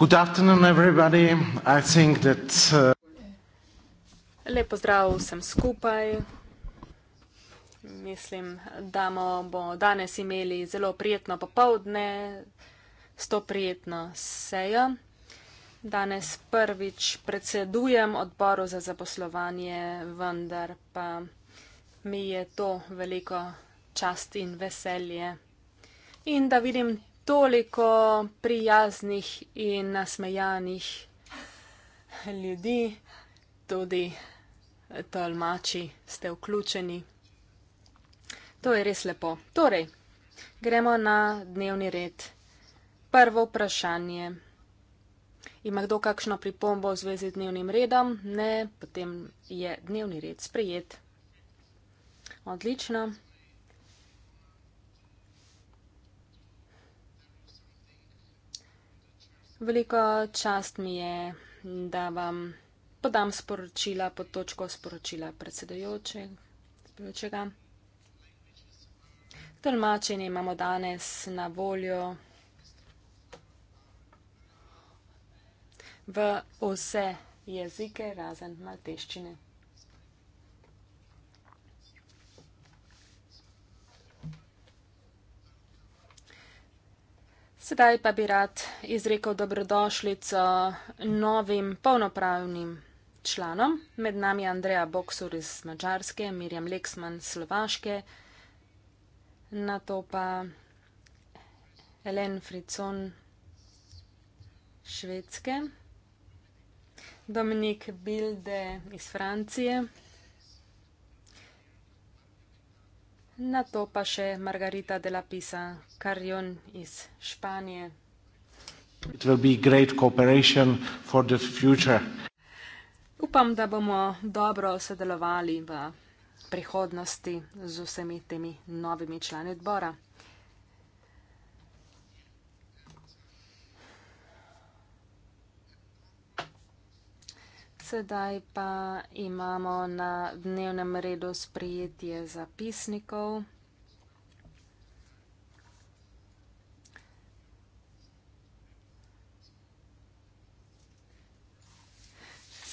Good afternoon, everybody. I think that. Uh, Lep pozdrav vsem skupaj. Mislim, da bomo danes imeli zelo prijetno popovdne, sto prijetno sejo. Danes prvič predsedujem odboru za zaposlovanje, vendar pa mi je to veliko čast in veselje. In da vidim toliko prijaznih in nasmejanih ljudi, tudi tolmači ste vključeni. To je res lepo. Torej, gremo na dnevni red. Prvo vprašanje. Ima kdo kakšno pripombo v zvezi z dnevnim redom? Ne, potem je dnevni red sprejet. Odlično. Veliko čast mi je, da vam podam sporočila pod točko sporočila predsedojočega. Tolmačenje imamo danes na voljo v vse jezike razen malteščine. Sedaj pa bi rad izrekel dobrodošlico novim polnopravnim članom, med nami Andreja Boksur iz Mačarske, Mirjam Leksman iz Slovaške, na to pa Helen Fricon Švedske, Dominik Bilde iz Francije. Na to pa še Margarita de la Pisa, Carrion iz Španije. It will be great cooperation for the future. Upam, da bomo dobro sodelovali v prihodnosti z vsemi temi novimi člani odbora. Sedaj pa imamo na dnevnem redu sprejetje zapisnikov.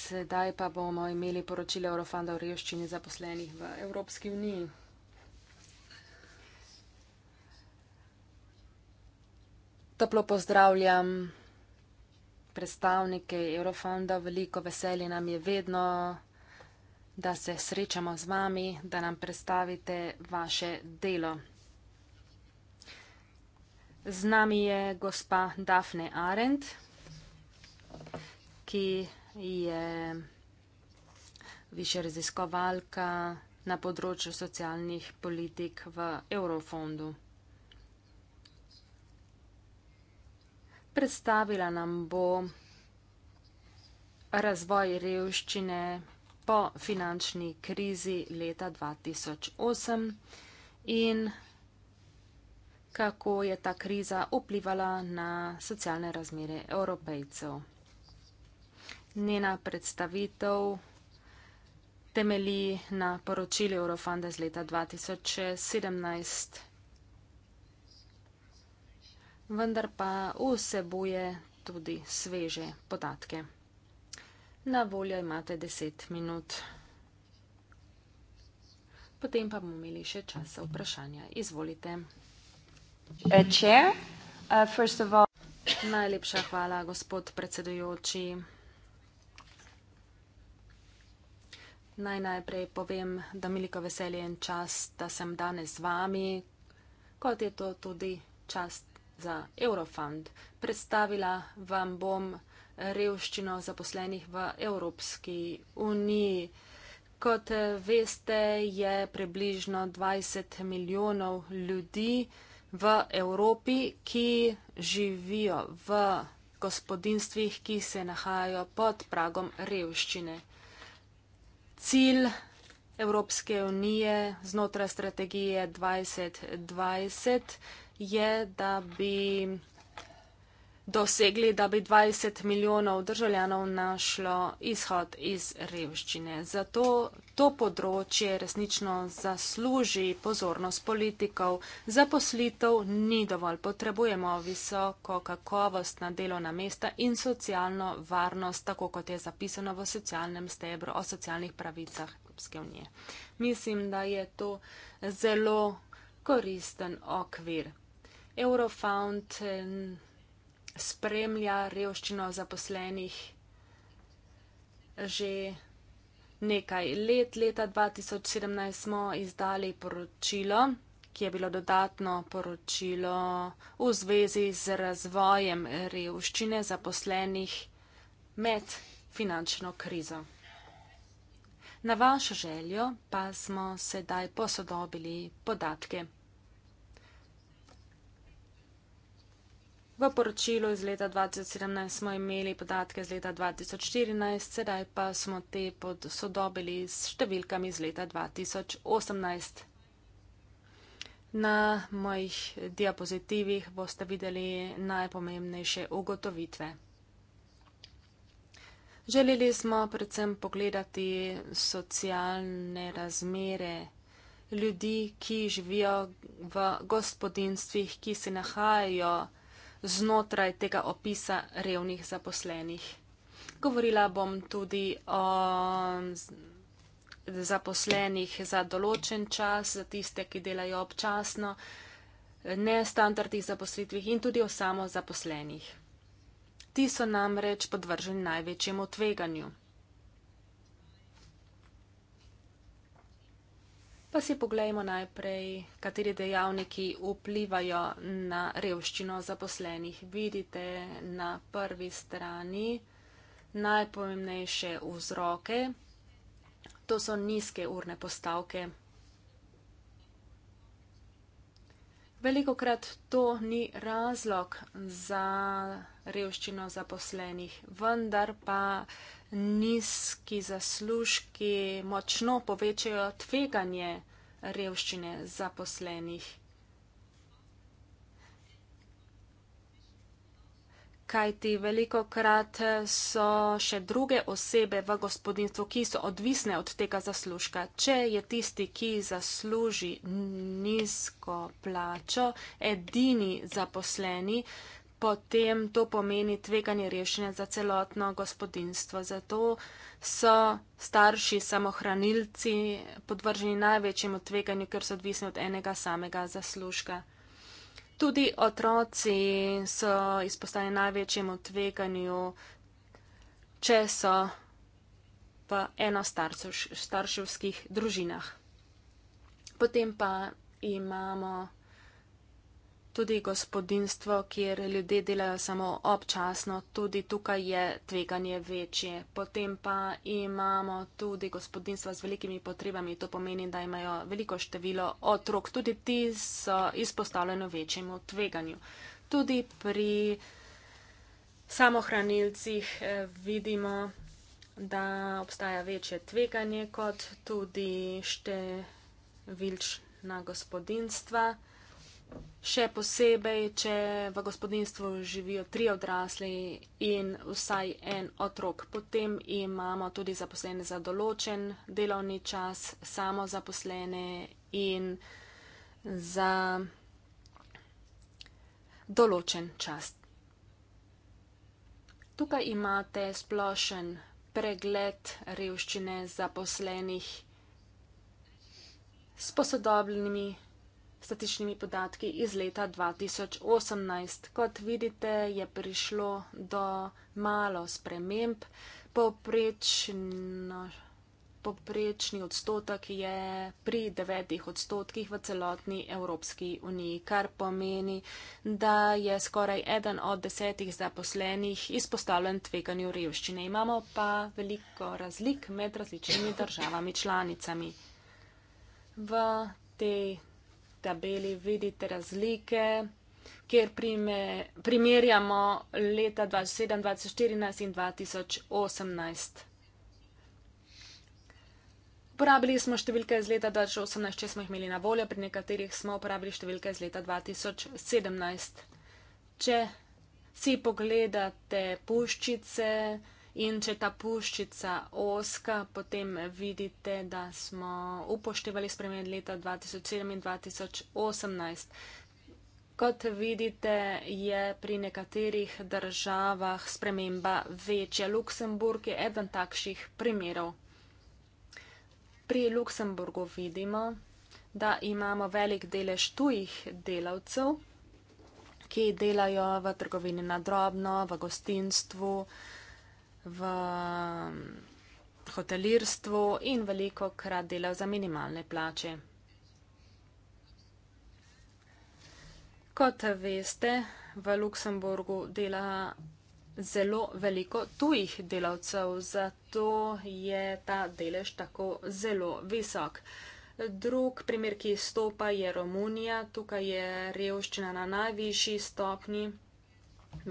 Sedaj pa bomo imeli poročilo Eurofonda o revščini zaposlenih v Evropski uniji. Toplo pozdravljam predstavnike Eurofonda, veliko veselje nam je vedno, da se srečamo z vami, da nam predstavite vaše delo. Z nami je gospa Dafne Arendt, ki je više raziskovalka na področju socialnih politik v Eurofondu. Predstavila nam bo razvoj revščine po finančni krizi leta 2008 in kako je ta kriza vplivala na socialne razmere evropejcev. Njena predstavitev temelji na poročili Eurofunda iz leta 2017 vendar pa vseboje tudi sveže podatke. Na voljo imate 10 minut. Potem pa bomo imeli še čas za vprašanja. Izvolite. Uh, chair, uh, first of all... Najlepša hvala, gospod predsedujoči. Naj najprej povem, da mi veliko veselje in čas, da sem danes z vami, kot je to tudi čast za Eurofund. Predstavila vam bom revščino zaposlenih v Evropski uniji. Kot veste, je približno 20 milijonov ljudi v Evropi, ki živijo v gospodinstvih, ki se nahajajo pod pragom revščine. Cilj Evropske unije znotraj strategije 2020 je, da bi dosegli, da bi 20 milijonov državljanov našlo izhod iz revščine. Zato to področje resnično zasluži pozornost politikov. Zaposlitev ni dovolj. Potrebujemo visoko kakovost na delovna mesta in socialno varnost, tako kot je zapisano v socialnem stebru o socialnih pravicah Evropske unije. Mislim, da je to zelo koristen okvir. Eurofound eh, spremlja revščino zaposlenih že nekaj let. Leta 2017 smo izdali poročilo, ki je bilo dodatno poročilo v zvezi z razvojem revščine zaposlenih med finančno krizo. Na vašo željo pa smo sedaj posodobili podatke. V poročilu iz leta 2017 smo imeli podatke iz leta 2014, sedaj pa smo te podsodobili s številkami iz leta 2018. Na mojih diapozitivih boste videli najpomembnejše ugotovitve. Želeli smo predvsem pogledati socialne razmere ljudi, ki živijo v gospodinstvih, ki se nahajajo v znotraj tega opisa revnih zaposlenih. Govorila bom tudi o zaposlenih za določen čas, za tiste, ki delajo občasno, nestandardnih zaposlitvih in tudi o samozaposlenih. Ti so namreč podvrženi največjemu tveganju. pa si poglejmo najprej, kateri dejavniki vplivajo na revščino zaposlenih. Vidite na prvi strani najpomembnejše vzroke. To so nizke urne postavke. Veliko krat to ni razlog za revščino zaposlenih, vendar pa nizki zaslužki močno povečajo tveganje revščine zaposlenih. Kajti veliko krat so še druge osebe v gospodinstvu, ki so odvisne od tega zaslužka. Če je tisti, ki zasluži nizko plačo, edini zaposleni, potem to pomeni tveganje rešenja za celotno gospodinstvo. Zato so starši samohranilci podvrženi največjemu tveganju, ker so odvisni od enega samega zaslužka. Tudi otroci so izpostavljeni največjemu tveganju, če so v enostarševskih družinah. Potem pa imamo tudi gospodinstvo, kjer ljudje delajo samo občasno, tudi tukaj je tveganje večje. Potem pa imamo tudi gospodinstva z velikimi potrebami, to pomeni, da imajo veliko število otrok, tudi ti so izpostavljeni večjemu tveganju. Tudi pri samohranilcih eh, vidimo, da obstaja večje tveganje kot tudi številčna gospodinstva. Še posebej, če v gospodinstvu živijo tri odrasli in vsaj en otrok. Potem imamo tudi zaposlene za določen delovni čas, samo zaposlene in za določen čas. Tukaj imate splošen pregled revščine zaposlenih s posodobljenimi statičnimi podatki iz leta 2018. Kot vidite, je prišlo do malo sprememb. Poprečno, poprečni odstotek je pri devetih odstotkih v celotni Evropski uniji, kar pomeni, da je skoraj eden od desetih zaposlenih izpostavljen tveganju revščine. Imamo pa veliko razlik med različnimi državami članicami. V tej tabeli vidite razlike, kjer prime, primerjamo leta 2007, 2014 in 2018. Uporabili smo številke iz leta 2018, če smo jih imeli na voljo, pri nekaterih smo uporabili številke iz leta 2017. Če si pogledate puščice, In če ta puščica oska, potem vidite, da smo upoštevali spremenje leta 2007 in 2018. Kot vidite, je pri nekaterih državah sprememba večja. Luksemburg je eden takšnih primerov. Pri Luksemburgu vidimo, da imamo velik delež tujih delavcev, ki delajo v trgovini na drobno, v gostinstvu, v mm, hotelirstvu in veliko krat delal za minimalne plače. Kot veste, v Luksemburgu dela zelo veliko tujih delavcev, zato je ta delež tako zelo visok. Drug primer, ki izstopa, je Romunija. Tukaj je revščina na najvišji stopni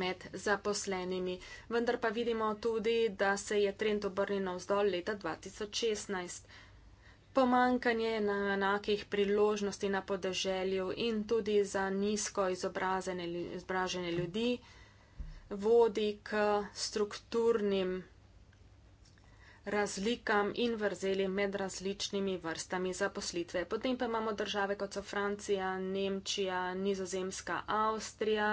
med zaposlenimi. Vendar pa vidimo tudi, da se je trend obrnil navzdol leta 2016. Pomankanje na enakih priložnosti na podeželju in tudi za nizko izobražene, izobražene ljudi vodi k strukturnim razlikam in vrzeli med različnimi vrstami zaposlitve. Potem pa imamo države, kot so Francija, Nemčija, Nizozemska, Avstrija,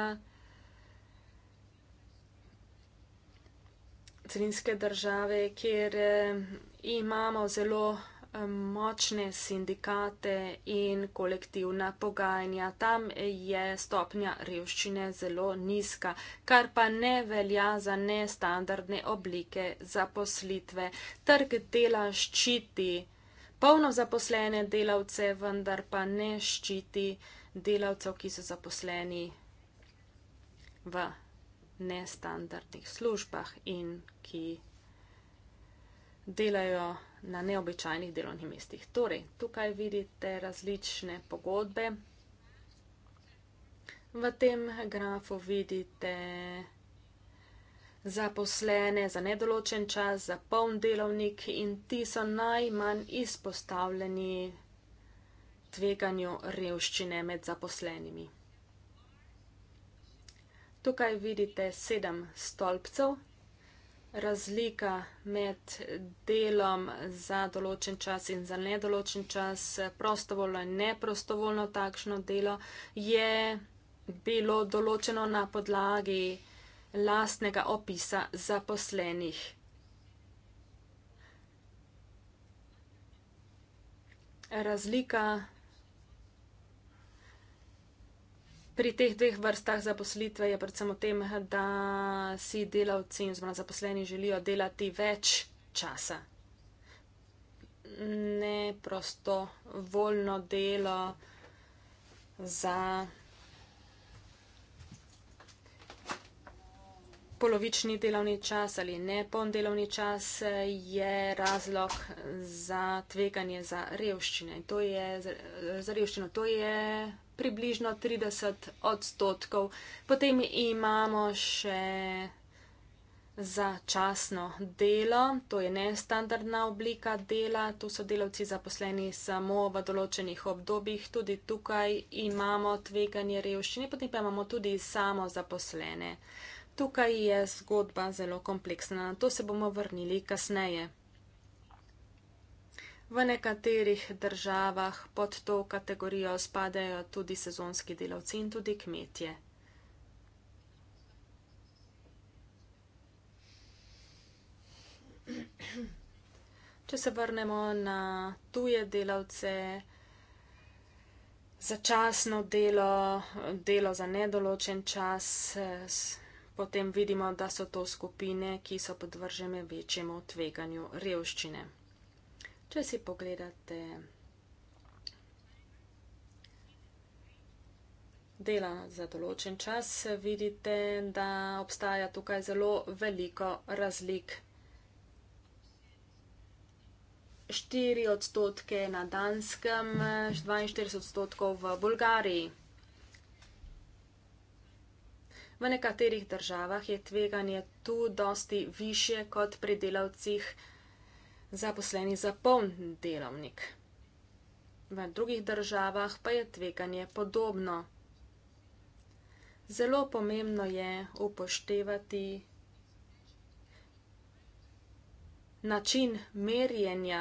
trinske države, kjer eh, imamo zelo eh, močne sindikate in kolektivna pogajanja. Tam je stopnja revščine zelo nizka, kar pa ne velja za nestandardne oblike zaposlitve. Trg dela ščiti polno zaposlene delavce, vendar pa ne ščiti delavcev, ki so zaposleni v nestandardnih službah in ki delajo na neobičajnih delovnih mestih. Torej, tukaj vidite različne pogodbe. V tem grafu vidite zaposlene za nedoločen čas, za poln delovnik in ti so najmanj izpostavljeni tveganju revščine med zaposlenimi. Tukaj vidite sedem stolpcev, razlika med delom za določen čas in za nedoločen čas, prostovoljno in neprostovoljno takšno delo, je bilo določeno na podlagi lastnega opisa zaposlenih. Razlika pri teh dveh vrstah zaposlitve je predvsem v tem, da si delavci in zaposleni želijo delati več časa. Ne prosto voljno delo za polovični delovni čas ali nepon delovni čas je razlog za tveganje za revščino. To je, za revščino, to je približno 30 odstotkov. Potem imamo še začasno delo, to je nestandardna oblika dela, tu so delavci zaposleni samo v določenih obdobjih, tudi tukaj imamo tveganje revščine, potem pa imamo tudi samo zaposlene. Tukaj je zgodba zelo kompleksna, na to se bomo vrnili kasneje. V nekaterih državah pod to kategorijo spadajo tudi sezonski delavci in tudi kmetje. Če se vrnemo na tuje delavce, začasno delo, delo za nedoločen čas, potem vidimo, da so to skupine, ki so podvržene večjemu tveganju revščine. Če si pogledate dela za določen čas, vidite, da obstaja tukaj zelo veliko razlik. 4 odstotke na Danskem, 42 odstotkov v Bulgariji. V nekaterih državah je tveganje tu dosti više kot pri delavcih zaposleni za poln delovnik. V drugih državah pa je tveganje podobno. Zelo pomembno je upoštevati način merjenja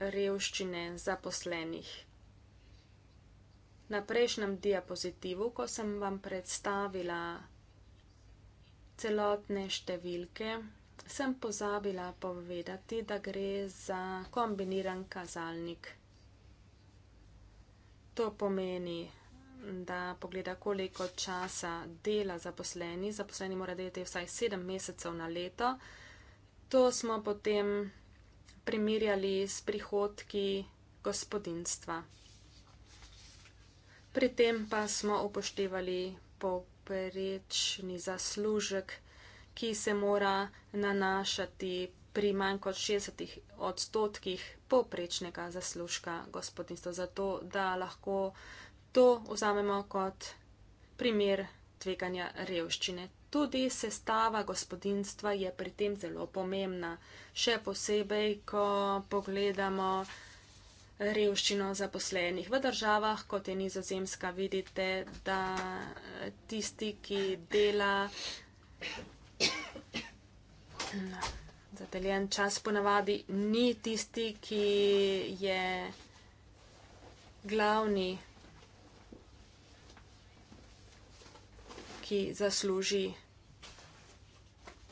revščine zaposlenih. Na prejšnjem diapozitivu, ko sem vam predstavila celotne številke, Sem pozabila povedati, da gre za kombiniran kazalnik. To pomeni, da pogleda, koliko časa dela zaposleni. Zaposleni mora delati vsaj sedem mesecev na leto. To smo potem primerjali s prihodki gospodinstva. Pri tem pa smo upoštevali poprečni zaslužek ki se mora nanašati pri manj kot 60 odstotkih poprečnega zaslužka gospodinstva, zato da lahko to vzamemo kot primer tveganja revščine. Tudi sestava gospodinstva je pri tem zelo pomembna, še posebej, ko pogledamo revščino zaposlenih v državah, kot je nizozemska, vidite, da tisti, ki dela Zapeljen čas ponavadi ni tisti, ki je glavni, ki zasluži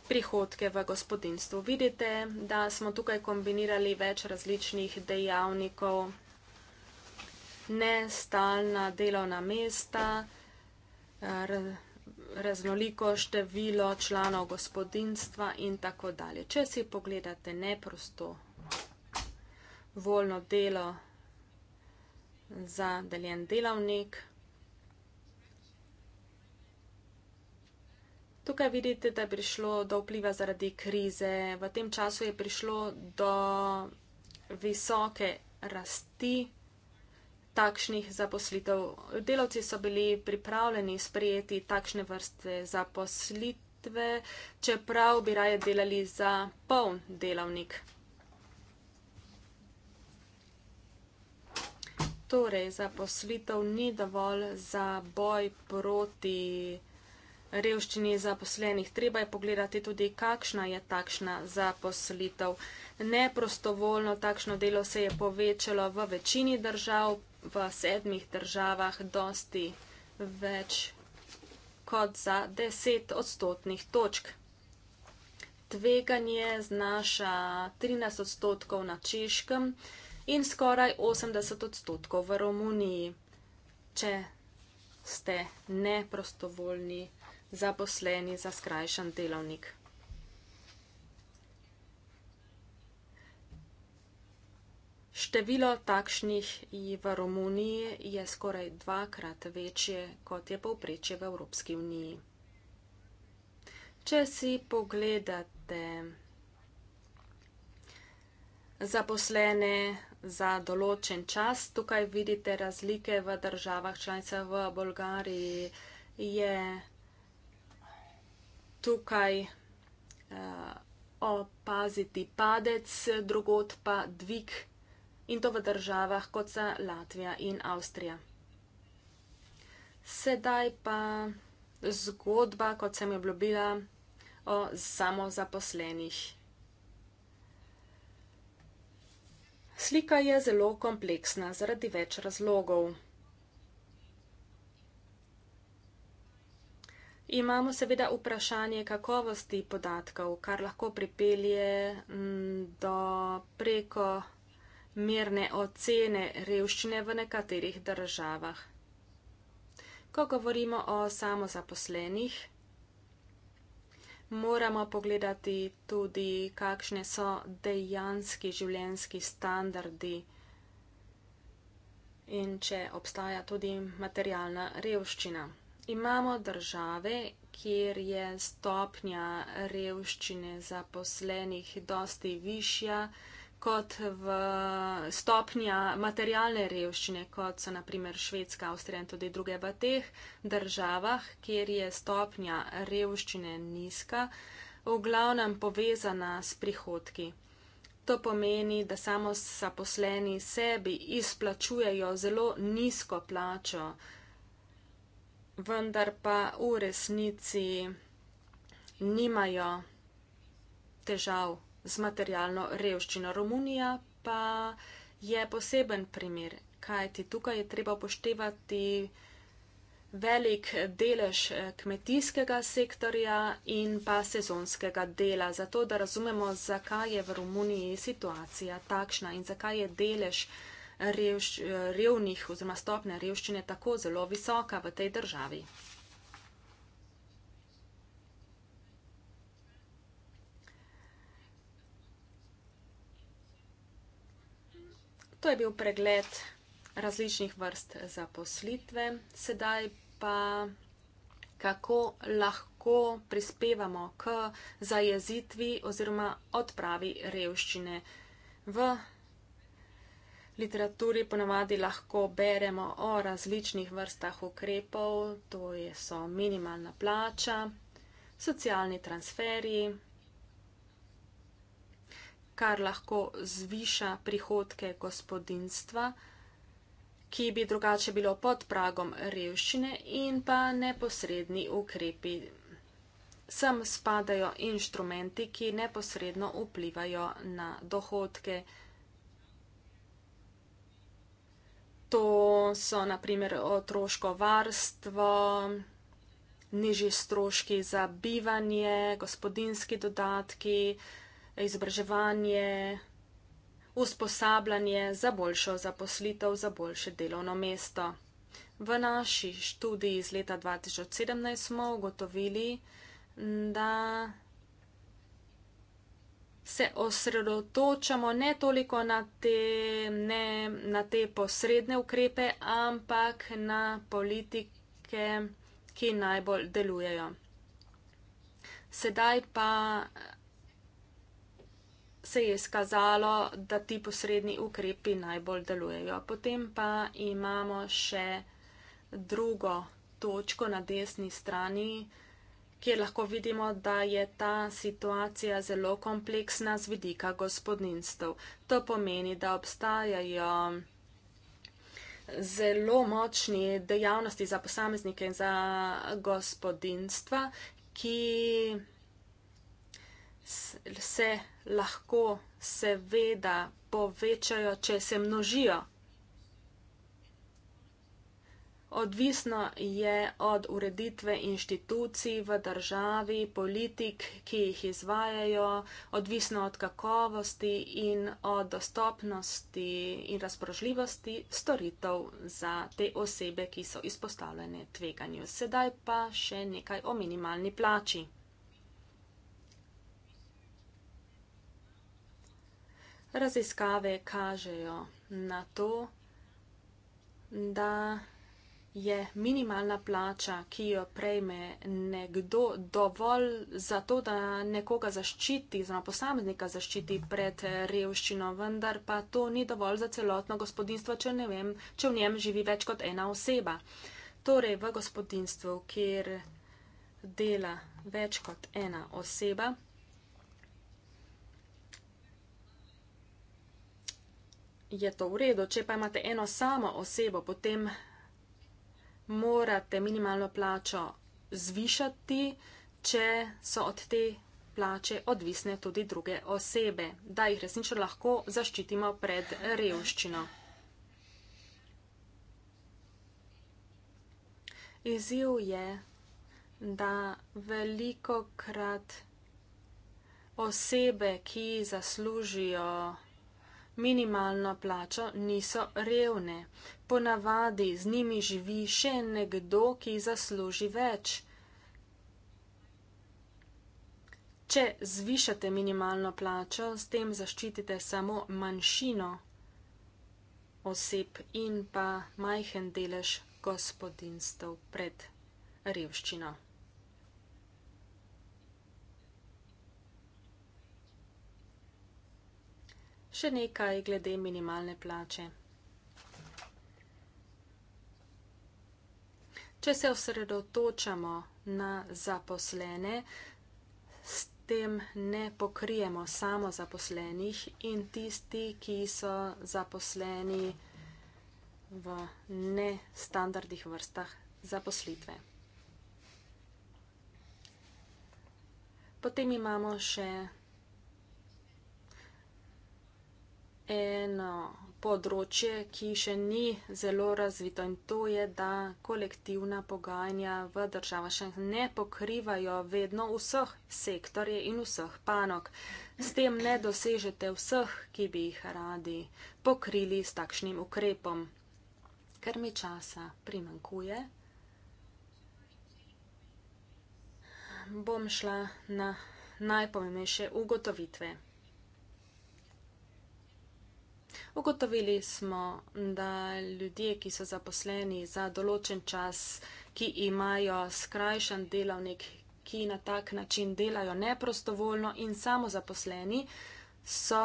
prihodke v gospodinstvu. Vidite, da smo tukaj kombinirali več različnih dejavnikov, ne stalna delovna mesta, raznoliko število članov gospodinstva in tako dalje. Če si pogledate neprosto volno delo za deljen delavnik, tukaj vidite, da je prišlo do vpliva zaradi krize. V tem času je prišlo do visoke rasti takšnih zaposlitev. Delavci so bili pripravljeni sprejeti takšne vrste zaposlitve, čeprav bi raje delali za poln delavnik. Torej, zaposlitev ni dovolj za boj proti revščini zaposlenih. Treba je pogledati tudi, kakšna je takšna zaposlitev. Neprostovoljno takšno delo se je povečalo v večini držav, v sedmih državah dosti več kot za deset odstotnih točk. Tveganje znaša 13 odstotkov na Češkem in skoraj 80 odstotkov v Romuniji, če ste neprostovoljni zaposleni za skrajšan delovnik. Število takšnih v Romuniji je skoraj dvakrat večje, kot je povprečje v Evropski uniji. Če si pogledate zaposlene za določen čas, tukaj vidite razlike v državah članica v Bolgariji, je tukaj uh, opaziti padec, drugot pa dvig in to v državah kot so Latvija in Avstrija. Sedaj pa zgodba, kot sem jo obljubila, o samozaposlenih. Slika je zelo kompleksna zaradi več razlogov. Imamo seveda vprašanje kakovosti podatkov, kar lahko pripelje mm, do preko merne ocene revščine v nekaterih državah. Ko govorimo o samozaposlenih, moramo pogledati tudi, kakšne so dejanski življenjski standardi in če obstaja tudi materialna revščina. Imamo države, kjer je stopnja revščine zaposlenih dosti višja, kot v stopnja materialne revščine, kot so naprimer Švedska, Avstrija in tudi druge v teh državah, kjer je stopnja revščine nizka, v glavnem povezana s prihodki. To pomeni, da samo zaposleni sebi izplačujejo zelo nizko plačo, vendar pa v resnici nimajo težav z materialno revščino. Romunija pa je poseben primer, kajti tukaj je treba upoštevati velik delež eh, kmetijskega sektorja in pa sezonskega dela, zato da razumemo, zakaj je v Romuniji situacija takšna in zakaj je delež eh, revš, eh, revnih oziroma stopne revščine tako zelo visoka v tej državi. To je bil pregled različnih vrst zaposlitve, sedaj pa kako lahko prispevamo k zajezitvi oziroma odpravi revščine. V literaturi ponavadi lahko beremo o različnih vrstah ukrepov, to je so minimalna plača, socialni transferji, kar lahko zviša prihodke gospodinstva, ki bi drugače bilo pod pragom revščine in pa neposredni ukrepi. Sem spadajo inštrumenti, ki neposredno vplivajo na dohodke. To so naprimer otroško varstvo, nižji stroški za bivanje, gospodinski dodatki, izobraževanje, usposabljanje za boljšo zaposlitev, za boljše delovno mesto. V naši študiji iz leta 2017 smo ugotovili, da se osredotočamo ne toliko na te, ne, na te posredne ukrepe, ampak na politike, ki najbolj delujejo. Sedaj pa se je skazalo, da ti posredni ukrepi najbolj delujejo. Potem pa imamo še drugo točko na desni strani, kjer lahko vidimo, da je ta situacija zelo kompleksna z vidika gospodinstv. To pomeni, da obstajajo zelo močni dejavnosti za posameznike in za gospodinstva, ki se lahko seveda povečajo, če se množijo. Odvisno je od ureditve inštitucij v državi, politik, ki jih izvajajo, odvisno od kakovosti in od dostopnosti in razpražljivosti storitev za te osebe, ki so izpostavljene tveganju. Sedaj pa še nekaj o minimalni plači. Raziskave kažejo na to, da je minimalna plača, ki jo prejme nekdo, dovolj za to, da nekoga zaščiti, zelo posameznika zaščiti pred revščino, vendar pa to ni dovolj za celotno gospodinstvo, če, ne vem, če v njem živi več kot ena oseba. Torej, v gospodinstvu, kjer dela več kot ena oseba, je to v redu. Če pa imate eno samo osebo, potem morate minimalno plačo zvišati, če so od te plače odvisne tudi druge osebe, da jih resnično lahko zaščitimo pred revščino. Izjiv je, da veliko krat osebe, ki zaslužijo minimalno plačo, niso revne. Ponavadi z njimi živi še nekdo, ki zasluži več. Če zvišate minimalno plačo, s tem zaščitite samo manjšino oseb in pa majhen delež gospodinstv pred revščino. Še nekaj glede minimalne plače. Če se osredotočamo na zaposlene, s tem ne pokrijemo samo zaposlenih in tisti, ki so zaposleni v nestandardnih vrstah zaposlitve. Potem imamo še eno področje, ki še ni zelo razvito in to je, da kolektivna pogajanja v državah še ne pokrivajo vedno vseh sektorje in vseh panok. S tem ne dosežete vseh, ki bi jih radi pokrili s takšnim ukrepom. Ker mi časa primankuje, bom šla na najpomembnejše ugotovitve. Ugotovili smo, da ljudje, ki so zaposleni za določen čas, ki imajo skrajšan delavnik, ki na tak način delajo neprostovoljno in samozaposleni, so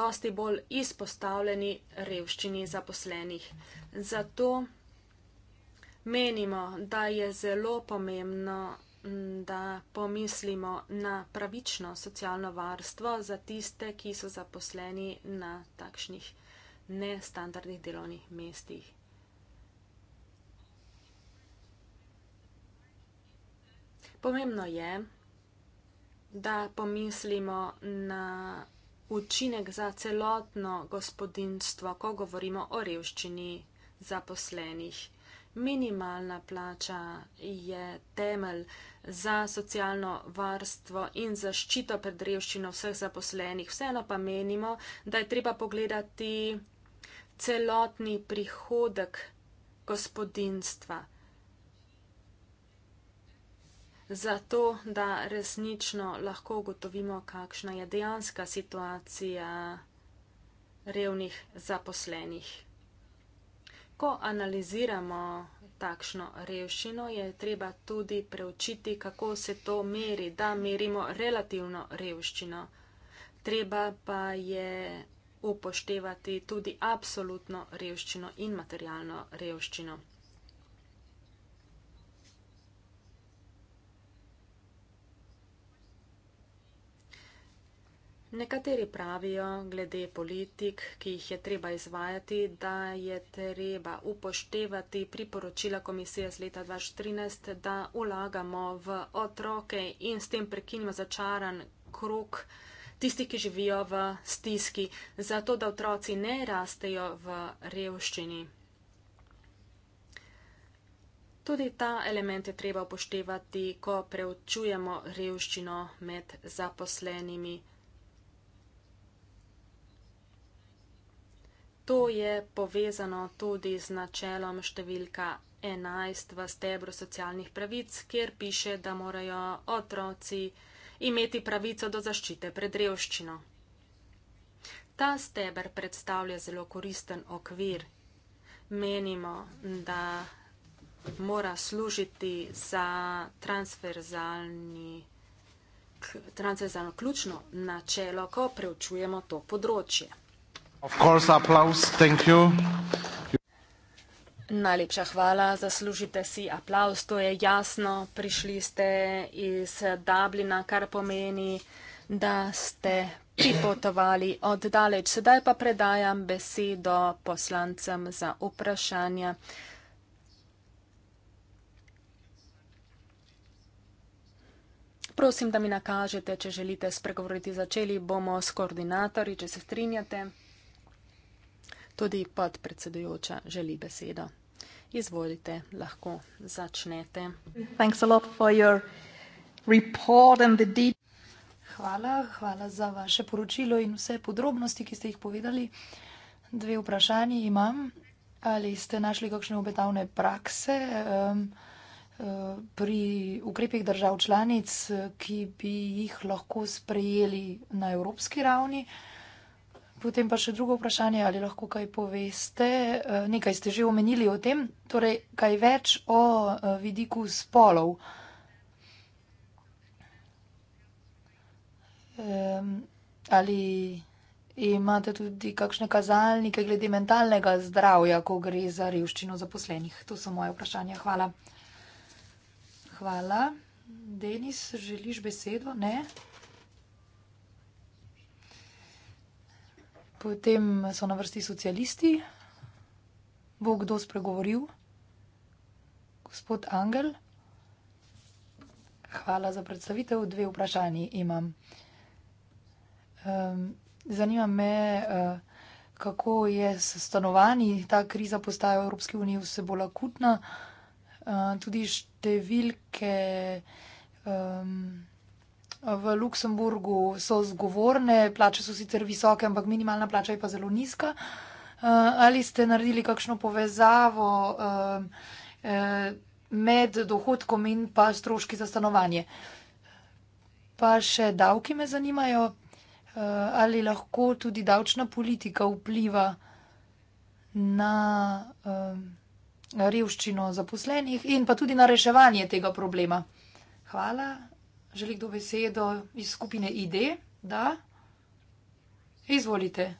dosti bolj izpostavljeni revščini zaposlenih. Zato menimo, da je zelo pomembno, da pomislimo na pravično socialno varstvo za tiste, ki so zaposleni na takšnih nestandardnih delovnih mestih. Pomembno je, da pomislimo na učinek za celotno gospodinstvo, ko govorimo o revščini zaposlenih minimalna plača je temelj za socialno varstvo in zaščito pred revščino vseh zaposlenih. Vseeno pa menimo, da je treba pogledati celotni prihodek gospodinstva. Zato, da resnično lahko ugotovimo, kakšna je dejanska situacija revnih zaposlenih ko analiziramo takšno revščino, je treba tudi preučiti, kako se to meri, da merimo relativno revščino. Treba pa je upoštevati tudi absolutno revščino in materialno revščino. Nekateri pravijo, glede politik, ki jih je treba izvajati, da je treba upoštevati priporočila komisije z leta 2013, da ulagamo v otroke in s tem prekinimo začaran krok tistih, ki živijo v stiski, zato da otroci ne rastejo v revščini. Tudi ta element je treba upoštevati, ko preučujemo revščino med zaposlenimi. To je povezano tudi z načelom številka 11 v stebru socialnih pravic, kjer piše, da morajo otroci imeti pravico do zaščite pred revščino. Ta steber predstavlja zelo koristen okvir. Menimo, da mora služiti za transverzalni, transverzalno ključno načelo, ko preučujemo to področje. Najlepša hvala, zaslužite si aplavz, to je jasno, prišli ste iz Dublina, kar pomeni, da ste pripotovali oddaleč. Sedaj pa predajam besedo poslancem za vprašanja. Prosim, da mi nakažete, če želite spregovoriti. Začeli bomo s koordinatorji, če se strinjate. Tudi podpredsedujoča želi besedo. Izvolite, lahko začnete. Hvala, hvala za vaše poročilo in vse podrobnosti, ki ste jih povedali. Dve vprašanji imam. Ali ste našli kakšne obetavne prakse um, pri ukrepih držav članic, ki bi jih lahko sprejeli na evropski ravni? Uh, Potem pa še drugo vprašanje, ali lahko kaj poveste, eh, nekaj ste že omenili o tem, torej kaj več o eh, vidiku spolov. Um, ali imate tudi kakšne kazalnike glede mentalnega zdravja, ko gre za revščino zaposlenih? To so moje vprašanja. Hvala. Hvala. Denis, želiš besedo? Ne. Potem so na vrsti socialisti, bo kdo spregovoril, gospod Angel. Hvala za predstavitev. Dve vprašanji imam. Um, zanima me, uh, kako je s stanovanji. Ta kriza postaja v Evropski uniji vse bolj akutna. Uh, tudi številke. Um, v Luksemburgu so zgovorne, plače so sicer visoke, ampak minimalna plača je pa zelo nizka. Eh, ali ste naredili kakšno povezavo eh, eh, med dohodkom in pa stroški za stanovanje? Pa še davki me zanimajo, ali lahko tudi davčna politika vpliva na revščino zaposlenih in pa tudi na reševanje tega problema. Hvala. Želi kdo besedo iz skupine ID? Da. Izvolite.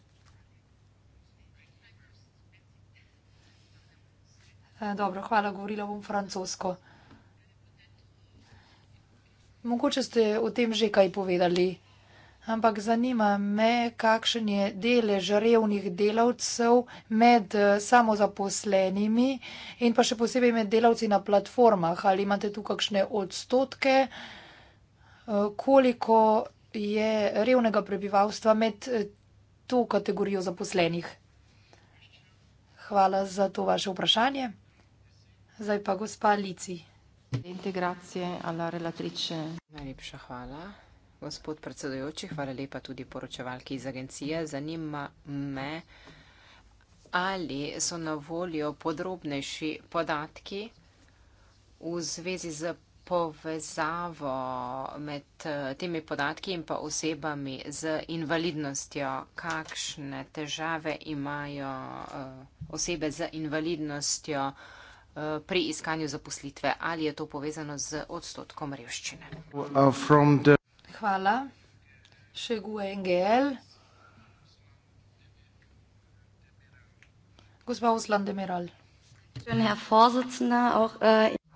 E, dobro, hvala, govorila bom francosko. Mogoče ste o tem že kaj povedali, ampak zanima me, kakšen je delež revnih delavcev med e, samozaposlenimi in pa še posebej med delavci na platformah. Ali imate tu kakšne odstotke? Eh, koliko je revnega prebivalstva med eh, to kategorijo zaposlenih. Hvala za to vaše vprašanje. Zdaj pa gospa Lici. Integracije ala relatrice. Najlepša hvala. Gospod predsedojoči, hvala lepa tudi poročevalki iz agencije. Zanima me, ali so na voljo podrobnejši podatki v zvezi z povezavo med eh, temi podatki in pa osebami z invalidnostjo, kakšne težave imajo eh, osebe z invalidnostjo eh, pri iskanju zaposlitve, ali je to povezano z odstotkom revščine. Uh, Hvala. Še GUNGL. Gospa Oslan Demiral.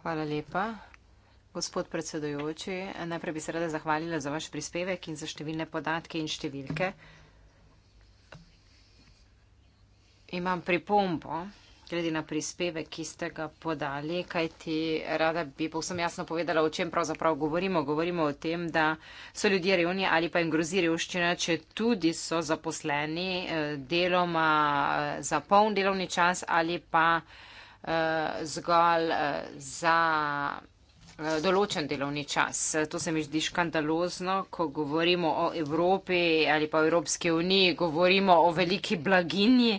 Hvala lepa. Gospod predsedujoči, najprej bi se rada zahvalila za vaš prispevek in za številne podatke in številke. Imam pripombo glede na prispevek, ki ste ga podali, kaj ti rada bi povsem jasno povedala, o čem pravzaprav govorimo. Govorimo o tem, da so ljudje revni ali pa jim grozi revščina, če tudi so zaposleni eh, deloma eh, za poln delovni čas ali pa eh, zgolj za Eh, določen delovni čas. To se mi zdi škandalozno, ko govorimo o Evropi ali pa Evropski uniji, govorimo o veliki blaginji,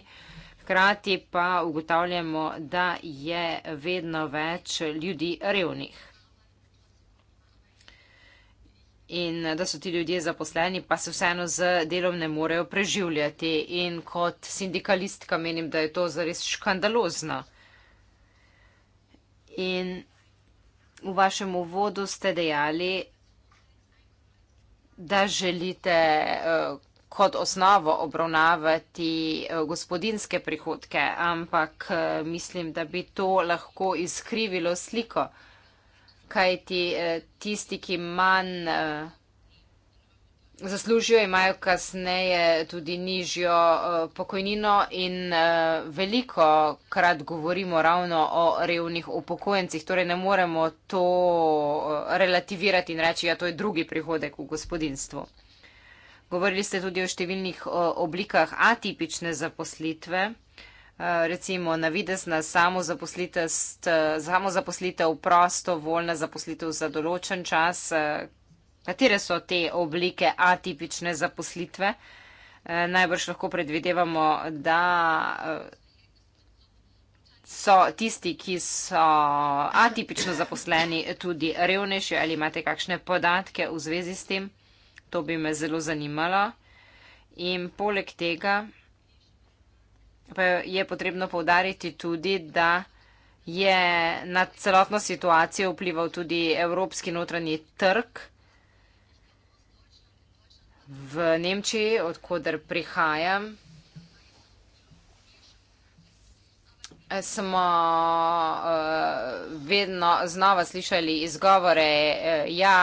hkrati pa ugotavljamo, da je vedno več ljudi revnih. In da so ti ljudje zaposleni, pa se vseeno z delom ne morejo preživljati. In kot sindikalistka menim, da je to zares škandalozno. In V vašem uvodu ste dejali, da želite eh, kot osnovo obravnavati eh, gospodinske prihodke, ampak eh, mislim, da bi to lahko izkrivilo sliko, kajti tisti, ki manj zaslužijo, imajo kasneje tudi nižjo uh, pokojnino in uh, eh, veliko krat govorimo ravno o revnih upokojencih, torej ne moremo to eh, relativirati in reči, da ja, to je drugi prihodek v gospodinstvu. Govorili ste tudi o številnih oblikah atipične zaposlitve, recimo navidezna samozaposlitev, samozaposlitev prosto, voljna zaposlitev za določen čas, Katere so te oblike atipične zaposlitve? Eh, najbrž lahko predvidevamo, da eh, so tisti, ki so atipično zaposleni, tudi revnejši. Ali imate kakšne podatke v zvezi s tem? To bi me zelo zanimalo. In poleg tega je potrebno povdariti tudi, da je na celotno situacijo vplival tudi evropski notranji trg, v Nemčiji, odkuder prihajam, smo eh, vedno znova slišali izgovore, eh, ja,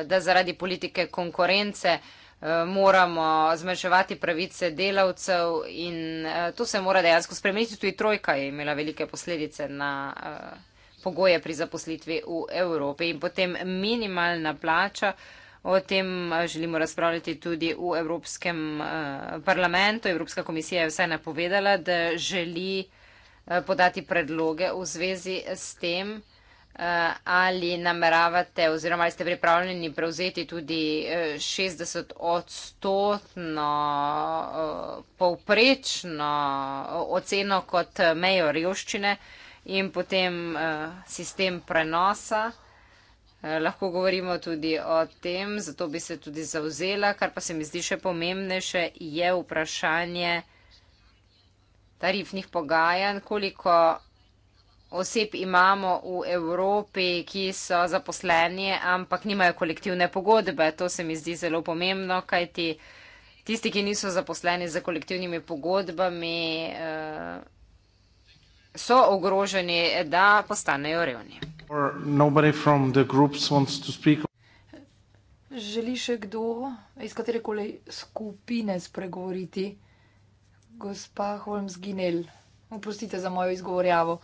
eh, da zaradi politike konkurence moramo zmanjševati pravice delavcev in to se mora dejansko spremeniti. Tudi trojka je imela velike posledice na pogoje pri zaposlitvi v Evropi in potem minimalna plača. O tem eh, želimo razpravljati tudi v Evropskem eh, parlamentu. Evropska komisija je vse napovedala, da želi eh, podati predloge v zvezi s tem, ali nameravate oziroma ali ste pripravljeni prevzeti tudi 60 odstotno povprečno oceno kot mejo revščine in potem sistem prenosa. Eh, lahko govorimo tudi o tem, zato bi se tudi zauzela, kar pa se mi zdi še pomembnejše, je vprašanje tarifnih pogajanj, koliko oseb imamo v Evropi, ki so zaposleni, ampak nimajo kolektivne pogodbe. To se mi zdi zelo pomembno, kajti tisti, ki niso zaposleni za kolektivnimi pogodbami, eh, so ogroženi, da postanejo revni. Želi še kdo iz katerekoli skupine spregovoriti? Gospa Holmes Ginel, oprostite za mojo izgovorjavo.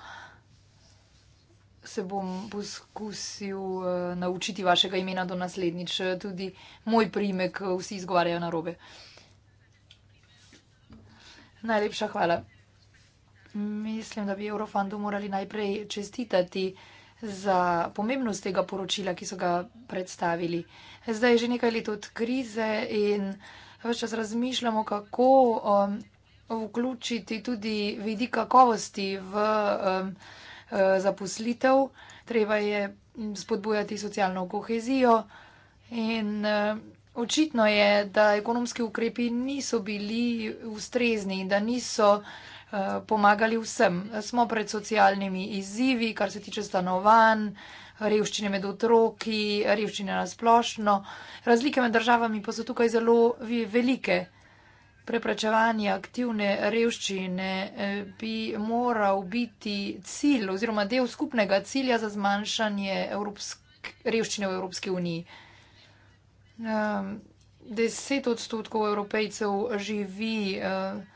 Se bom poskusil uh, naučiti vašega imena do naslednjič. Tudi moj primek eh, vsi izgovarjajo na robe. Najlepša hvala. Mislim, da bi Eurofandu morali najprej čestitati. Uh, za pomembnost tega poročila, ki so ga predstavili. Zdaj je že nekaj let od krize in več čas razmišljamo, kako um, vključiti tudi vidik kakovosti v um, eh, zaposlitev. Treba je mm, spodbujati socialno kohezijo in um, očitno je, da ekonomski ukrepi niso bili ustrezni, da niso Eh, pomagali vsem. Smo pred socialnimi izzivi, kar se tiče stanovanj, revščine med otroki, revščine na splošno. Razlike med državami pa so tukaj zelo velike. Preprečevanje aktivne revščine eh, bi moral biti cilj oziroma del skupnega cilja za zmanjšanje evropsk, revščine v Evropski uniji. Ehm, deset odstotkov evropejcev živi eh,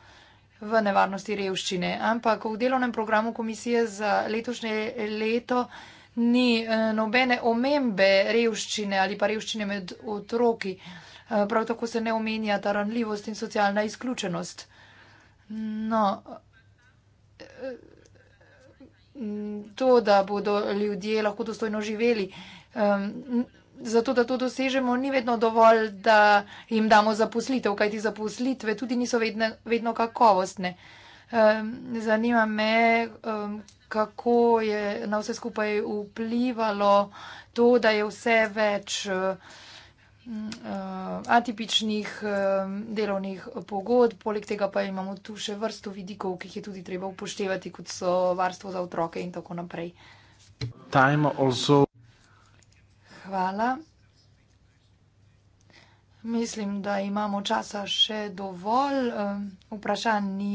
v nevarnosti revščine. Ampak v delovnem programu komisije za letošnje leto ni eh, nobene omembe revščine ali pa revščine med otroki. Eh, prav tako se ne omenja ta ranljivost in socialna izključenost. No, eh, to, da bodo ljudje lahko dostojno živeli zato, da to dosežemo, ni vedno dovolj, da jim damo zaposlitev, kajti zaposlitve tudi niso vedno, vedno kakovostne. Zanima me, kako je na vse skupaj vplivalo to, da je vse več eh, atipičnih delovnih pogodb, poleg tega pa imamo tu še vrsto vidikov, ki jih je tudi treba upoštevati, kot so varstvo za otroke in tako naprej. Time also Hvala. Mislim, da imamo časa še dovolj. Vprašanj ni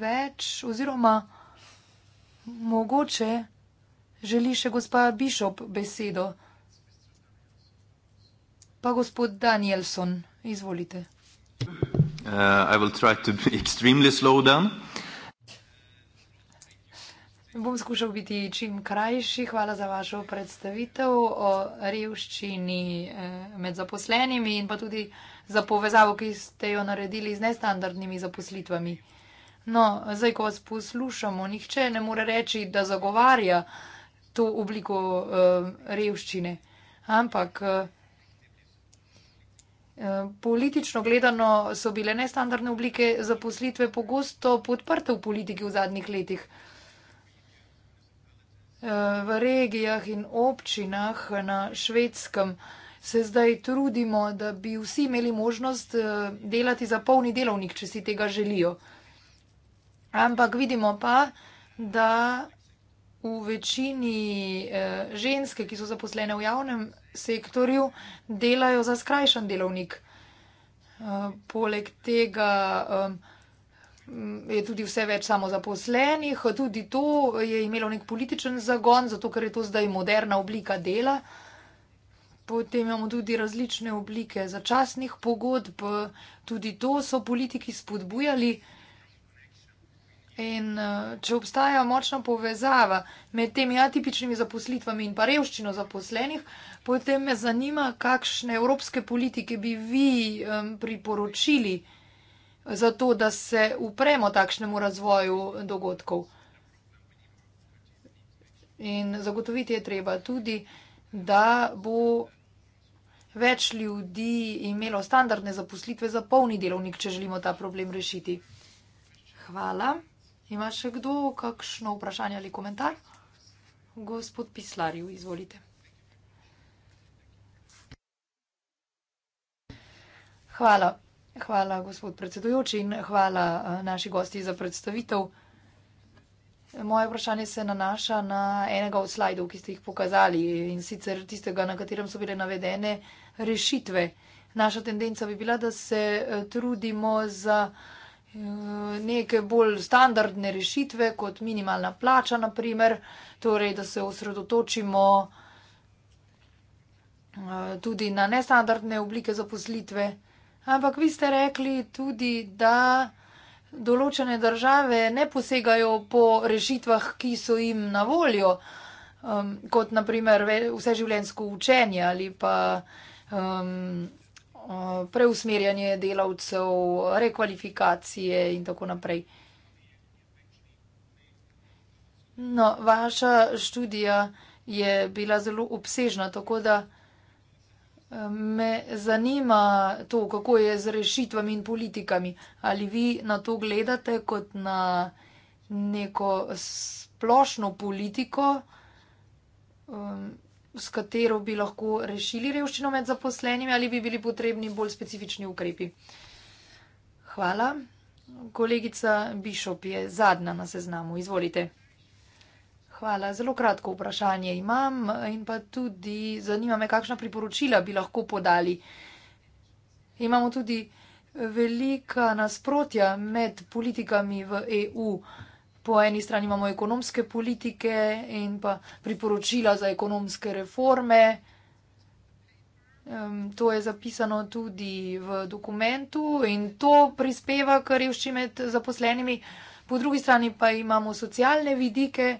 več oziroma mogoče želi še gospa Bišop besedo. Pa gospod Danielson, izvolite. Uh, I will try to be extremely slow down. Bom skušal biti čim krajši. Hvala za vašo predstavitev o revščini eh, med zaposlenimi in pa tudi za povezavo, ki ste jo naredili z nestandardnimi zaposlitvami. No, zdaj, ko vas poslušamo, nihče ne more reči, da zagovarja to obliko eh, revščine. Ampak eh, politično gledano so bile nestandardne oblike zaposlitve pogosto podprte v politiki v zadnjih letih. Eh, v regijah in občinah na švedskem se zdaj trudimo, da bi vsi imeli možnost eh, delati za polni delovnik, če si tega želijo. Ampak vidimo pa, da v večini eh, ženske, ki so zaposlene v javnem sektorju, delajo za skrajšan delovnik. Poleg tega. Mm, je tudi vse več samozaposlenih, tudi to je imelo nek političen zagon, zato ker je to zdaj moderna oblika dela. Potem imamo tudi različne oblike začasnih pogodb, tudi to so politiki spodbujali. In eh, če obstaja močna povezava med temi atipičnimi zaposlitvami in pa revščino zaposlenih, potem me zanima, kakšne evropske politike bi vi priporočili za to, da se upremo takšnemu razvoju dogodkov. In zagotoviti je treba tudi, da bo več ljudi imelo standardne zaposlitve za polni delovnik, če želimo ta problem rešiti. Hvala. Ima še kdo kakšno vprašanje ali komentar? Gospod Pislarju, izvolite. Hvala. Hvala, gospod predsedujoči, in hvala eh, naši gosti za predstavitev. Moje vprašanje se nanaša na enega od slajdov, ki ste jih pokazali in sicer tistega, na katerem so bile navedene rešitve. Naša tendenca bi bila, da se eh, trudimo za eh, neke bolj standardne rešitve, kot minimalna plača, naprimer, torej, da se osredotočimo tudi na nestandardne oblike zaposlitve. Ampak vi ste rekli tudi, da določene države ne posegajo po rešitvah, ki so jim na voljo, um, kot naprimer vseživljensko učenje ali pa um, preusmerjanje delavcev, rekvalifikacije in tako naprej. No, vaša študija je bila zelo obsežna, tako da. Me zanima to, kako je z rešitvami in politikami. Ali vi na to gledate kot na neko splošno politiko, um, s katero bi lahko rešili revščino med zaposlenimi, ali bi bili potrebni bolj specifični ukrepi? Hvala. Kolegica Bišop je zadnja na seznamu. Izvolite. Hvala. Zelo kratko vprašanje imam in pa tudi zanima me, kakšna priporočila bi lahko podali. Imamo tudi velika nasprotja med politikami v EU. Po eni strani imamo ekonomske politike in pa priporočila za ekonomske reforme. To je zapisano tudi v dokumentu in to prispeva k revščini med zaposlenimi. Po drugi strani pa imamo socialne vidike.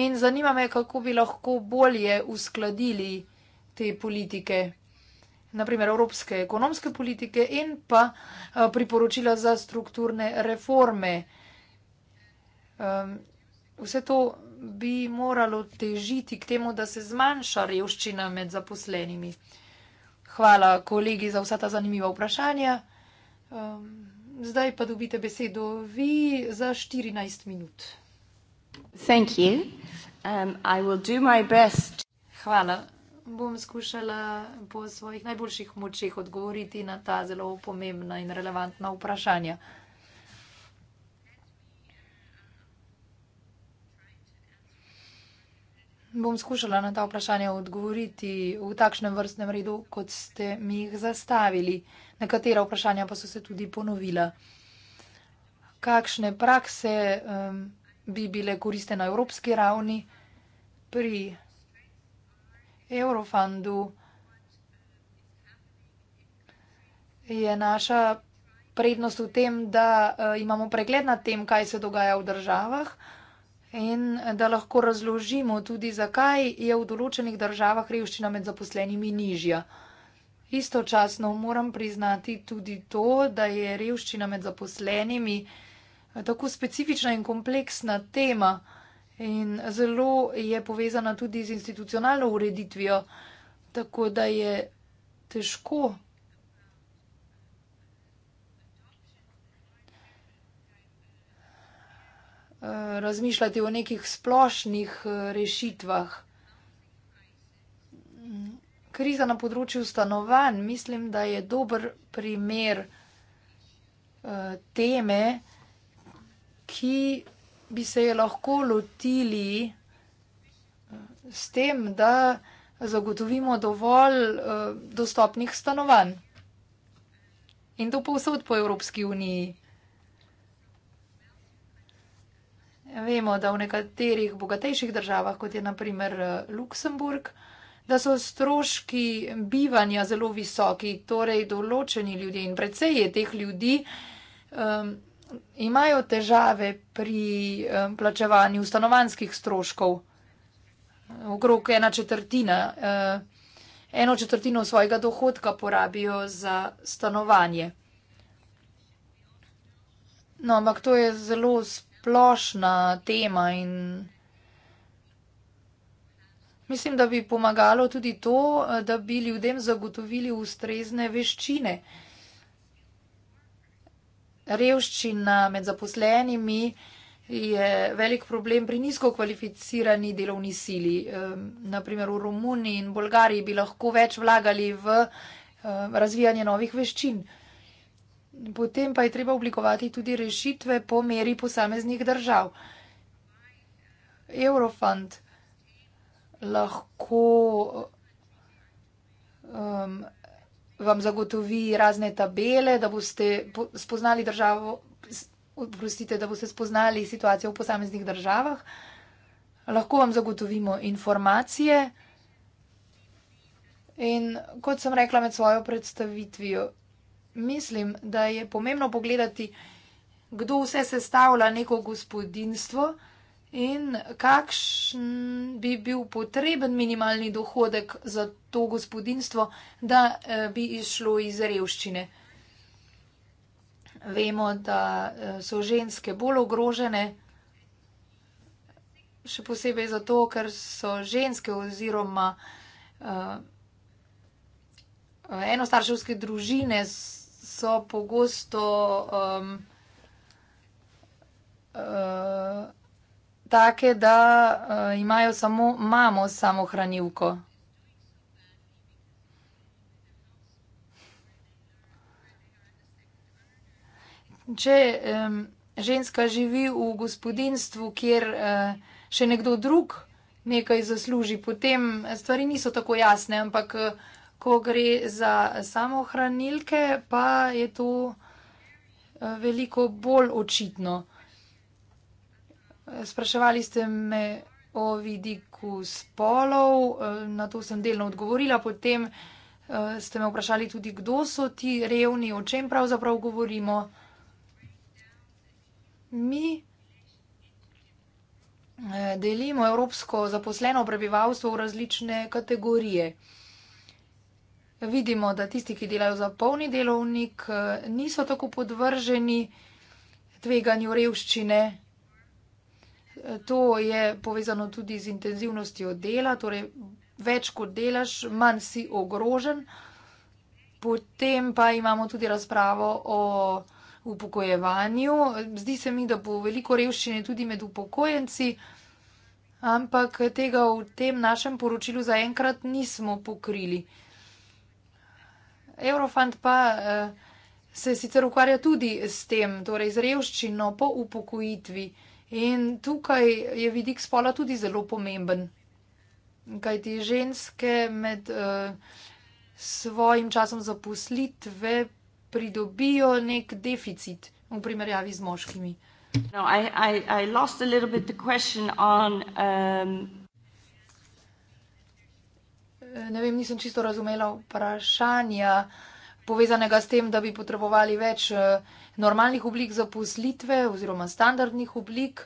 In zanima me, kako bi lahko bolje uskladili te politike, naprimer evropske ekonomske politike in pa eh, priporočila za strukturne reforme. Ehm, vse to bi moralo težiti k temu, da se zmanjša revščina med zaposlenimi. Hvala kolegi za vsa ta zanimiva vprašanja. Ehm, zdaj pa dobite besedo vi za 14 minut. Thank you. Um, I will do my best. Hvala. Bom skušala po svojih najboljših močeh odgovoriti na ta zelo pomembna in relevantna vprašanja. Bom skušala na ta vprašanja odgovoriti v takšnem vrstnem redu, kot ste mi jih zastavili. Nekatera vprašanja pa so se tudi ponovila. Kakšne prakse um, bi bile koriste na evropski ravni. Pri Eurofundu je naša prednost v tem, da e, imamo pregled nad tem, kaj se dogaja v državah in da lahko razložimo tudi, zakaj je v določenih državah revščina med zaposlenimi nižja. Istočasno moram priznati tudi to, da je revščina med zaposlenimi nižja tako specifična in kompleksna tema in zelo je povezana tudi z institucionalno ureditvijo, tako da je težko. razmišljati o nekih splošnih eh, rešitvah. Kriza na področju stanovanj, mislim, da je dober primer eh, teme, ki bi se je lahko lotili s tem, da zagotovimo dovolj eh, dostopnih stanovanj. In to povsod po Evropski uniji. Vemo, da v nekaterih bogatejših državah, kot je naprimer eh, Luksemburg, da so stroški bivanja zelo visoki, torej določeni ljudje in predvsej je teh ljudi, eh, imajo težave pri plačevanju stanovanskih stroškov. Okrog ena četrtina, eh, eno četrtino svojega dohodka porabijo za stanovanje. No, ampak to je zelo splošna tema in mislim, da bi pomagalo tudi to, eh, da bi ljudem zagotovili ustrezne veščine revščina med zaposlenimi je velik problem pri nizko kvalificirani delovni sili. Naprimer v Romuniji in Bolgariji bi lahko več vlagali v razvijanje novih veščin. Potem pa je treba oblikovati tudi rešitve po meri posameznih držav. Eurofund lahko um, vam zagotovi razne tabele, da boste spoznali državo, oprostite, da boste spoznali situacijo v posameznih državah. Lahko vam zagotovimo informacije. In kot sem rekla med svojo predstavitvijo, mislim, da je pomembno pogledati, kdo vse sestavlja neko gospodinstvo. In kakšen bi bil potreben minimalni dohodek za to gospodinstvo, da eh, bi išlo iz revščine? Vemo, da eh, so ženske bolj ogrožene, še posebej zato, ker so ženske oziroma uh, enostarševske družine so pogosto. Um, uh, take, da uh, imajo samo mamo samohranilko. Če um, ženska živi v gospodinstvu, kjer uh, še nekdo drug nekaj zasluži, potem stvari niso tako jasne, ampak eh, ko gre za samohranilke, pa je to uh, veliko bolj očitno. Spraševali ste me o vidiku spolov, eh, na to sem delno odgovorila, potem eh, ste me vprašali tudi, kdo so ti revni, o čem pravzaprav govorimo. Mi eh, delimo evropsko zaposleno prebivalstvo v različne kategorije. Vidimo, da tisti, ki delajo za polni delovnik, niso tako podvrženi tveganju revščine. To je povezano tudi z intenzivnostjo dela, torej več kot delaš, manj si ogrožen. Potem pa imamo tudi razpravo o upokojevanju. Zdi se mi, da bo veliko revščine tudi med upokojenci, ampak tega v tem našem poročilu zaenkrat nismo pokrili. Eurofant pa eh, se sicer ukvarja tudi s tem, torej z revščino po upokojitvi. In tukaj je vidik spola tudi zelo pomemben, kajti ženske med uh, svojim časom zaposlitve pridobijo nek deficit v primerjavi z moškimi. No, I, I, I on, um... Ne vem, nisem čisto razumela vprašanja povezanega s tem, da bi potrebovali več. Uh, normalnih oblik zaposlitve oziroma standardnih oblik.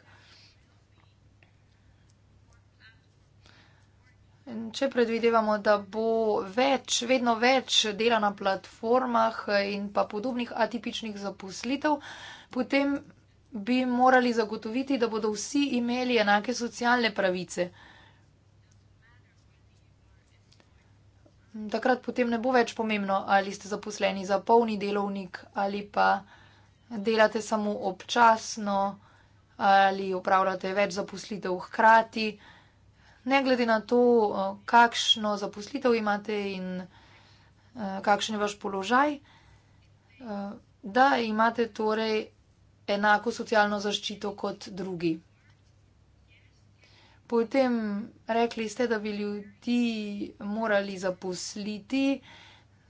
Če predvidevamo, da bo več, vedno več dela na platformah in pa podobnih atipičnih zaposlitev, potem bi morali zagotoviti, da bodo vsi imeli enake socialne pravice. Takrat potem ne bo več pomembno, ali ste zaposleni za polni delovnik ali pa delate samo občasno ali upravljate več zaposlitev hkrati. Ne glede na to, kakšno zaposlitev imate in eh, kakšen je vaš položaj, eh, da imate torej enako socialno zaščito kot drugi. Potem rekli ste, da bi ljudi morali zaposliti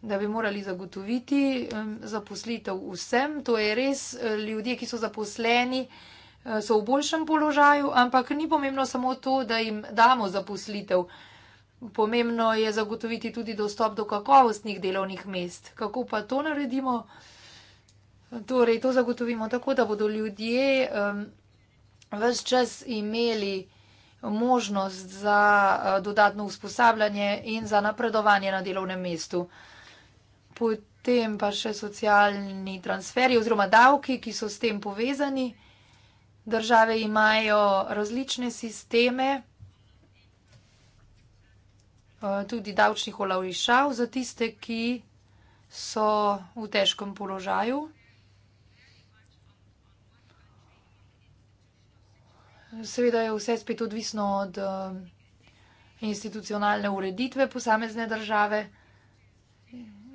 da bi morali zagotoviti zaposlitev vsem. To je res, eh, ljudje, ki so zaposleni, eh, so v boljšem položaju, ampak ni pomembno samo to, da jim damo zaposlitev. Pomembno je zagotoviti tudi dostop do kakovostnih delovnih mest. Kako pa to naredimo? Torej, to zagotovimo tako, da bodo ljudje um, vse čas imeli možnost za uh, dodatno usposabljanje in za napredovanje na delovnem mestu. Uh, potem pa še socialni transferi oziroma davki, ki so s tem povezani. Države imajo različne sisteme, eh, tudi davčnih olajšav za tiste, ki so v težkem položaju. Seveda je vse spet odvisno od eh, institucionalne ureditve posamezne države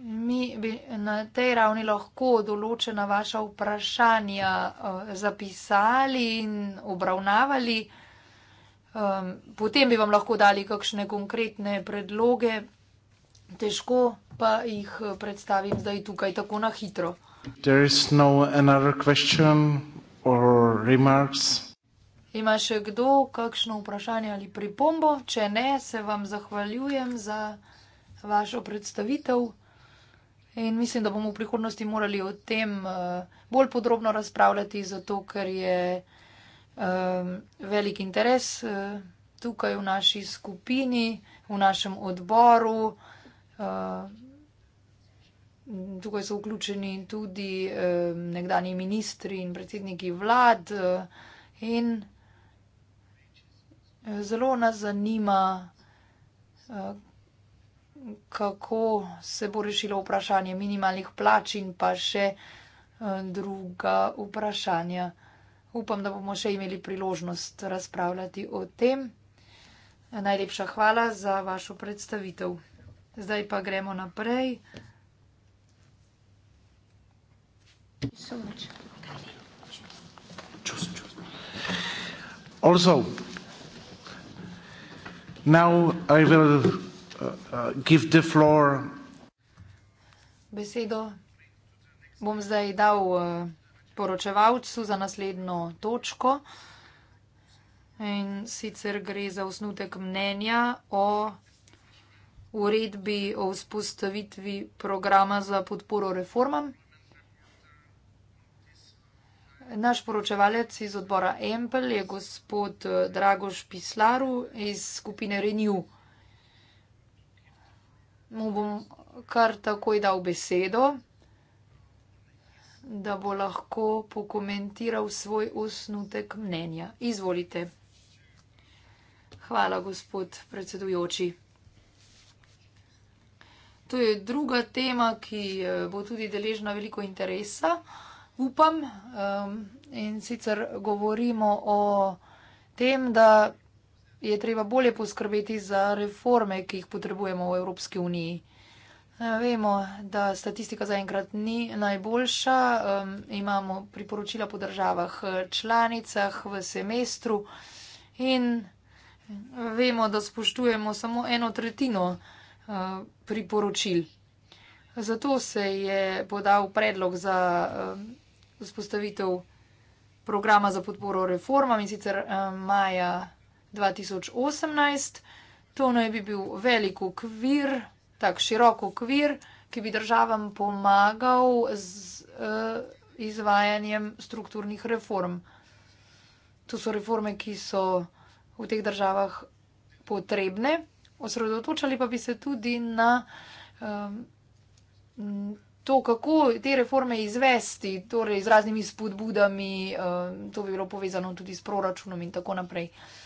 mi bi na tej ravni lahko določena vaša vprašanja eh, zapisali in obravnavali. Ehm, potem bi vam lahko dali kakšne konkretne predloge, težko pa jih eh, predstavim zdaj tukaj tako na hitro. No Ima še kdo kakšno vprašanje ali pripombo? Če ne, se vam zahvaljujem za vašo predstavitev. In mislim, da bomo v prihodnosti morali o tem uh, bolj podrobno razpravljati, zato ker je um, velik interes uh, tukaj v naši skupini, v našem odboru. Uh, tukaj so vključeni tudi um, nekdani ministri in predsedniki vlad. Uh, in zelo nas zanima, uh, kako se bo rešilo vprašanje minimalnih plač in pa še eh, druga vprašanja. Upam, da bomo še imeli priložnost razpravljati o tem. Najlepša hvala za vašo predstavitev. Zdaj pa gremo naprej. Also, now I will uh, give the floor. Besedo bom zdaj dal uh, poročevalcu za naslednjo točko. In sicer gre za osnutek mnenja o uredbi o vzpostavitvi programa za podporo reformam. Naš poročevalec iz odbora Empel je gospod eh, Dragoš Pislaru iz skupine Renew mu bom kar takoj dal besedo, da bo lahko pokomentiral svoj osnutek mnenja. Izvolite. Hvala, gospod predsedujoči. To je druga tema, ki eh, bo tudi deležna veliko interesa, upam. Ehm, in sicer govorimo o tem, da je treba bolje poskrbeti za reforme, ki jih potrebujemo v Evropski uniji. Eh, vemo, da statistika zaenkrat ni najboljša, um, imamo priporočila po državah eh, članicah v semestru in eh, vemo, da spoštujemo samo eno tretjino uh, priporočil. Zato se je podal predlog za uh, vzpostavitev programa za podporo reformam in sicer uh, maja 2018. To naj bi bil velik okvir, tak širok okvir, ki bi državam pomagal z uh, izvajanjem strukturnih reform. To so reforme, ki so v teh državah potrebne. Osredotočali pa bi se tudi na um, to, kako te reforme izvesti, torej z raznimi spodbudami, um, to bi bilo povezano tudi s proračunom in tako naprej. Uh,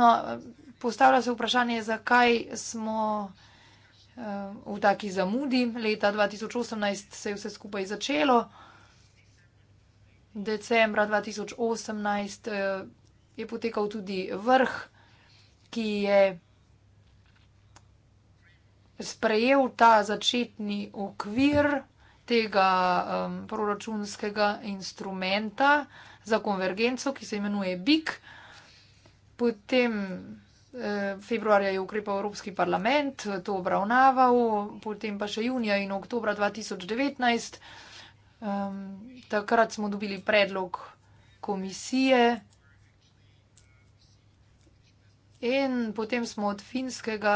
No, postavlja se vprašanje, zakaj smo eh, v taki zamudi. Leta 2018 se je vse skupaj začelo. Decembra 2018 eh, je potekal tudi vrh, ki je sprejel ta začetni okvir tega eh, proračunskega instrumenta za konvergenco, ki se imenuje BIK. Potem eh, februarja je ukrepal Evropski parlament, to obravnaval, potem pa še junija in oktobra 2019. Takrat smo dobili predlog komisije. In potem smo od finskega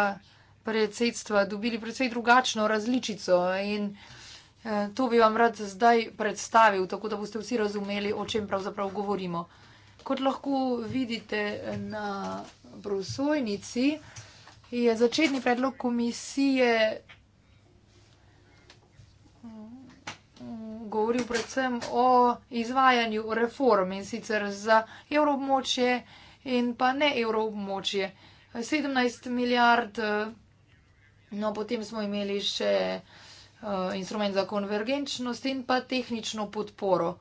predsedstva dobili predvsej drugačno različico in eh, to bi vam rad zdaj predstavil, tako da boste vsi razumeli, o čem pravzaprav govorimo. Kot lahko vidite na brosojnici, je začetni predlog komisije mm, govoril predvsem o izvajanju reform in sicer za evroobmočje in pa ne evroobmočje. 17 milijard, no potem smo imeli še eh, instrument za konvergenčnost in pa tehnično podporo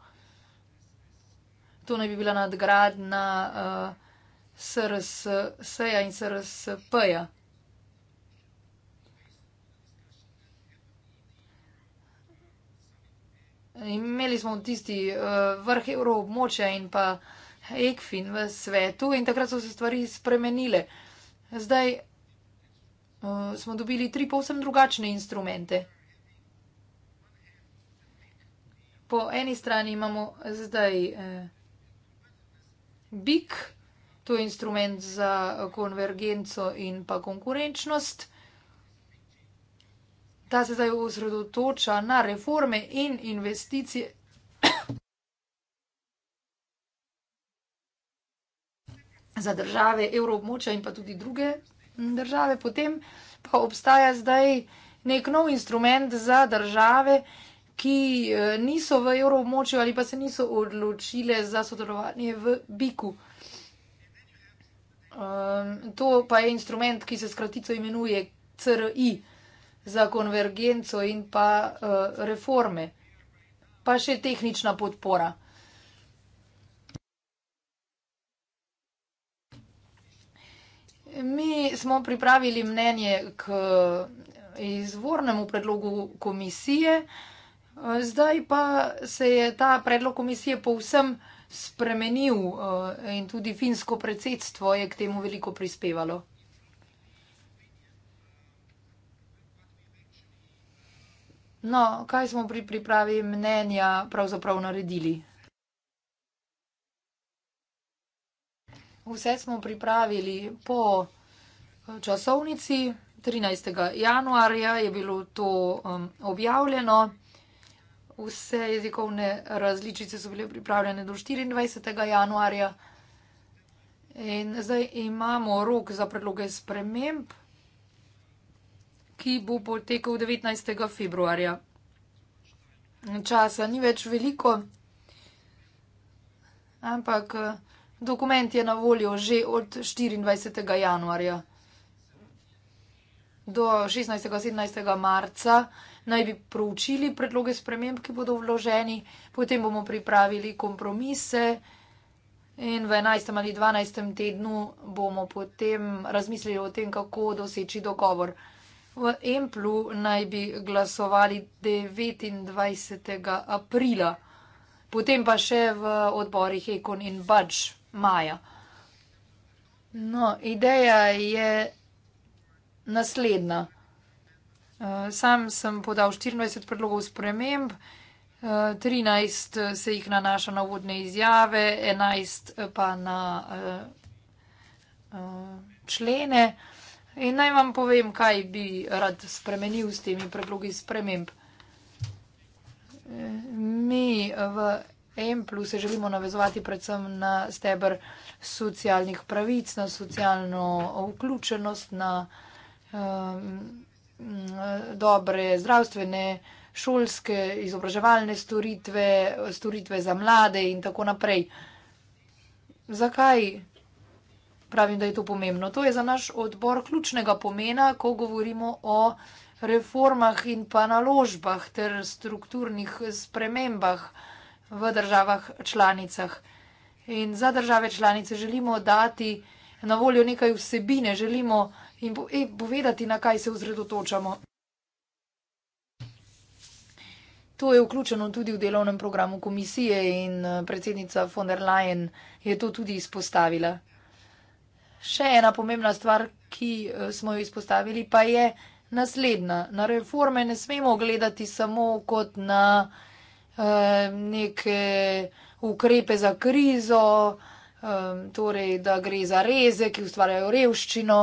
to naj bi bila nadgradna uh, eh, SRS-ja in SRS-ja. Imeli smo tisti uh, vrh evroobmočja in pa ekfin v svetu in takrat so se stvari spremenile. Zdaj uh, smo dobili tri povsem drugačne instrumente. Po eni strani imamo zdaj. Uh, BIK, to je instrument za konvergenco in pa konkurenčnost. Ta se zdaj osredotoča na reforme in investicije. Za države evroobmoča in pa tudi druge države, potem pa obstaja zdaj nek nov instrument za države, ki eh, niso v evroobmočju ali pa se niso odločile za sodelovanje v BIK-u. Ehm, to pa je instrument, ki se skratico imenuje CRI za konvergenco in pa eh, reforme, pa še tehnična podpora. Mi smo pripravili mnenje k eh, izvornemu predlogu komisije, ki je Zdaj pa se je ta predlog komisije povsem spremenil eh, in tudi finsko predsedstvo je k temu veliko prispevalo. No, kaj smo pri pripravi mnenja pravzaprav naredili? Vse smo pripravili po eh, časovnici, 13. januarja je bilo to eh, objavljeno vse jezikovne različice so bile pripravljene do 24. januarja. In zdaj imamo rok za predloge sprememb, ki bo potekal 19. februarja. Časa ni več veliko, ampak dokument je na voljo že od 24. januarja do 16. 17. marca naj bi proučili predloge sprememb, ki bodo vloženi, potem bomo pripravili kompromise in v 11. ali 12. tednu bomo potem razmislili o tem, kako doseči dogovor. V Emplu naj bi glasovali 29. aprila, potem pa še v odborih Ekon in Bač maja. No, ideja je naslednja. Sam sem podal 24 predlogov sprememb, 13 se jih nanaša na uvodne izjave, 11 pa na člene. In naj vam povem, kaj bi rad spremenil s temi predlogi sprememb. Mi v EMPLU se želimo navezovati predvsem na stebr socialnih pravic, na socialno vključenost, na um, Mm, dobre zdravstvene, šolske, izobraževalne storitve, storitve za mlade in tako naprej. Zakaj pravim, da je to pomembno? To je za naš odbor ključnega pomena, ko govorimo o reformah in pa naložbah ter strukturnih spremembah v državah članicah. In za države članice želimo dati na voljo nekaj vsebine, želimo in povedati, e, na kaj se ozredotočamo. To je vključeno tudi v delovnem programu komisije in eh, predsednica von der Leyen je to tudi izpostavila. Še ena pomembna stvar, ki eh, smo jo izpostavili, pa je naslednja. Na reforme ne smemo gledati samo kot na eh, neke ukrepe za krizo, torej da gre za reze, ki ustvarjajo revščino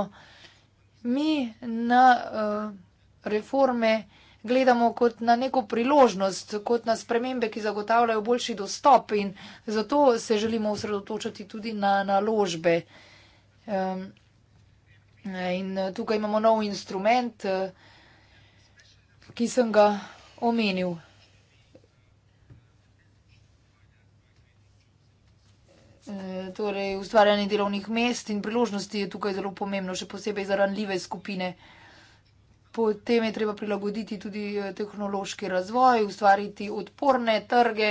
mi na eh, reforme gledamo kot na neko priložnost, kot na spremembe, ki zagotavljajo boljši dostop in zato se želimo osredotočati tudi na naložbe. In tukaj imamo nov instrument, eh, ki sem ga omenil. E, torej, ustvarjanje delovnih mest in priložnosti je tukaj zelo pomembno, še posebej za ranljive skupine. Potem je treba prilagoditi tudi e, tehnološki razvoj, ustvariti odporne trge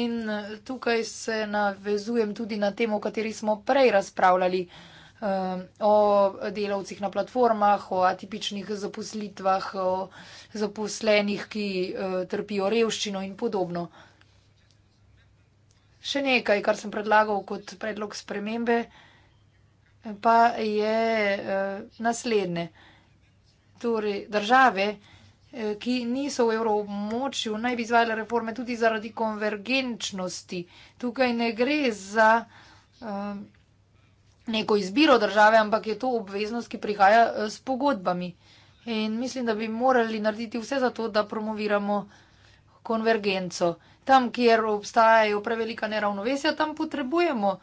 in e, tukaj se navezujem tudi na temo, o kateri smo prej razpravljali, o delavcih na platformah, o atipičnih zaposlitvah, o zaposlenih, ki trpijo revščino in podobno še nekaj, kar sem predlagal kot predlog spremembe, pa je eh, naslednje. Torej, države, eh, ki niso v evroobmočju, naj bi izvajale reforme tudi zaradi konvergenčnosti. Tukaj ne gre za eh, neko izbiro države, ampak je to obveznost, ki prihaja s pogodbami. In mislim, da bi morali narediti vse za to, da promoviramo konvergenco tam, kjer obstajajo prevelika neravnovesja, tam potrebujemo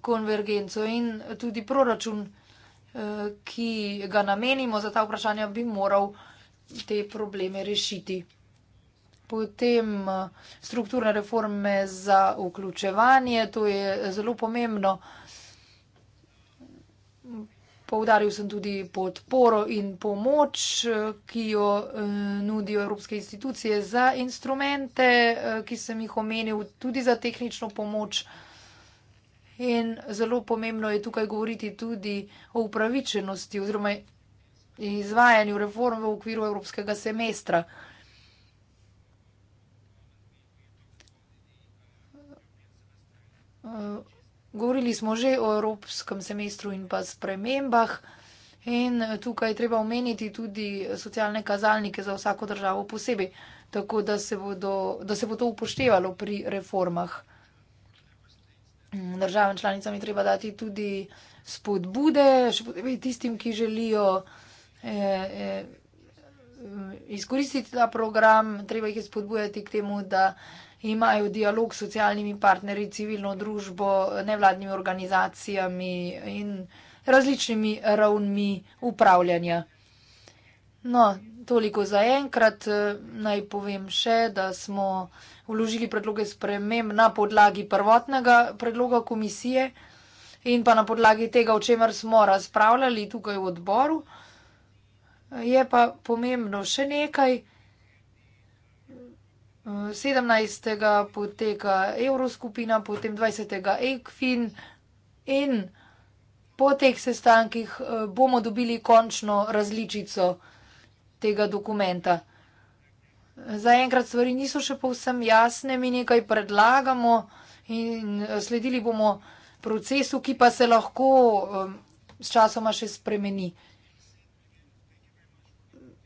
konvergenco in tudi proračun, eh, ki ga namenimo za ta vprašanja, bi moral te probleme rešiti. Potem eh, strukturne reforme za vključevanje, to je zelo pomembno. Poudaril sem tudi podporo in pomoč, eh, ki jo eh, nudijo evropske institucije za instrumente, eh, ki sem jih omenil, tudi za tehnično pomoč. In zelo pomembno je tukaj govoriti tudi o upravičenosti oziroma izvajanju reform v okviru evropskega semestra. Uh. Govorili smo že o evropskem semestru in pa spremembah. In tukaj je treba omeniti tudi socialne kazalnike za vsako državo posebej, tako da se, bodo, da se bo to upoštevalo pri reformah. Državam članicam je treba dati tudi spodbude, še posebej tistim, ki želijo eh, eh, izkoristiti ta program, treba jih je spodbujati k temu, da imajo dialog s socialnimi partnerji, civilno družbo, nevladnimi organizacijami in različnimi ravnmi upravljanja. No, toliko za enkrat. Naj povem še, da smo vložili predloge sprejemem na podlagi prvotnega predloga komisije in pa na podlagi tega, o čemer smo razpravljali tukaj v odboru. Je pa pomembno še nekaj. 17. poteka Evroskupina, potem 20. EKFIN in po teh sestankih eh, bomo dobili končno različico tega dokumenta. Zaenkrat stvari niso še povsem jasne, mi nekaj predlagamo in eh, sledili bomo procesu, ki pa se lahko eh, s časoma še spremeni.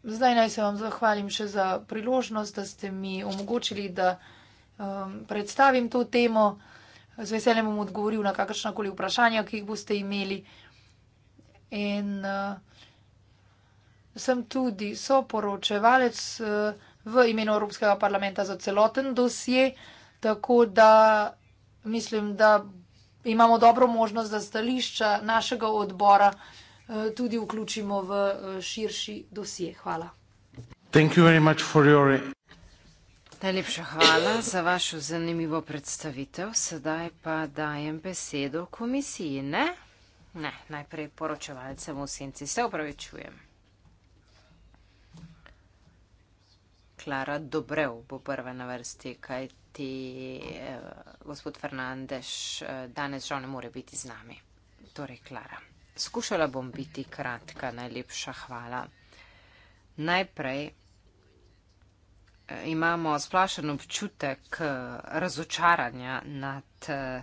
Zdaj naj se vam zahvalim še za priložnost, da ste mi omogočili, da um, predstavim to temo. Z veseljem bom odgovoril na kakršna koli vprašanja, ki jih boste imeli. In uh, sem tudi soporočevalec uh, v imenu Evropskega parlamenta za celoten dosje, tako da mislim, da imamo dobro možnost, da stališča našega odbora uh, Eh, tudi vključimo v eh, širši dosje. Hvala. Najlepša hvala za vašo zanimivo predstavitev. Sedaj pa dajem besedo komisiji. Ne, ne najprej poročevalcem v senci. Se upravičujem. Klara Dobrev bo prva na vrsti, kaj ti eh, gospod Fernandeš eh, danes žal ne more biti z nami. Torej, Klara. Skušala bom biti kratka, najlepša hvala. Najprej eh, imamo splašen občutek eh, razočaranja nad eh,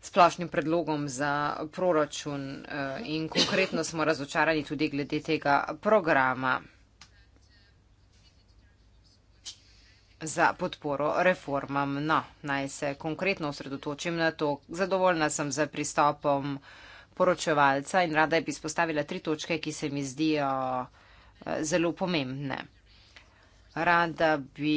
splošnim predlogom za proračun in konkretno smo razočarani tudi glede tega programa za podporo reformam. No, naj se konkretno osredotočim na to. Zadovoljna sem za pristopom poročevalca in rada bi spostavila tri točke, ki se mi zdijo eh, zelo pomembne. Rada bi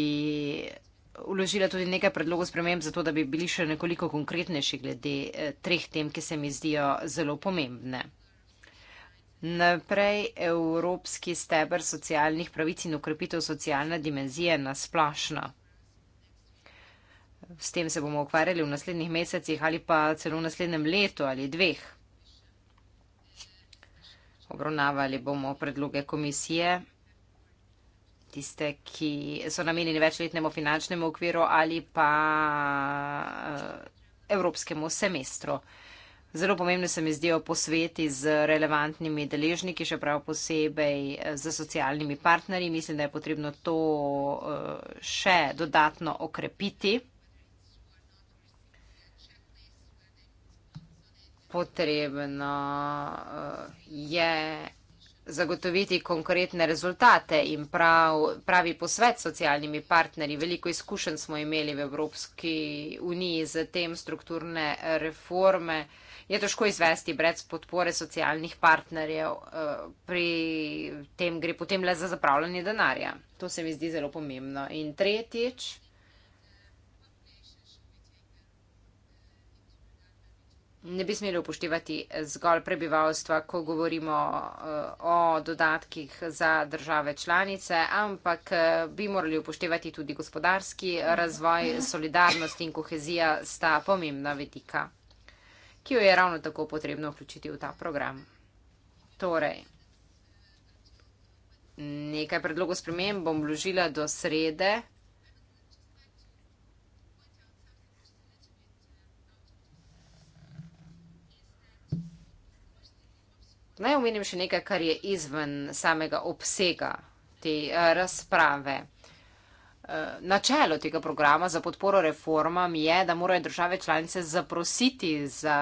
uložila tudi nekaj predlogov sprememb, zato da bi bili še nekoliko konkretnejši glede eh, treh tem, ki se mi zdijo zelo pomembne. Naprej Evropski steber socialnih pravic in ukrepitev socialne dimenzije nasplašno. S tem se bomo ukvarjali v naslednjih mesecih ali pa celo v naslednjem letu ali dveh obravnavali bomo predloge komisije, tiste, ki so namenjeni večletnemu finančnemu okviru ali pa eh, evropskemu semestru. Zelo pomembne se mi zdijo posveti z relevantnimi deležniki, še prav posebej eh, z socialnimi partnerji. Mislim, da je potrebno to eh, še dodatno okrepiti. potrebno eh, je zagotoviti konkretne rezultate in prav, pravi posvet s socialnimi partnerji. Veliko izkušenj smo imeli v Evropski uniji z tem strukturne reforme. Je težko izvesti brez podpore socialnih partnerjev. Eh, pri tem gre potem le za zapravljanje denarja. To se mi zdi zelo pomembno. In tretjič. ne bi smeli upoštevati zgolj prebivalstva, ko govorimo eh, o dodatkih za države članice, ampak eh, bi morali upoštevati tudi gospodarski razvoj, solidarnost in kohezija sta pomembna vedika, ki jo je ravno tako potrebno vključiti v ta program. Torej, nekaj predlogov sprememb bom vložila do srede. Naj omenim še nekaj, kar je izven samega obsega te uh, razprave. Eh, načelo tega programa za podporo reformam je, da morajo države članice zaprositi za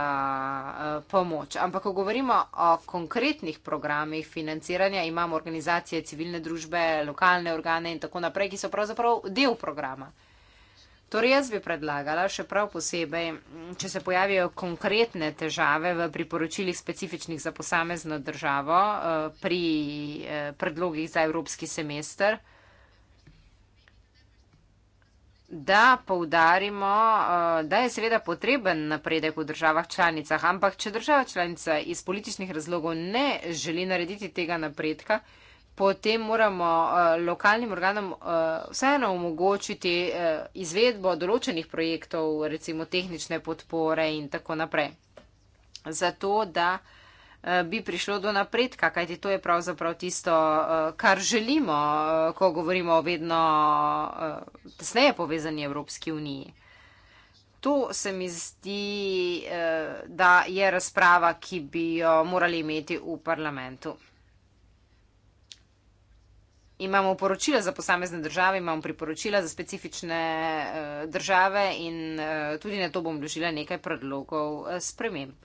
eh, pomoč. Ampak, ko govorimo o konkretnih programih financiranja, imamo organizacije civilne družbe, lokalne organe in tako naprej, ki so pravzaprav del programa. Uh, Torej, jaz bi predlagala, še prav posebej, če se pojavijo konkretne težave v priporočilih specifičnih za posamezno državo eh, pri eh, predlogih za evropski semester, da poudarimo, eh, da je seveda potreben napredek v državah članicah, ampak če država članica iz političnih razlogov ne želi narediti tega napredka, potem moramo uh, lokalnim organom uh, vseeno omogočiti uh, izvedbo določenih projektov, recimo tehnične podpore in tako naprej. Zato, da bi prišlo do napredka, kajti to je pravzaprav tisto, kar želimo, ko govorimo o vedno tesneje povezani Evropski uniji. To se mi zdi, da je razprava, ki bi jo morali imeti v parlamentu imamo poročila za posamezne države, imamo priporočila za specifične eh, države in eh, tudi na to bom vložila nekaj predlogov eh, sprememb.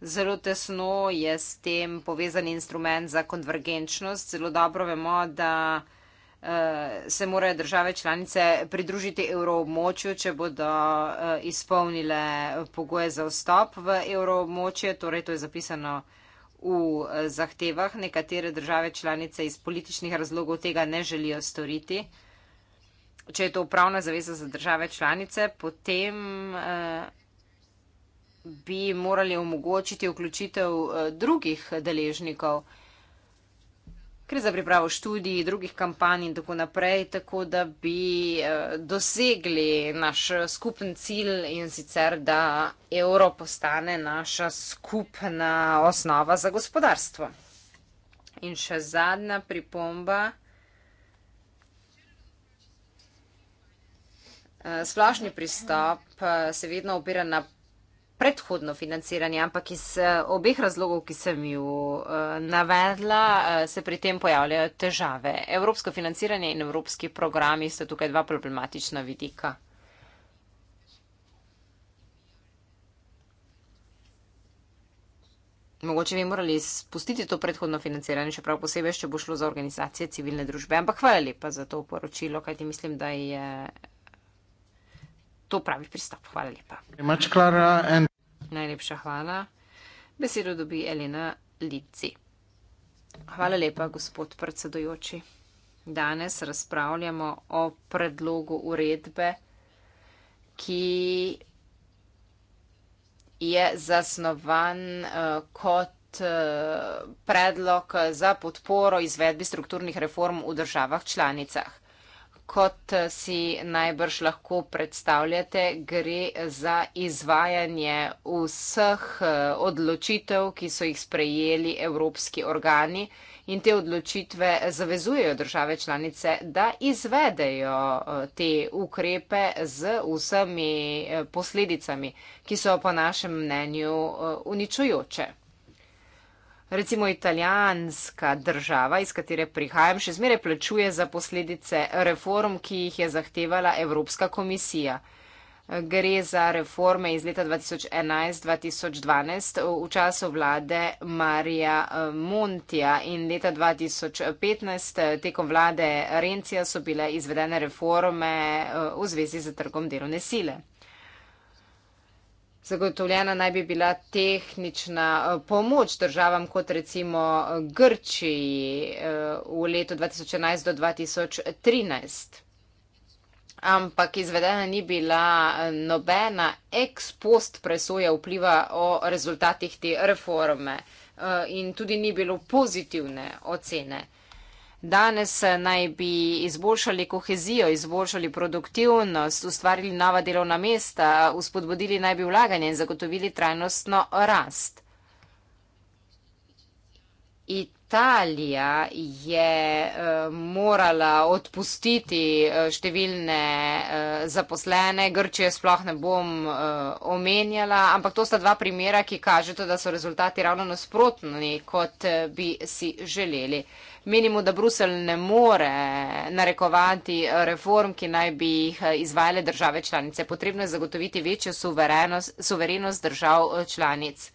Zelo tesno je s tem povezan instrument za konvergenčnost. Zelo dobro vemo, da se morajo države članice pridružiti evroobmočju, če bodo izpolnile pogoje za vstop v evroobmočje. Torej, to je zapisano v eh, zahtevah. Nekatere države članice iz političnih razlogov tega ne želijo storiti. Če je to upravna zaveza za države članice, potem eh, bi morali omogočiti vključitev eh, drugih deležnikov gre za pripravo študij, drugih kampanj in tako naprej, tako da bi eh, dosegli naš eh, skupen cilj in sicer, da evro postane naša skupna osnova za gospodarstvo. In še zadnja pripomba. Eh, splošni pristop se vedno opira na predhodno financiranje, ampak iz eh, obeh razlogov, ki sem ju eh, navedla, eh, se pri tem pojavljajo težave. Evropsko financiranje in evropski programi sta tukaj dva problematična vidika. Mogoče bi morali spustiti to predhodno financiranje, še prav posebej, če bo šlo za organizacije civilne družbe. Ampak hvala lepa za to poročilo, kajti mislim, da je to pravi pristop. Hvala lepa. And... Najlepša hvala. Besedo dobi Elena Lici. Hvala lepa, gospod predsedojoči. Danes razpravljamo o predlogu uredbe, ki je zasnovan uh, kot uh, predlog za podporo izvedbi strukturnih reform v državah članicah. Kot si najbrž lahko predstavljate, gre za izvajanje vseh eh, odločitev, ki so jih sprejeli evropski organi in te odločitve zavezujejo države članice, da izvedejo eh, te ukrepe z vsemi eh, posledicami, ki so po našem mnenju uničujoče recimo italijanska država, iz katere prihajam, še zmeraj plačuje za posledice reform, ki jih je zahtevala Evropska komisija. Gre za reforme iz leta 2011-2012 v času vlade Marija eh, Montija in leta 2015 eh, tekom vlade Rencija so bile izvedene reforme eh, v zvezi z trgom delovne sile. Zagotovljena naj bi bila tehnična eh, pomoč državam kot recimo eh, Grčiji eh, v letu 2011 do 2013. Ampak izvedena ni bila nobena ex post presoja vpliva o rezultatih te reforme in tudi ni bilo pozitivne ocene. Danes naj bi izboljšali kohezijo, izboljšali produktivnost, ustvarili nova delovna mesta, uspodbudili naj bi vlaganje in zagotovili trajnostno rast. Italija je eh, morala odpustiti eh, številne eh, zaposlene, Grčijo sploh ne bom omenjala, ampak to sta dva primera, ki kažete, da so rezultati ravno nasprotni, kot bi si želeli. Menimo, da Brusel ne more narekovati reform, ki naj bi jih izvajale države članice. Potrebno je zagotoviti večjo suverenost, suverenost držav eh, članic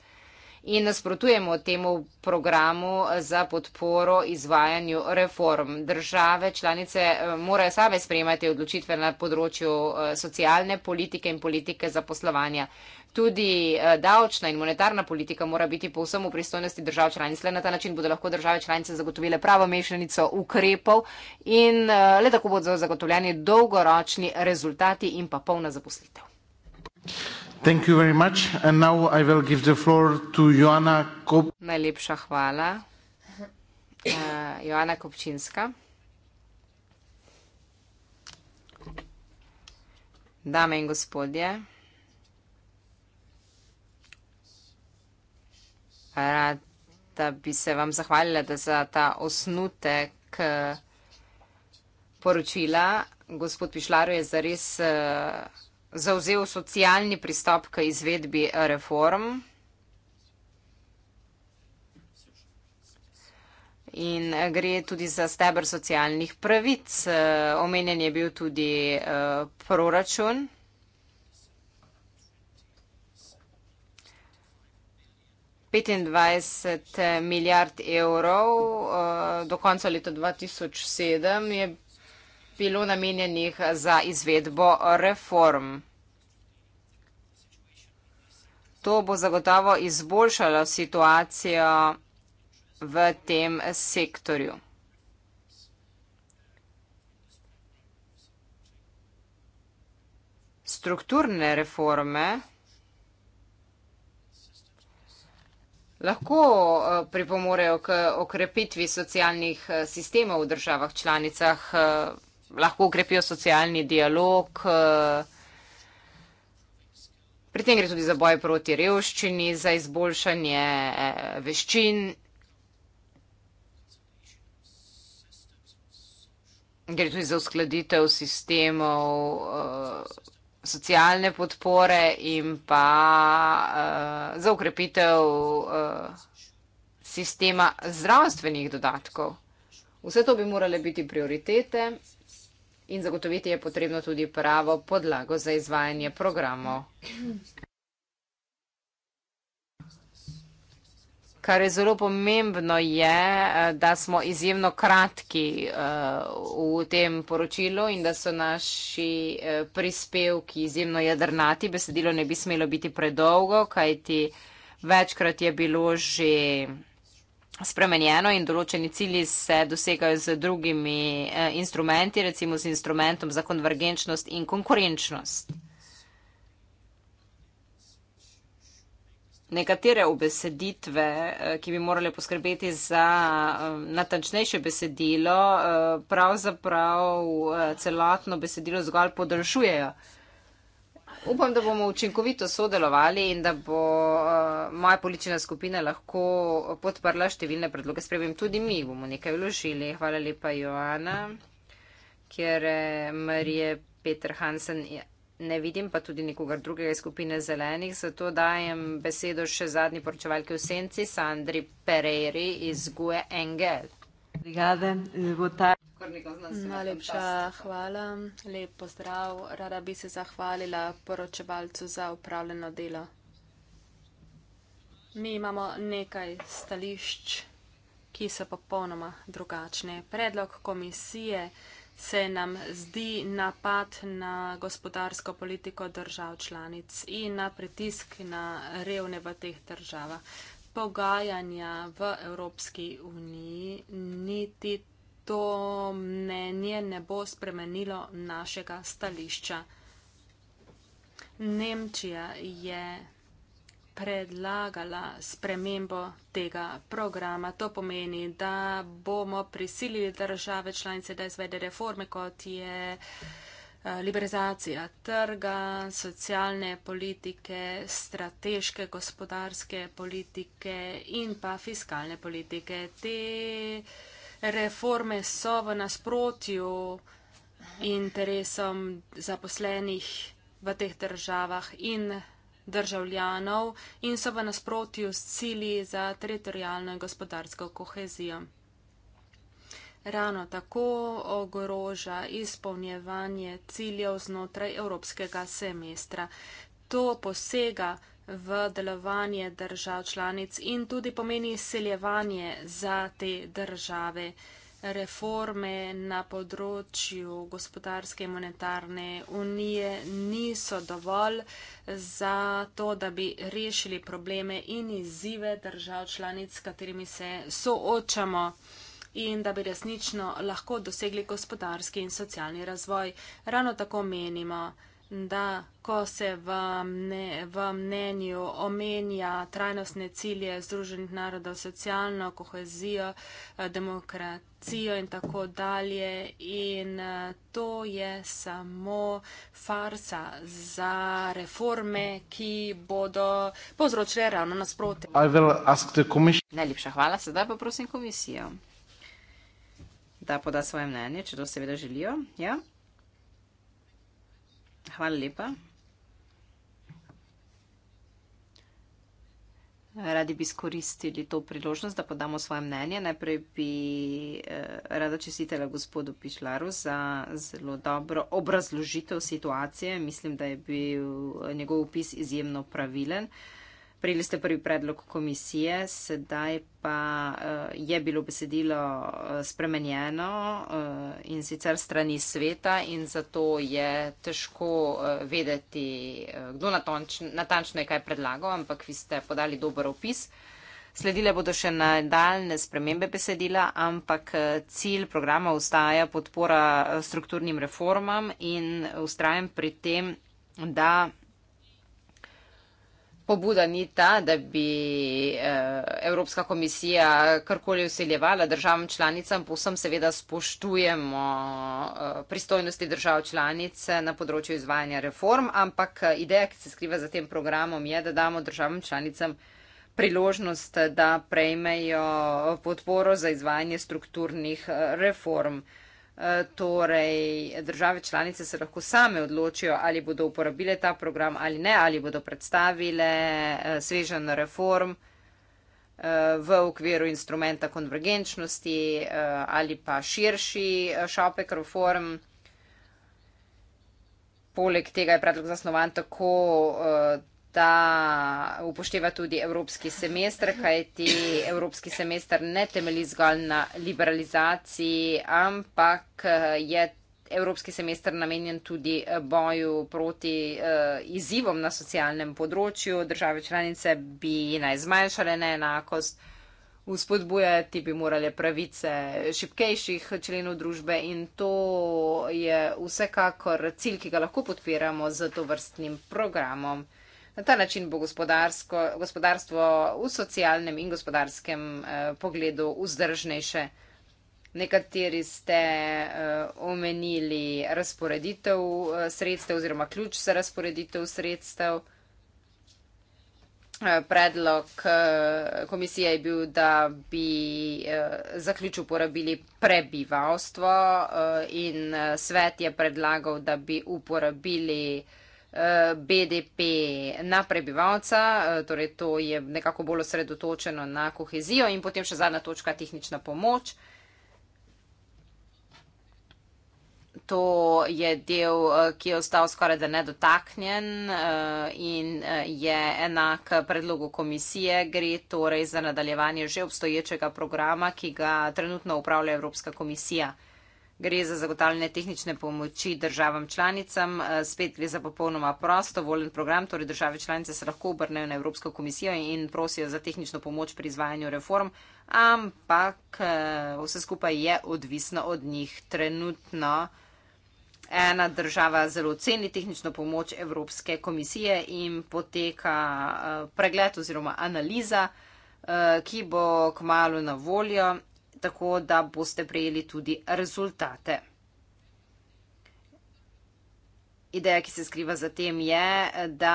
in nasprotujemo temu programu za podporo izvajanju reform. Države članice eh, morajo same sprejemati odločitve na področju eh, socialne politike in politike zaposlovanja. Tudi eh, davčna in monetarna politika mora biti povsem v pristojnosti držav članic. Le na ta način bodo lahko države članice zagotovile pravo mešanico ukrepov in le tako bodo zagotovljeni dolgoročni rezultati in pa polna zaposlitev. Thank you very much. And now I will give the floor to Joanna Kop. Najlepša hvala. Uh, Joanna Kopčinska. Dame in gospodje, rada bi se vam zahvalila za ta osnutek eh, poročila. Gospod Pišlaro je zares. Uh, zauzel socialni pristop k izvedbi reform in gre tudi za steber socialnih pravic. Omenjen je bil tudi eh, proračun. petindvajset milijard evrov eh, do konca leta dva tisoč sedem je bilo namenjenih za izvedbo reform. To bo zagotovo izboljšalo situacijo v tem sektorju. Strukturne reforme lahko eh, pripomorejo k okrepitvi socialnih eh, sistemov v državah članicah Evropske eh, unije lahko ukrepijo socialni dialog. Eh, pri tem gre tudi za boj proti revščini, za izboljšanje eh, veščin. Gre tudi za uskladitev sistemov eh, socialne podpore in pa za ukrepitev sistema zdravstvenih dodatkov. Vse to bi morale biti prioritete in zagotoviti je potrebno tudi pravo podlago za izvajanje programov. Kar je zelo pomembno je, eh, da smo izjemno kratki eh, v tem poročilu in da so naši eh, prispevki izjemno jedrnati. Besedilo ne bi smelo biti predolgo, kajti večkrat je bilo že spremenjeno in določeni cilji se dosegajo z drugimi eh, instrumenti, recimo z instrumentom za konvergenčnost in konkurenčnost. Nekatere obeseditve, eh, ki bi morali poskrbeti za eh, natančnejše besedilo, pravzaprav celotno besedilo zgolj podaljšujejo. Upam, da bomo učinkovito sodelovali in da bo uh, moja politična skupina lahko podprla številne predloge. Spremem tudi mi bomo nekaj vložili. Hvala lepa, Joana, kjer eh, je Marije Petr Hansen. Ne vidim pa tudi nikogar drugega iz skupine zelenih, zato dajem besedo še zadnji poročevalki v senci, Sandri Pereiri iz Gue Engel. Brigade, eh, Najlepša hvala, lep pozdrav. Rada bi se zahvalila poročevalcu za upravljeno delo. Mi imamo nekaj stališč, ki so popolnoma drugačne. Predlog komisije se nam zdi napad na gospodarsko politiko držav članic in na pritisk na revne v teh državah pogajanja v Evropski uniji, niti to mnenje ne bo spremenilo našega stališča. Nemčija je predlagala spremembo tega programa. To pomeni, da bomo prisilili države članice, da izvede reforme, kot je. Uh, Eh, liberalizacija trga, socialne politike, strateške gospodarske politike in pa fiskalne politike. Te reforme so v nasprotju interesom zaposlenih v teh državah in državljanov in so v nasprotju s cili za teritorijalno in gospodarsko kohezijo ravno tako ogroža izpolnjevanje ciljev znotraj evropskega semestra. To posega v delovanje držav članic in tudi pomeni izseljevanje za te države. Reforme na področju gospodarske in monetarne unije niso dovolj za to, da bi rešili probleme in izzive držav članic, s katerimi se soočamo in da bi resnično lahko dosegli gospodarski in socialni razvoj. Ravno tako menimo, da ko se v, mne, v mnenju omenja trajnostne cilje Združenih narodov, socialno kohezijo, eh, demokracijo in tako dalje, in eh, to je samo farsa za reforme, ki bodo povzročile ravno nasprotje. Najlepša hvala, sedaj pa prosim komisijo da poda svoje mnenje, če to seveda želijo. Ja. Hvala lepa. Radi bi skoristili to priložnost, da podamo svoje mnenje. Najprej bi eh, rada čestitela gospodu Pišlaru za zelo dobro obrazložitev situacije. Mislim, da je bil njegov upis izjemno pravilen. Eh, Prejeli ste prvi predlog komisije, sedaj pa uh, je bilo besedilo uh, spremenjeno uh, in sicer strani sveta in zato je težko uh, vedeti, uh, kdo natonč, natančno je kaj predlagal, ampak vi ste podali dober opis. Sledile bodo še nadaljne spremembe besedila, ampak cilj programa ostaja podpora strukturnim reformam in ustrajem pri tem, da. Pobuda ni ta, da bi eh, Evropska komisija karkoli useljevala državam članicam, posem seveda spoštujemo eh, pristojnosti držav članic eh, na področju izvajanja reform, ampak ideja, ki se skriva za tem programom, je, da damo državam članicam priložnost, da prejmejo podporo za izvajanje strukturnih reform. Eh, torej države članice se lahko same odločijo, ali bodo uporabile ta program ali ne, ali bodo predstavile eh, svežen reform eh, v okviru instrumenta konvergenčnosti ali pa širši šapek reform. Poleg tega je predlog zasnovan tako, da upošteva tudi evropski semester, kajti evropski semester ne temeli zgolj na liberalizaciji, ampak je. Evropski semester namenjen tudi eh, boju proti eh, izzivom na socialnem področju. Države članice bi naj zmanjšale neenakost, uspodbujati bi morale pravice šipkejših členov družbe in to je vsekakor cilj, ki ga lahko podpiramo z to vrstnim programom. Na ta način bo gospodarstvo v socialnem in gospodarskem eh, pogledu vzdržnejše. Nekateri ste eh, omenili razporeditev eh, sredstev oziroma ključ za razporeditev sredstev. Eh, predlog eh, komisije je bil, da bi eh, za ključ uporabili prebivalstvo in svet je predlagal, da bi uporabili eh, BDP na prebivalca, eh, torej to je nekako bolj osredotočeno na kohezijo in potem še zadnja točka tehnična pomoč. To je del, eh, ki je ostal skoraj da nedotaknjen eh, in je enak predlogu komisije. Gre torej za nadaljevanje že obstoječega programa, ki ga trenutno upravlja Evropska komisija. Gre za zagotavljanje tehnične pomoči državam članicam, eh, spet gre za popolnoma prosto volen program, torej države članice se lahko obrnejo na Evropsko komisijo in prosijo za tehnično pomoč pri izvajanju reform, ampak eh, vse skupaj je odvisno od njih. Trenutno ena država zelo ceni tehnično pomoč Evropske komisije in poteka eh, pregled oziroma analiza, ki bo kmalo na voljo tako da boste prejeli tudi rezultate. Ideja, ki se skriva za tem, je, da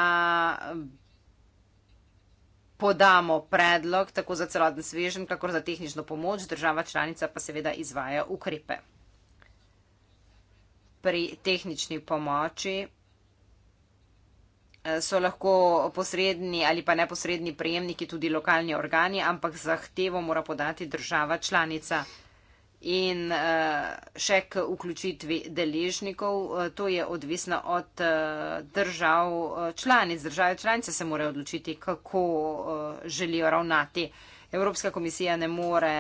podamo predlog tako za celoten svežen, kakor za tehnično pomoč, država članica pa seveda izvaja ukrepe. Pri tehnični pomoči Eh, so lahko posredni ali pa neposredni prejemniki tudi lokalni organi, ampak zahtevo mora podati država članica. In eh, še k vključitvi deležnikov, eh, to je odvisno od držav članic. Države članice se morajo odločiti, kako želijo ravnati. Evropska komisija ne more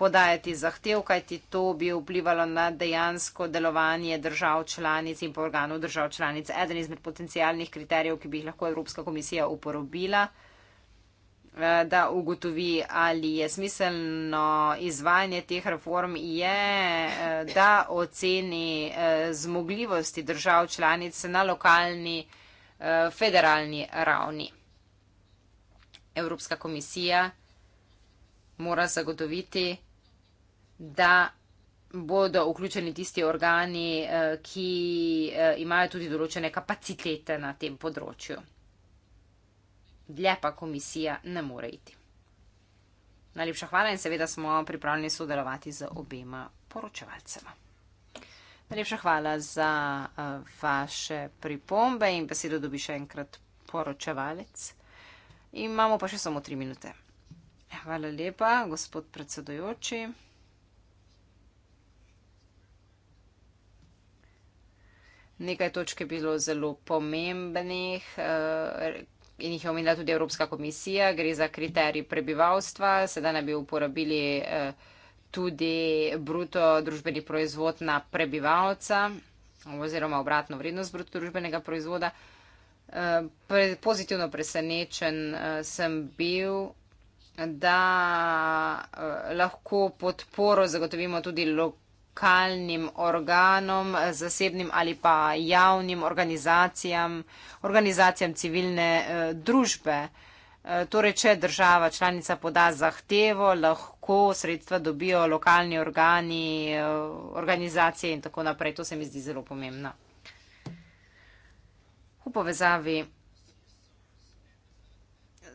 podajati zahtev, kajti to bi vplivalo na dejansko delovanje držav članic in organov držav članic. Eden izmed potencijalnih kriterijev, ki bi jih lahko Evropska komisija uporobila, eh, da ugotovi, ali je smiselno izvajanje teh reform, je, eh, da oceni eh, zmogljivosti držav članic na lokalni, federalni ravni. Evropska komisija mora zagotoviti, da bodo vključeni tisti organi, eh, ki eh, imajo tudi določene kapacitete na tem področju. Dlje pa komisija ne more iti. Najlepša hvala in seveda smo pripravljeni sodelovati z obema poročevalcema. Najlepša hvala za eh, vaše pripombe in besedo dobi še enkrat poročevalec. Imamo pa še samo tri minute. Hvala lepa, gospod predsedojoči. Nekaj točk je bilo zelo pomembnih eh, in jih je omenila tudi Evropska komisija. Gre za kriterij prebivalstva. Sedaj naj bi uporabili eh, tudi bruto družbeni proizvod na prebivalca oziroma obratno vrednost bruto družbenega proizvoda. Eh, pozitivno presenečen sem bil, da lahko podporo zagotovimo tudi lokalno lokalnim organom, zasebnim ali pa javnim organizacijam, organizacijam civilne eh, družbe. Eh, torej, če država članica poda zahtevo, lahko sredstva dobijo lokalni organi, eh, organizacije in tako naprej. To se mi zdi zelo pomembno. V povezavi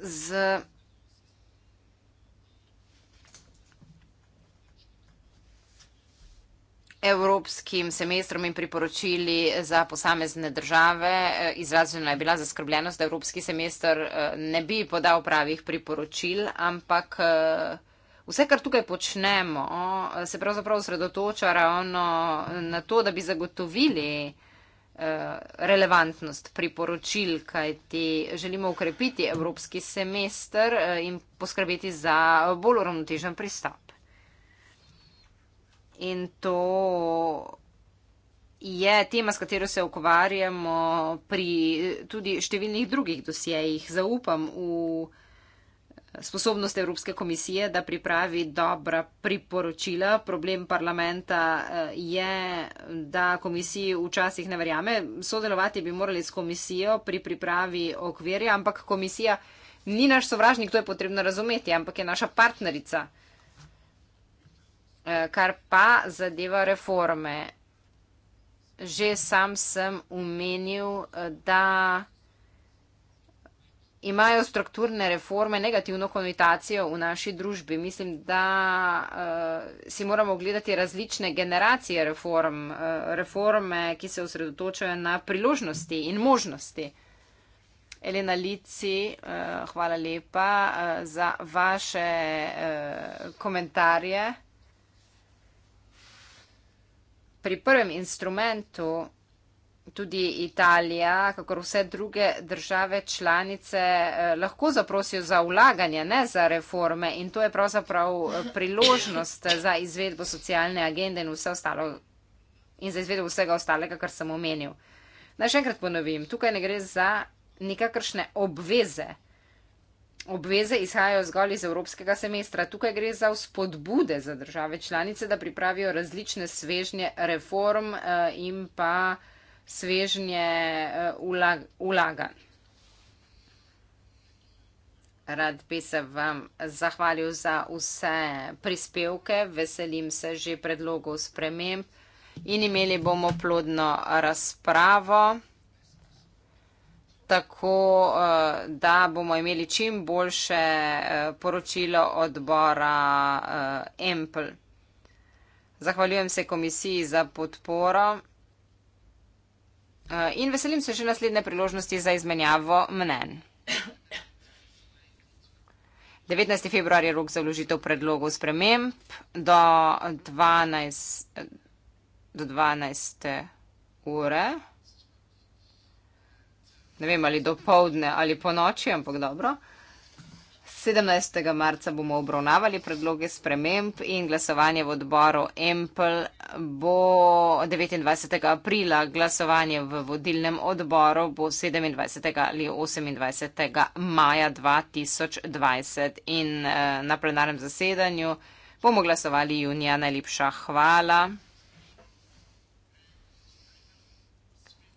z evropskim semestrom in priporočili za posamezne države. Eh, izrazljena je bila zaskrbljenost, da evropski semester eh, ne bi podal pravih priporočil, ampak eh, vse, kar tukaj počnemo, se pravzaprav osredotoča ravno na to, da bi zagotovili relevantnost priporočil, kajti želimo ukrepiti evropski semester in poskrbeti za bolj uravnotežen pristop in to je tema, s katero se ukvarjamo pri tudi številnih drugih dosjejih. Zaupam v sposobnost Evropske komisije, da pripravi dobra priporočila. Problem parlamenta eh, je, da komisiji včasih ne verjame. Sodelovati bi morali s komisijo pri pripravi okvirja, ampak komisija ni naš sovražnik, to je potrebno razumeti, ampak je naša partnerica. Eh, kar pa zadeva reforme. Že sam sem umenil, eh, da imajo strukturne reforme negativno konotacijo v naši družbi. Mislim, da uh, si moramo gledati različne generacije reform, uh, reforme, ki se osredotočajo na priložnosti in možnosti. Elena Lici, uh, hvala lepa uh, za vaše uh, komentarje pri prvem instrumentu tudi Italija, kakor vse druge države članice, eh, lahko zaprosijo za vlaganje, ne za reforme in to je pravzaprav eh, priložnost za izvedbo socialne agende in vse ostalo in za izvedbo vsega ostalega, kar sem omenil. Naj še enkrat ponovim, tukaj ne gre za nikakršne obveze obveze izhajajo zgolj iz evropskega semestra. Tukaj gre za vzpodbude za države članice, da pripravijo različne svežnje reform eh, in pa svežnje eh, ulaga. Rad bi se vam zahvalil za vse prispevke, veselim se že predlogov sprememb in imeli bomo plodno razpravo tako eh, da bomo imeli čim boljše eh, poročilo odbora eh, EMPL. Zahvaljujem se komisiji za podporo in veselim se še naslednje priložnosti za izmenjavo mnen. 19. februar je rok za vložitev predlogov sprememb do 12. Do 12 ure ne vem ali do povdne ali po noči, ampak dobro. 17. marca bomo obravnavali predloge sprememb in glasovanje v odboru Empel bo 29. aprila, glasovanje v vodilnem odboru bo 27. ali 28. maja 2020 in eh, na plenarnem zasedanju bomo glasovali junija. Najlepša hvala.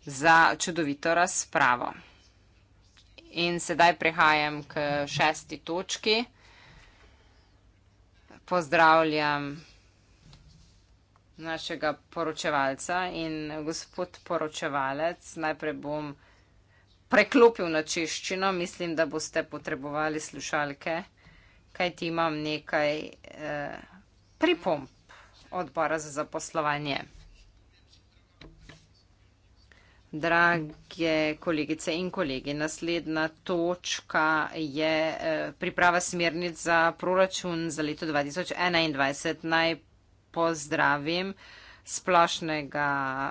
za čudovito razpravo. In sedaj prehajam k šesti točki. Pozdravljam našega poročevalca in gospod poročevalec. Najprej bom preklopil na češčino. Mislim, da boste potrebovali slušalke, kajti imam nekaj eh, pripomp odbora za zaposlovanje. Drage kolegice in kolegi, naslednja točka je eh, priprava smernic za proračun za leto 2021. Naj pozdravim splošnega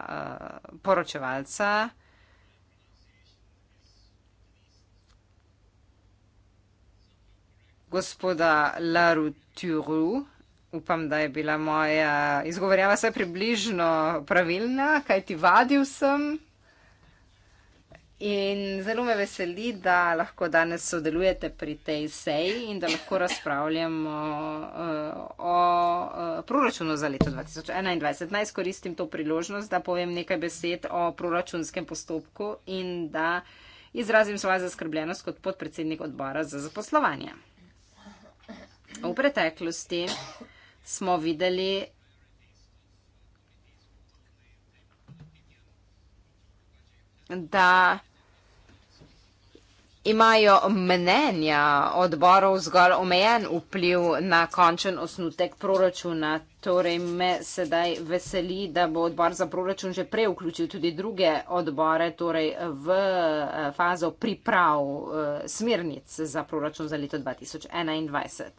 eh, poročevalca. Gospoda Larutiru, upam, da je bila moja izgovorjava vse približno pravilna, kaj ti vadil sem, In zelo me veseli, da lahko danes sodelujete pri tej seji in da lahko razpravljamo eh, o, o eh, proračunu za leto 2021. Naj izkoristim to priložnost, da povem nekaj besed o proračunskem postopku in da izrazim svojo zaskrbljenost kot podpredsednik odbora za zaposlovanje. V preteklosti smo videli. Da imajo mnenja odborov zgolj omejen vpliv na končen osnutek proračuna. Torej me sedaj veseli, da bo odbor za proračun že prej vključil tudi druge odbore torej v eh, fazo priprav eh, smernic za proračun za leto 2021.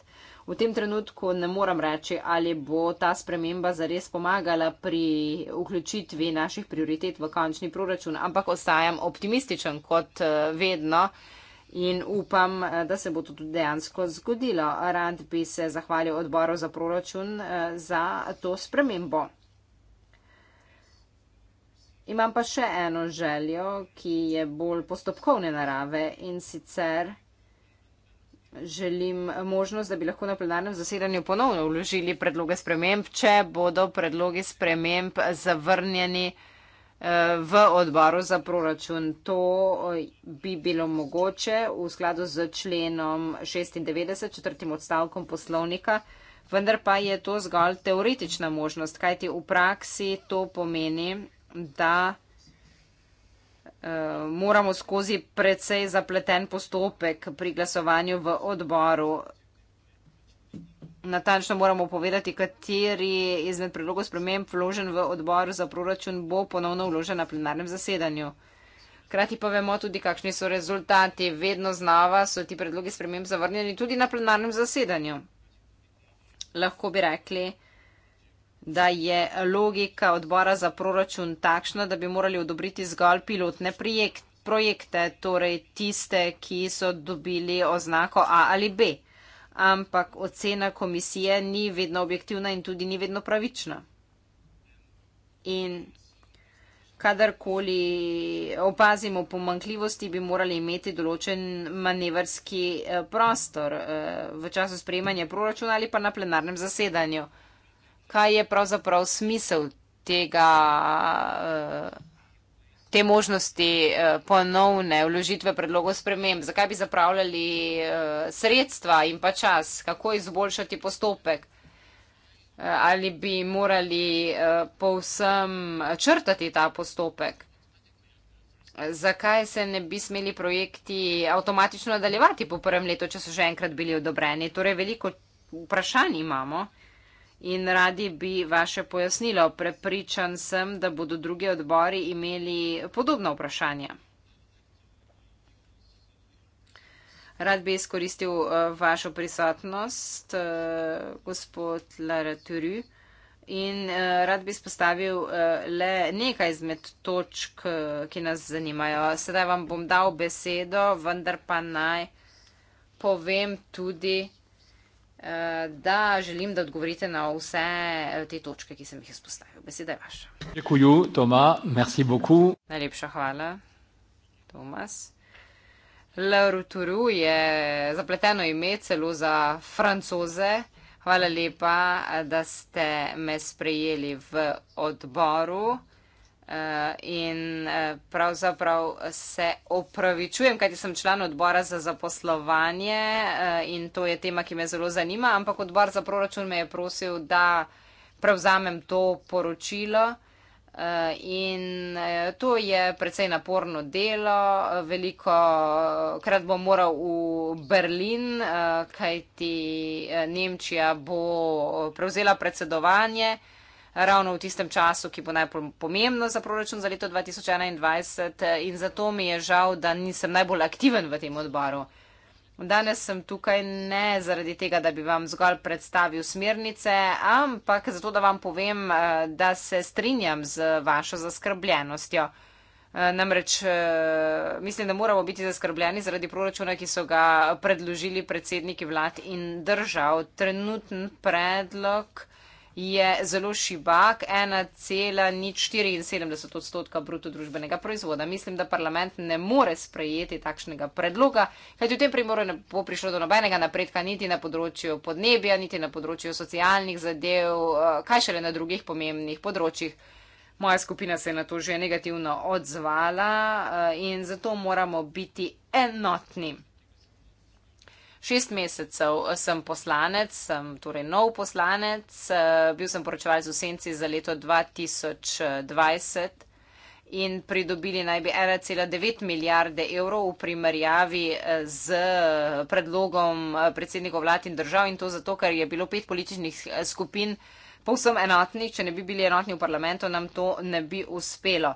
V tem trenutku ne moram reči, ali bo ta sprememba zares pomagala pri vključitvi naših prioritet v končni proračun, ampak ostajam optimističen kot eh, vedno in upam, eh, da se bo to tudi dejansko zgodilo. Rand bi se zahvalil odboru za proračun eh, za to spremembo. Imam pa še eno željo, ki je bolj postopkovne narave in sicer želim možnost, da bi lahko na plenarnem zasedanju ponovno vložili predloge sprememb, če bodo predloge sprememb zavrnjeni v odboru za proračun. To bi bilo mogoče v skladu z členom 96, četrtim odstavkom poslovnika, vendar pa je to zgolj teoretična možnost, kajti v praksi to pomeni, da e, moramo skozi precej zapleten postopek pri glasovanju v odboru natančno moramo povedati, kateri izmed predlogov sprememb vložen v odbor za proračun bo ponovno vložen na plenarnem zasedanju. Krati pa vemo tudi, kakšni so rezultati. Vedno znova so ti predlogi sprememb zavrnjeni tudi na plenarnem zasedanju. Lahko bi rekli, da je logika odbora za proračun takšna, da bi morali odobriti zgolj pilotne projekte, torej tiste, ki so dobili oznako A ali B ampak ocena komisije ni vedno objektivna in tudi ni vedno pravična. In kadarkoli opazimo pomankljivosti, bi morali imeti določen manevrski eh, prostor eh, v času sprejemanja proračuna ali pa na plenarnem zasedanju. Kaj je pravzaprav smisel tega? Eh, te možnosti eh, ponovne vložitve predlogov sprememb, zakaj bi zapravljali eh, sredstva in pa čas, kako izboljšati postopek. Eh, ali bi morali povsem črtati ta postopek? Zakaj se ne bi smeli projekti avtomatično nadaljevati po prvem letu, če so že enkrat bili odobreni? Torej, veliko vprašanj imamo in radi bi vaše pojasnilo. Prepričan sem, da bodo drugi odbori imeli podobno vprašanje. Rad bi izkoristil eh, vašo prisotnost, eh, gospod Laraturi, in eh, rad bi spostavil le nekaj izmed točk, ki nas zanimajo. Sedaj vam bom dal besedo, vendar pa naj povem tudi, da je to, da želim, da odgovorite na vse eh, te točke, ki sem jih izpostavil. Beseda je vaša. Dekuju, Toma, merci beaucoup. Najlepša hvala, Tomas. Le Routourou je zapleteno ime celo za francoze. Hvala lepa, da ste me sprejeli v odboru. Eh, in eh, pravzaprav se opravičujem, kajti sem član odbora za zaposlovanje eh, in to je tema, ki me zelo zanima, ampak odbor za proračun me je prosil, da prevzamem to poročilo. In to je precej naporno delo, veliko krat bom moral v Berlin, kajti Nemčija bo prevzela predsedovanje ravno v tistem času, ki bo najbolj pomembno za proračun za leto 2021 in zato mi je žal, da nisem najbolj aktiven v tem odboru. Danes sem tukaj ne zaradi tega, da bi vam zgolj predstavil smernice, ampak zato, da vam povem, eh, da se strinjam z vašo zaskrbljenostjo. Eh, namreč eh, mislim, da moramo biti zaskrbljeni zaradi proračuna, ki so ga predložili predsedniki vlad in držav. Trenutni predlog je zelo šibak, 1,074 odstotka bruto družbenega proizvoda. Mislim, da parlament ne more sprejeti takšnega predloga, kajti v tem primoru ne bo prišlo do nobenega napredka niti na področju podnebja, niti na področju socialnih zadev, eh, kaj šele na drugih pomembnih področjih. Moja skupina se je na to že negativno odzvala eh, in zato moramo biti enotni. Šest mesecev eh, sem poslanec, sem torej nov poslanec, eh, bil sem poročevalec v Senci za leto 2020 in pridobili naj bi 1,9 milijarde evrov v primerjavi eh, z predlogom predsednikov vlad in držav in to zato, ker je bilo pet političnih skupin povsem enotnih, če ne bi bili enotni v parlamentu, nam to ne bi uspelo.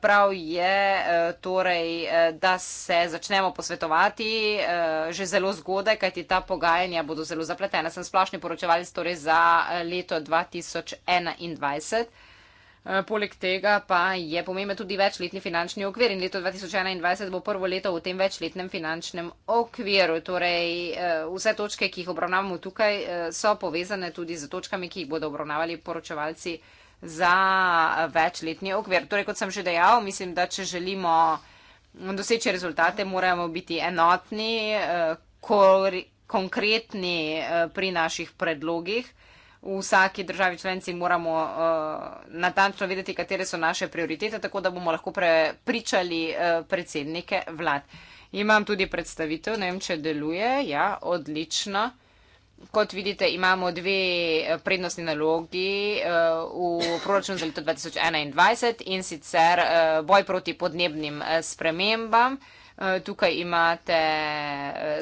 Prav je e, torej, e, da se začnemo posvetovati e, že zelo zgodaj, kajti ta pogajanja bodo zelo zapletena. Sem splošni poročevalec torej za leto 2021. Poleg tega pa je pomemben tudi večletni finančni okvir in leto 2021 bo prvo leto v tem večletnem finančnem okviru. Torej, vse točke, ki jih obravnavamo tukaj, so povezane tudi z točkami, ki jih bodo obravnavali poročevalci za večletni okvir. Torej, kot sem že dejal, mislim, da če želimo doseči rezultate, moramo biti enotni, eh, kor, konkretni eh, pri naših predlogih. V vsaki državi členci moramo uh, natančno vedeti, katere so naše prioritete, tako da bomo lahko prepričali uh, predsednike vlad. Imam tudi predstavitev, ne vem, če deluje. Ja, odlično. Kot vidite, imamo dve eh, prednostni nalogi eh, v proračunu za leto 2021 in sicer eh, boj proti podnebnim spremembam. Tukaj imate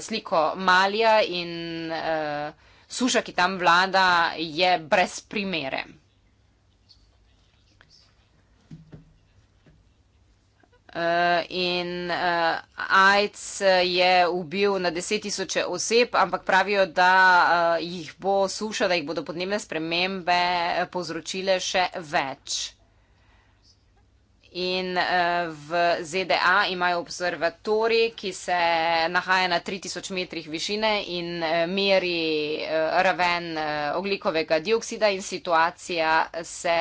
sliko Malija in suša, ki tam vlada, je brez primere. Eh, in uh, AIDS je ubil na desetisoče oseb, ampak pravijo, da uh, jih bo suša, da jih bodo podnebne spremembe povzročile še več. In v ZDA imajo observatori, ki se nahaja na 3000 metrih višine in meri raven oglikovega dioksida in situacija se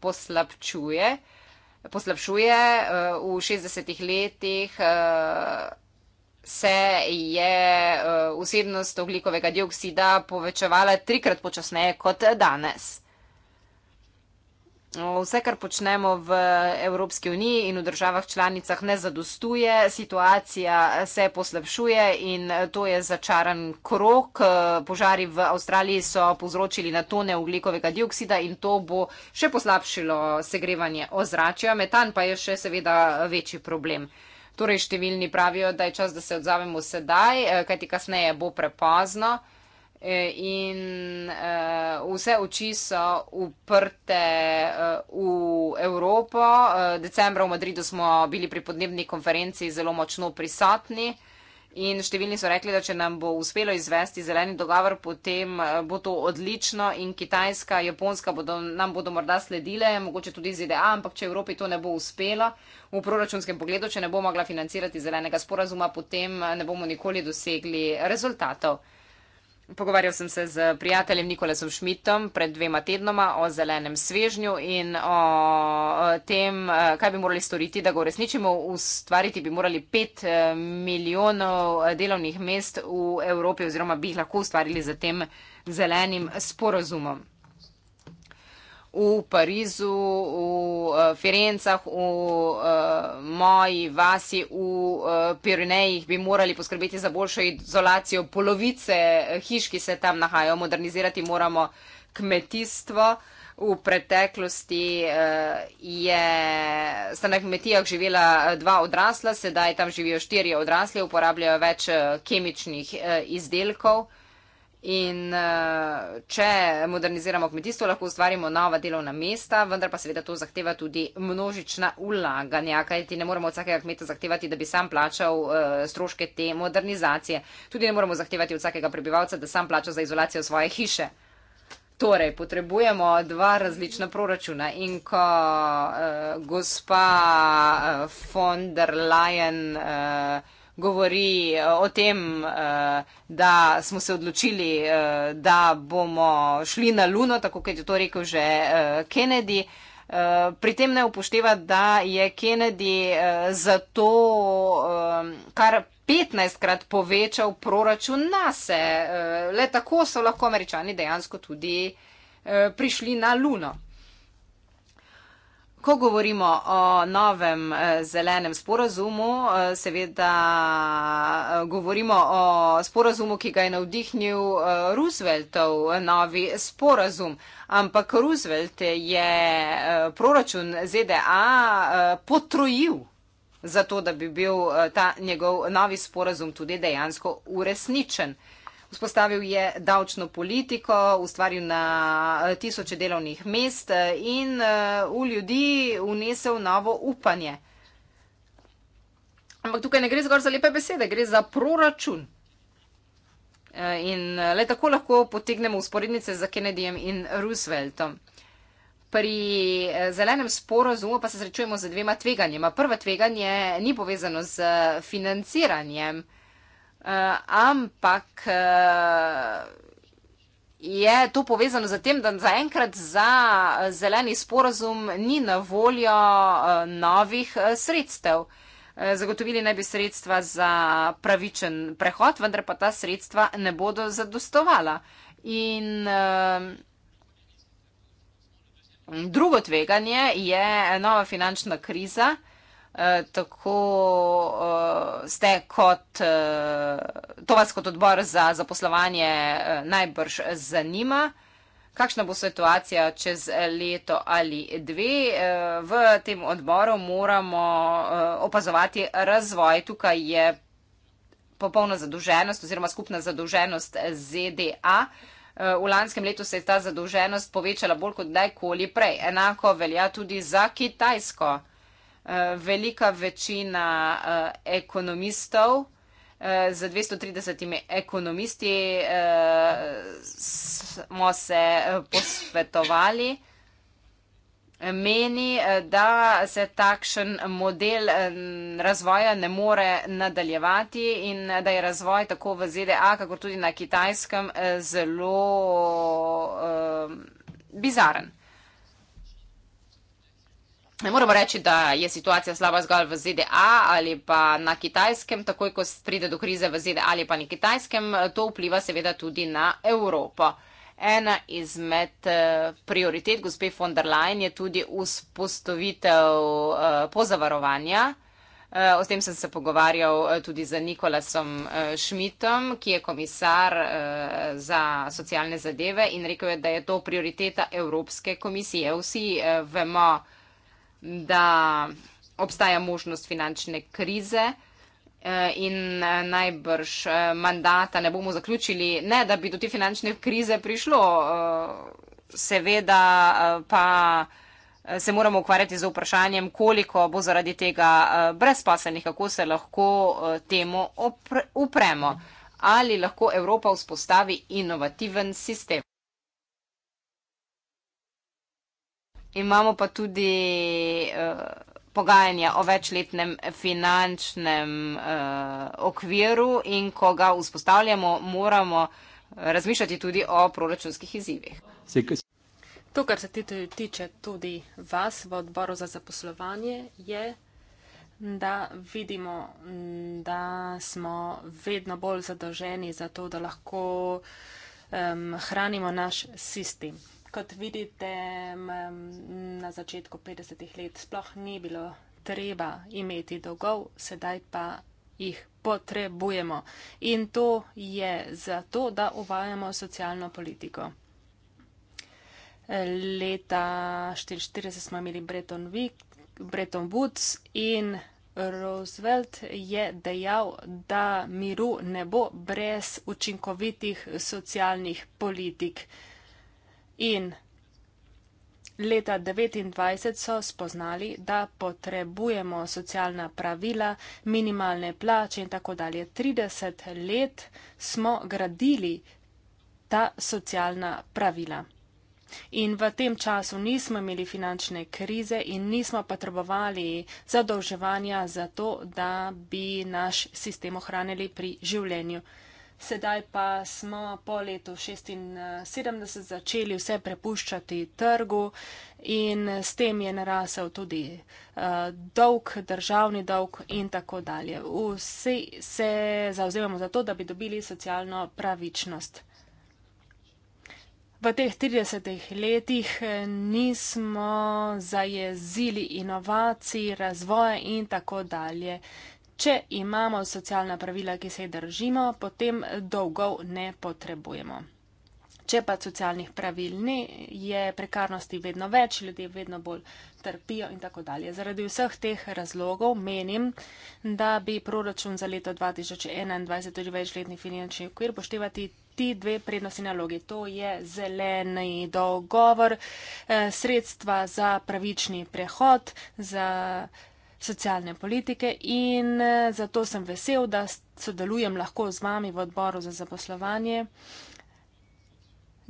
poslabčuje poslabšuje. Eh, v 60-ih letih eh, se je eh, vsebnost oglikovega dioksida povečevala trikrat počasneje kot danes. Vse, kar počnemo v Evropski uniji in v državah članicah, ne zadostuje, situacija se poslabšuje in to je začaran krok. Požari v Avstraliji so povzročili na tone uglikovega dioksida in to bo še poslabšilo segrevanje ozračja, metan pa je še seveda večji problem. Torej, številni pravijo, da je čas, da se odzavemo sedaj, kajti kasneje bo prepozno. E, in uh, vse oči so uprte uh, v Evropo. Uh, decembra v Madridu smo bili pri podnebni konferenci zelo močno prisotni in številni so rekli, da če nam bo uspelo izvesti zeleni dogovor, potem bo to odlično in Kitajska, Japonska bodo, nam bodo morda sledile, mogoče tudi ZDA, ampak če Evropi to ne bo uspelo v proračunskem pogledu, če ne bo mogla financirati zelenega sporazuma, potem ne bomo nikoli dosegli rezultatov. Pogovarjal sem se z prijateljem Nikolasom Šmitom pred dvema tednoma o zelenem svežnju in o tem, eh, kaj bi morali storiti, da ga uresničimo. Ustvariti bi morali pet eh, milijonov eh, delovnih mest v Evropi oziroma bi jih lahko ustvarili za tem zelenim sporozumom v Parizu, v eh, Firencah, v eh, moji vasi, v eh, Pirinejih bi morali poskrbeti za boljšo izolacijo polovice hiš, ki se tam nahajajo. Modernizirati moramo kmetijstvo. V preteklosti je, sta na kmetijah živela dva odrasla, sedaj tam živijo štiri odrasle, uporabljajo več kemičnih izdelkov. In eh, če moderniziramo kmetijstvo, lahko ustvarimo nova delovna mesta, vendar pa seveda to zahteva tudi množična ulaganja, kajti ne moremo od vsakega kmeta zahtevati, da bi sam plačal eh, stroške te modernizacije. Tudi ne moremo zahtevati od vsakega prebivalca, da sam plača za izolacijo svoje hiše. Torej, potrebujemo dva različna proračuna in ko uh, gospa uh, von der Leyen uh, govori eh, o tem, eh, da smo se odločili, eh, da bomo šli na Luno, tako kot je to rekel že Kennedy. Pri tem ne upošteva, da je Kennedy zato kar 15krat povečal proračun na se. Le tako so lahko američani dejansko tudi prišli na Luno. Ko govorimo o novem eh, zelenem sporazumu, eh, seveda eh, govorimo o sporazumu, ki ga je navdihnil Rooseveltov novi sporazum. Ampak Roosevelt je proračun ZDA potrojil za to, da bi bil ta njegov novi sporazum tudi dejansko uresničen. Vzpostavil je davčno politiko, ustvaril na eh, tisoče delovnih mest eh, in eh, v ljudi unesel novo upanje. Ampak tukaj ne gre zgolj za lepe besede, gre za proračun. In le tako lahko potegnemo usporednice za Kennedyjem in Rooseveltom. Pri zelenem sporozumu pa se srečujemo z dvema tveganjima. Prvo tveganje ni povezano z financiranjem. Uh, ampak uh, je to povezano z tem, da zaenkrat za eh, zeleni sporozum ni na voljo uh, novih uh, sredstev. Zagotovili naj bi sredstva za pravičen prehod, vendar pa ta sredstva ne bodo zadostovala. In uh, drugo tveganje je nova finančna kriza, uh, Eh, tako uh, ste kot, uh, to vas kot odbor za zaposlovanje uh, najbrž zanima. Kakšna bo situacija čez leto ali dve? V tem odboru moramo opazovati razvoj. Tukaj je popolna zadolženost oziroma skupna zadolženost ZDA. V lanskem letu se je ta zadolženost povečala bolj kot dajkoli prej. Enako velja tudi za Kitajsko. Eh, velika večina uh, ekonomistov, uh, z 230 ekonomisti uh, smo se posvetovali, meni, da se takšen model razvoja ne more nadaljevati in da je razvoj tako v ZDA, kakor tudi na kitajskem, zelo uh, bizaren. Ne moramo reči, da je situacija slaba zgolj v ZDA ali pa na kitajskem, takoj ko pride do krize v ZDA ali pa na kitajskem, to vpliva seveda tudi na Evropo. Ena izmed eh, prioritet gospe von der Leyen je tudi vzpostavitev eh, pozavarovanja. Eh, o tem sem se pogovarjal tudi z Nikolasom Šmitom, ki je komisar za socialne zadeve in rekel je, da je to prioriteta Evropske komisije. Vsi vemo, da obstaja možnost finančne krize eh, in eh, najbrž eh, mandata ne bomo zaključili, ne da bi do te finančne krize prišlo, seveda pa se moramo ukvarjati z vprašanjem, koliko bo zaradi tega brezposelnih, kako se lahko temu upremo. Ali lahko Evropa vzpostavi inovativen sistem? imamo pa tudi uh, pogajanja o večletnem finančnem uh, okviru in ko ga vzpostavljamo, moramo razmišljati tudi o proračunskih izzivih. To, kar se tiče tudi vas v odboru za zaposlovanje, je, da vidimo, da smo vedno bolj zadoženi za to, da lahko um, hranimo naš sistem kot vidite, na začetku 50 let sploh ni bilo treba imeti dolgov, sedaj pa jih potrebujemo. In to je zato, da uvajamo socialno politiko. Leta 1944 smo imeli Bretton, Bretton Woods in Roosevelt je dejal, da miru ne bo brez učinkovitih socialnih politik. In leta 1929 so spoznali, da potrebujemo socialna pravila, minimalne plače in tako dalje. 30 let smo gradili ta socialna pravila. In v tem času nismo imeli finančne krize in nismo potrebovali zadolževanja za to, da bi naš sistem ohranili pri življenju sedaj pa smo po letu 76 začeli vse prepuščati trgu in s tem je narasel tudi uh, dolg, državni dolg in tako dalje. Vsi se zauzemamo za to, da bi dobili socialno pravičnost. V teh 30 letih eh, nismo zajezili inovacij, razvoja in tako dalje. Če imamo socialna pravila, ki se jih držimo, potem dolgov ne potrebujemo. Če pa socialnih pravil ni, je prekarnosti vedno več, ljudje vedno bolj trpijo in tako dalje. Zaradi vseh teh razlogov menim, da bi proračun za leto 2021, tudi večletni finančni okvir, poštevati ti dve prednosti nalogi. To je zeleni dogovor, eh, sredstva za pravični prehod, za socialne politike in eh, zato sem vesel, da sodelujem lahko z vami v odboru za zaposlovanje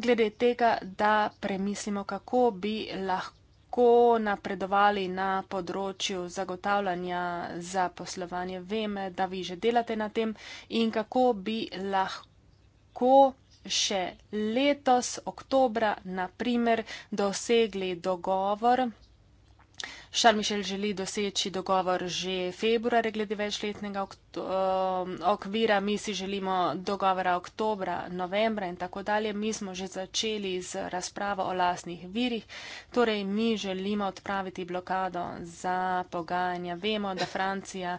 glede tega, da premislimo, kako bi lahko napredovali na področju zagotavljanja za poslovanje. Vem, da vi že delate na tem in kako bi lahko še letos, oktobra, naprimer, dosegli dogovor. Šarmišelj želi doseči dogovor že februarja glede večletnega um, okvira, mi si želimo dogovora oktobra, novembra in tako dalje. Mi smo že začeli z razpravo o lasnih virih, torej mi želimo odpraviti blokado za pogajanja. Vemo, da Francija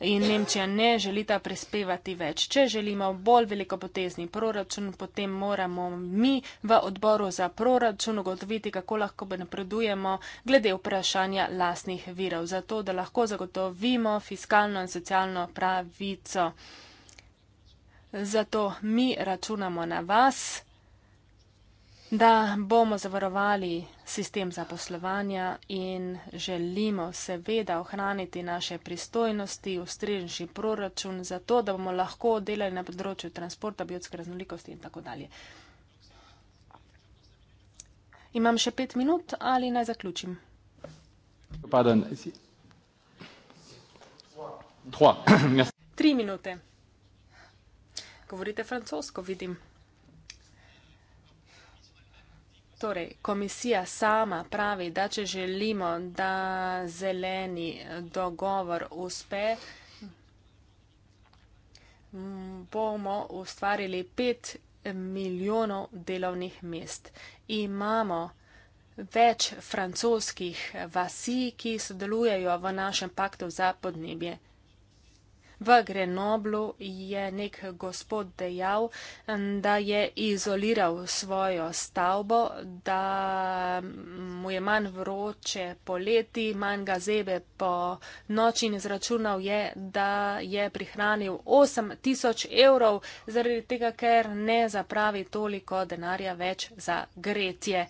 in Nemčija ne želita prispevati več. Če želimo bolj velikopotezni proračun, potem moramo mi v odboru za proračun ugotoviti, kako lahko napredujemo glede vprašanja lastnih virov, zato da lahko zagotovimo fiskalno in socialno pravico. Zato mi računamo na vas da bomo zavarovali sistem zaposlovanja in želimo seveda ohraniti naše pristojnosti, ustrežnejši proračun za to, da bomo lahko delali na področju transporta, biotske raznolikosti in tako dalje. Imam še pet minut ali naj zaključim? Pardon. Tri minute. Govorite francosko, vidim. Torej, komisija sama pravi, da če želimo, da zeleni dogovor uspe, bomo ustvarili 5 milijonov delovnih mest. Imamo več francoskih vasi, ki sodelujejo v našem paktu za podnebje. V Grenoblu je nek gospod dejal, da je izoliral svojo stavbo, da mu je manj vroče po leti, manj ga zebe po noči in izračunal je, da je prihranil 8000 evrov zaradi tega, ker ne zapravi toliko denarja več za gretje.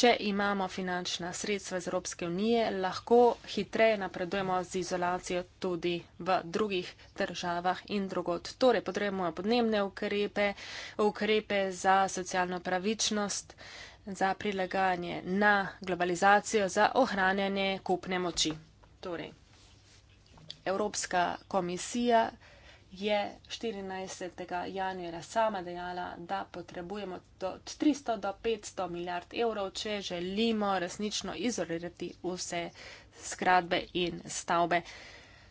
če imamo finančna sredstva iz Evropske unije, lahko hitreje napredujemo z izolacijo tudi v drugih državah in drugod. Torej, potrebujemo podnebne ukrepe, ukrepe za socialno pravičnost, za prilagajanje na globalizacijo, za ohranjanje kupne moči. Torej, Evropska komisija je 14. januarja sama dejala, da potrebujemo od 300 do 500 milijard evrov, če želimo resnično izolirati vse skradbe in stavbe.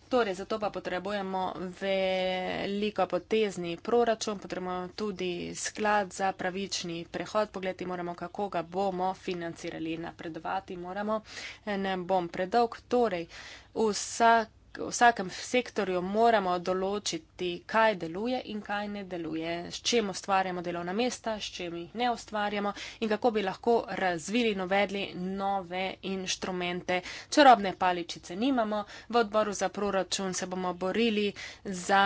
Torej, zato pa potrebujemo veliko potezni proračun, potrebujemo tudi sklad za pravični prehod, pogledati moramo, kako ga bomo financirali, napredovati moramo. Ne bom predolg, torej vsak v vsakem sektorju moramo določiti, kaj deluje in kaj ne deluje, s čem ustvarjamo delovna mesta, s čem jih ne ustvarjamo in kako bi lahko razvili in uvedli nove inštrumente. Čarobne paličice nimamo, v odboru za proračun se bomo borili za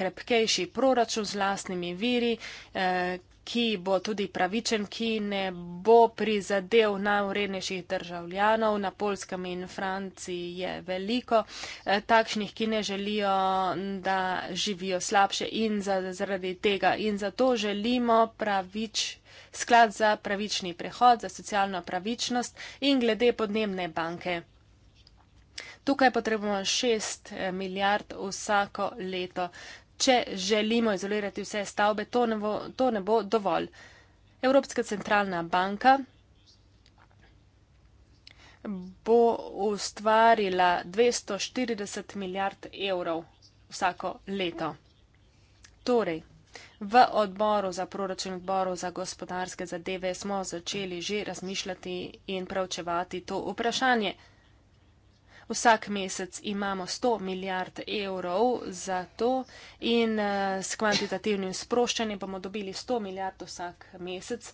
krepkejši proračun z lastnimi viri, eh, ki bo tudi pravičen, ki ne bo prizadel najurednejših državljanov. Na Polskem in Franciji je veliko eh, takšnih, ki ne želijo, da živijo slabše in za, zaradi tega. In zato želimo pravič. Sklad za pravični prehod, za socialno pravičnost in glede podnebne banke. Tukaj potrebujemo 6 eh, milijard vsako leto če želimo izolirati vse stavbe, to ne bo, to ne bo dovolj. Evropska centralna banka bo ustvarila 240 milijard evrov vsako leto. Torej, v odboru za proračun, odboru za gospodarske zadeve smo začeli že razmišljati in pravčevati to vprašanje. Vsak mesec imamo 100 milijard evrov za to in eh, s kvantitativnim sproščanjem bomo dobili 100 milijard vsak mesec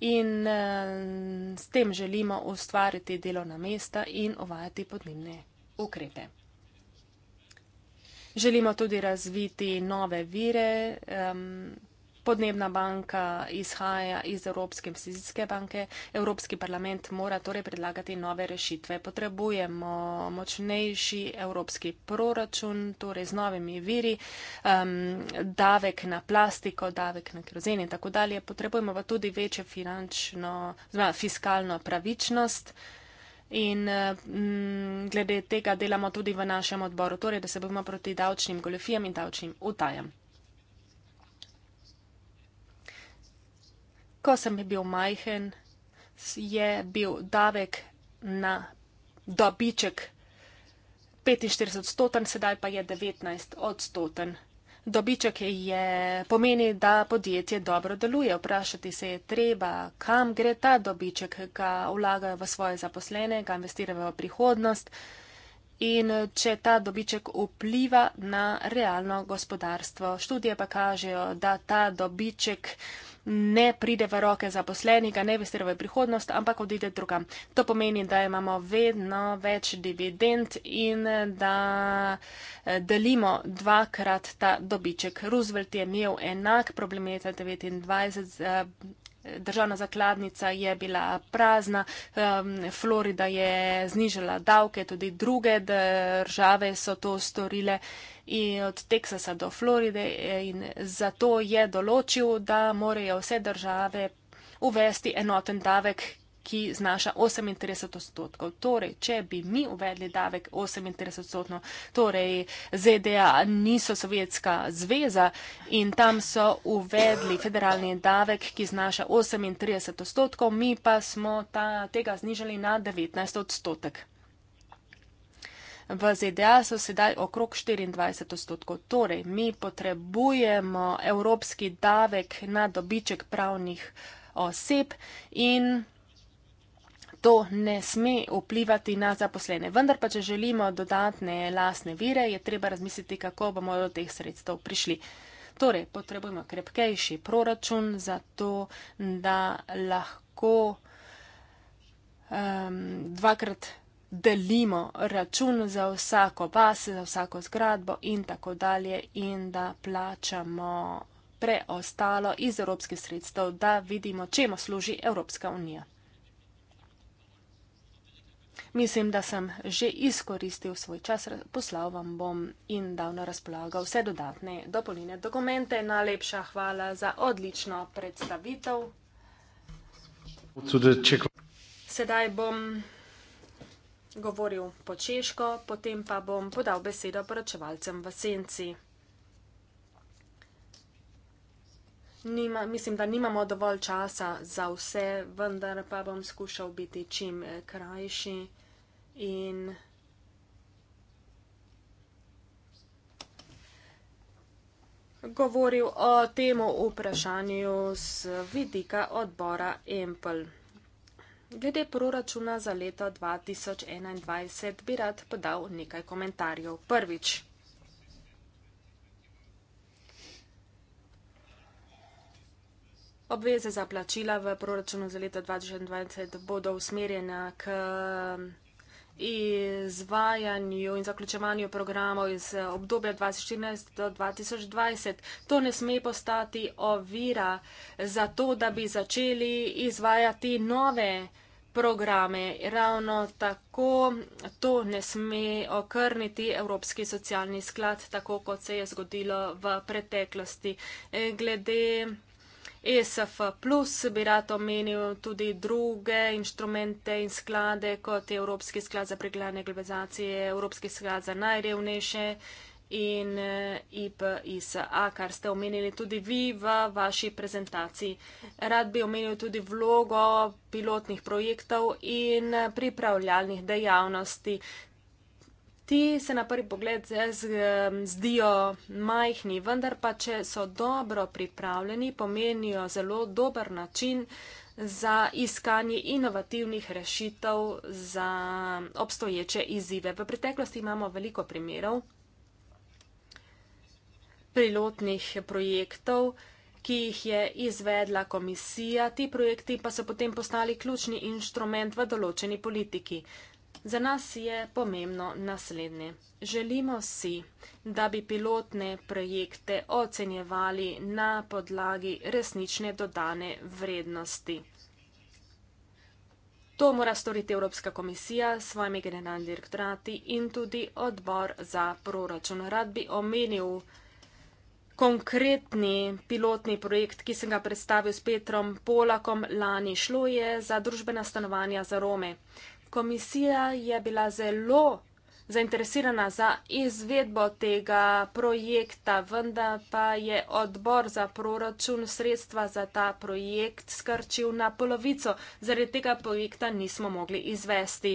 in eh, s tem želimo ustvariti delovna mesta in uvajati podnebne ukrepe. Želimo tudi razviti nove vire, podnebna banka izhaja iz Evropske investicijske banke, Evropski parlament mora torej predlagati nove rešitve. Potrebujemo močnejši evropski proračun, torej z novimi viri, um, davek na plastiko, davek na kerozen in tako dalje. Potrebujemo pa tudi večjo finančno, zna, fiskalno pravičnost. In m, mm, glede tega delamo tudi v našem odboru, torej da se bomo proti davčnim goljofijam in davčnim utajam. ko sem bil majhen, je bil davek na dobiček 45 odstoten, sedaj pa je 19 odstoten. Dobiček je pomeni, da podjetje dobro deluje. Vprašati se je treba, kam gre ta dobiček, ga vlagajo v svoje zaposlene, ga investirajo v prihodnost in če ta dobiček vpliva na realno gospodarstvo. Študije pa kažejo, da ta dobiček ne pride v roke zaposlenega, ne investira v prihodnost, ampak odide drugam. To pomeni, da imamo vedno več dividend in da eh, delimo dvakrat ta dobiček. Roosevelt je imel enak problem leta 1929 državna zakladnica je bila prazna, Florida je znižala davke, tudi druge države so to storile in od Teksasa do Floride in zato je določil, da morajo vse države uvesti enoten davek, ki znaša 38 odstotkov. Torej, če bi mi uvedli davek 38 odstotkov, torej ZDA niso Sovjetska zveza in tam so uvedli federalni davek, ki znaša 38 odstotkov, mi pa smo ta, tega znižali na 19 odstotek. V ZDA so sedaj okrog 24 odstotkov. Torej, mi potrebujemo evropski davek na dobiček pravnih oseb in to ne sme vplivati na zaposlene. Vendar pa, če želimo dodatne lasne vire, je treba razmisliti, kako bomo do teh sredstev prišli. Torej, potrebujemo krepkejši proračun za to, da lahko um, dvakrat delimo račun za vsako vas, za vsako zgradbo in tako dalje in da plačamo preostalo iz evropskih sredstev, da vidimo, čemu služi Evropska unija. Mislim, da sem že izkoristil svoj čas, poslal vam bom in dal na razpolago vse dodatne dopolnjene dokumente. Najlepša hvala za odlično predstavitev. Sedaj bom govoril po češko, potem pa bom podal besedo poročevalcem v senci. Nima, mislim, da nimamo dovolj časa za vse, vendar pa bom skušal biti čim eh, krajši in. Govoril o tem vprašanju z vidika odbora Empel. Glede proračuna za leto 2021 bi rad podal nekaj komentarjev. Prvič. Obveze za plačila v proračunu za leto 2020 bodo usmerjene k um, izvajanju in zaključevanju programov iz uh, obdobja 2014 do 2020. To ne sme postati ovira za to, da bi začeli izvajati nove programe. Ravno tako to ne sme okrniti Evropski socialni sklad, tako kot se je zgodilo v preteklosti. E, glede ESF, bi rad omenil tudi druge inštrumente in sklade, kot je Evropski sklad za preglavne globalizacije, Evropski sklad za najrevnejše in eh, IPISA, kar ste omenili tudi vi v vaši prezentaciji. Rad bi omenil tudi vlogo pilotnih projektov in eh, pripravljalnih dejavnosti. Ti se na prvi pogled zdijo majhni, vendar pa če so dobro pripravljeni, pomenijo zelo dober način za iskanje inovativnih rešitev za obstoječe izzive. V preteklosti imamo veliko primerov pilotnih projektov, ki jih je izvedla komisija. Ti projekti pa so potem postali ključni inštrument v določeni politiki. Za nas je pomembno naslednje. Želimo si, da bi pilotne projekte ocenjevali na podlagi resnične dodane vrednosti. To mora storiti Evropska komisija s svojimi generalni direktorati in tudi odbor za proračun. Rad bi omenil konkretni pilotni projekt, ki sem ga predstavil s Petrom Polakom lani. Šlo je za družbena stanovanja za Rome komisija je bila zelo zainteresirana za izvedbo tega projekta, vendar pa je odbor za proračun sredstva za ta projekt skrčil na polovico. Zaradi tega projekta nismo mogli izvesti.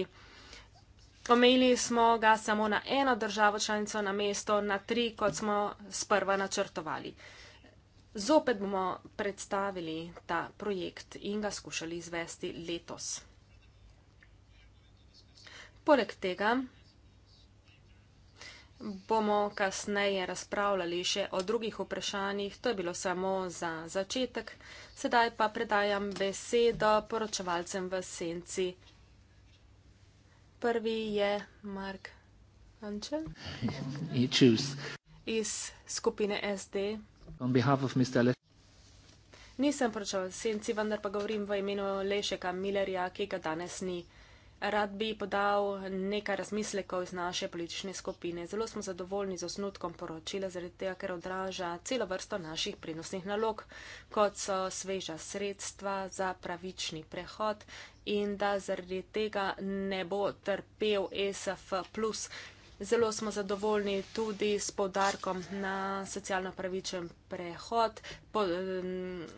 Omejili smo ga samo na eno državo članico na mesto, na tri, kot smo sprva načrtovali. Zopet bomo predstavili ta projekt in ga skušali izvesti letos. Poleg tega bomo kasneje razpravljali še o drugih vprašanjih, to je bilo samo za začetek. Sedaj pa predajam besedo poročevalcem v senci. Prvi je Mark Ančel iz skupine SD. On behalf of Mr. Le Nisem poročal senci, vendar pa govorim v imenu Lešeka Millerja, ki ga danes ni. Rad bi podal nekaj razmislekov iz naše politične skupine. Zelo smo zadovoljni z osnutkom poročila, zaradi tega, ker odraža celo vrsto naših prednostnih nalog, kot so sveža sredstva za pravični prehod in da zaradi tega ne bo trpel ESF, Zelo smo zadovoljni tudi s podarkom na socialno pravičen prehod, po,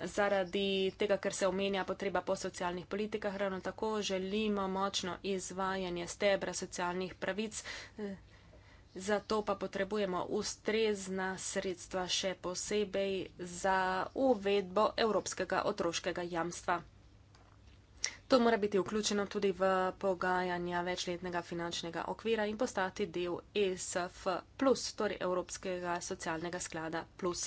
zaradi tega, ker se omenja potreba po socialnih politikah. Ravno tako želimo močno izvajanje stebra socialnih pravic, e, zato pa potrebujemo ustrezna sredstva še posebej za uvedbo Evropskega otroškega jamstva. To mora biti vključeno tudi v pogajanja večletnega finančnega okvira in postati del ESF, torej Evropskega socialnega sklada. Plus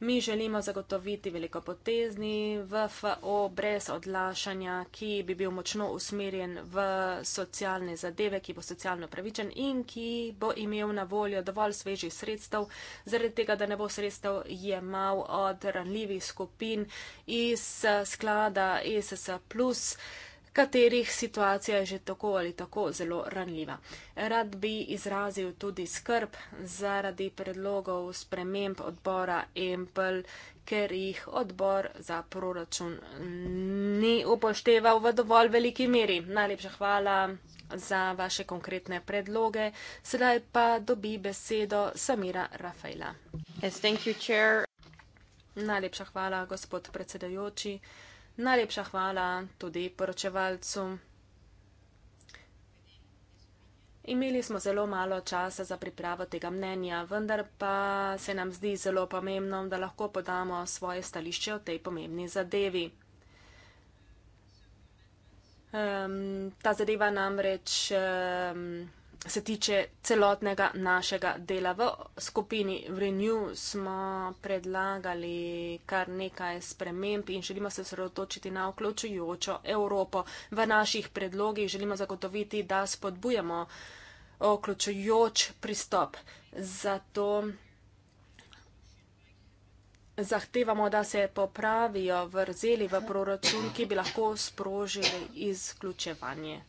mi želimo zagotoviti velikopotezni VFO brez odlašanja, ki bi bil močno usmerjen v socialne zadeve, ki bo socialno pravičen in ki bo imel na voljo dovolj svežih sredstev, zaradi tega, da ne bo sredstev jemal od ranljivih skupin iz sklada ESS katerih situacija je že tako ali tako zelo ranljiva. Rad bi izrazil tudi skrb zaradi predlogov sprememb odbora EMPL, ker jih odbor za proračun ni upošteval v dovolj veliki meri. Najlepša hvala za vaše konkretne predloge. Sedaj pa dobi besedo Samira Rafaela. Yes, Najlepša hvala, gospod predsedajoči. Najlepša hvala tudi poročevalcu. Imeli smo zelo malo časa za pripravo tega mnenja, vendar pa se nam zdi zelo pomembno, da lahko podamo svoje stališče o tej pomembni zadevi. Um, ta zadeva namreč um, se tiče celotnega našega dela. V skupini Renew smo predlagali kar nekaj sprememb in želimo se sredotočiti na vključujočo Evropo. V naših predlogih želimo zagotoviti, da spodbujamo vključujoč pristop. Zato zahtevamo, da se popravijo vrzeli v proračun, ki bi lahko sprožili izključevanje.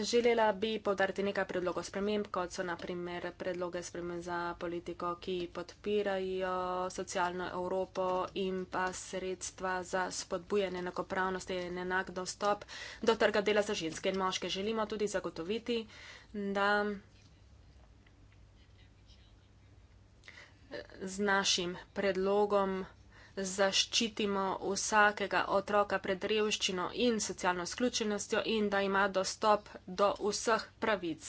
Želela bi povdariti nekaj predlogov sprememb, kot so naprimer predloge sprememb za politiko, ki podpirajo socialno Evropo in pa sredstva za spodbujanje enakopravnosti in enak dostop do trga dela za ženske in moške. Želimo tudi zagotoviti, da z našim predlogom zaščitimo vsakega otroka pred revščino in socialno sključenostjo in da ima dostop do vseh pravic.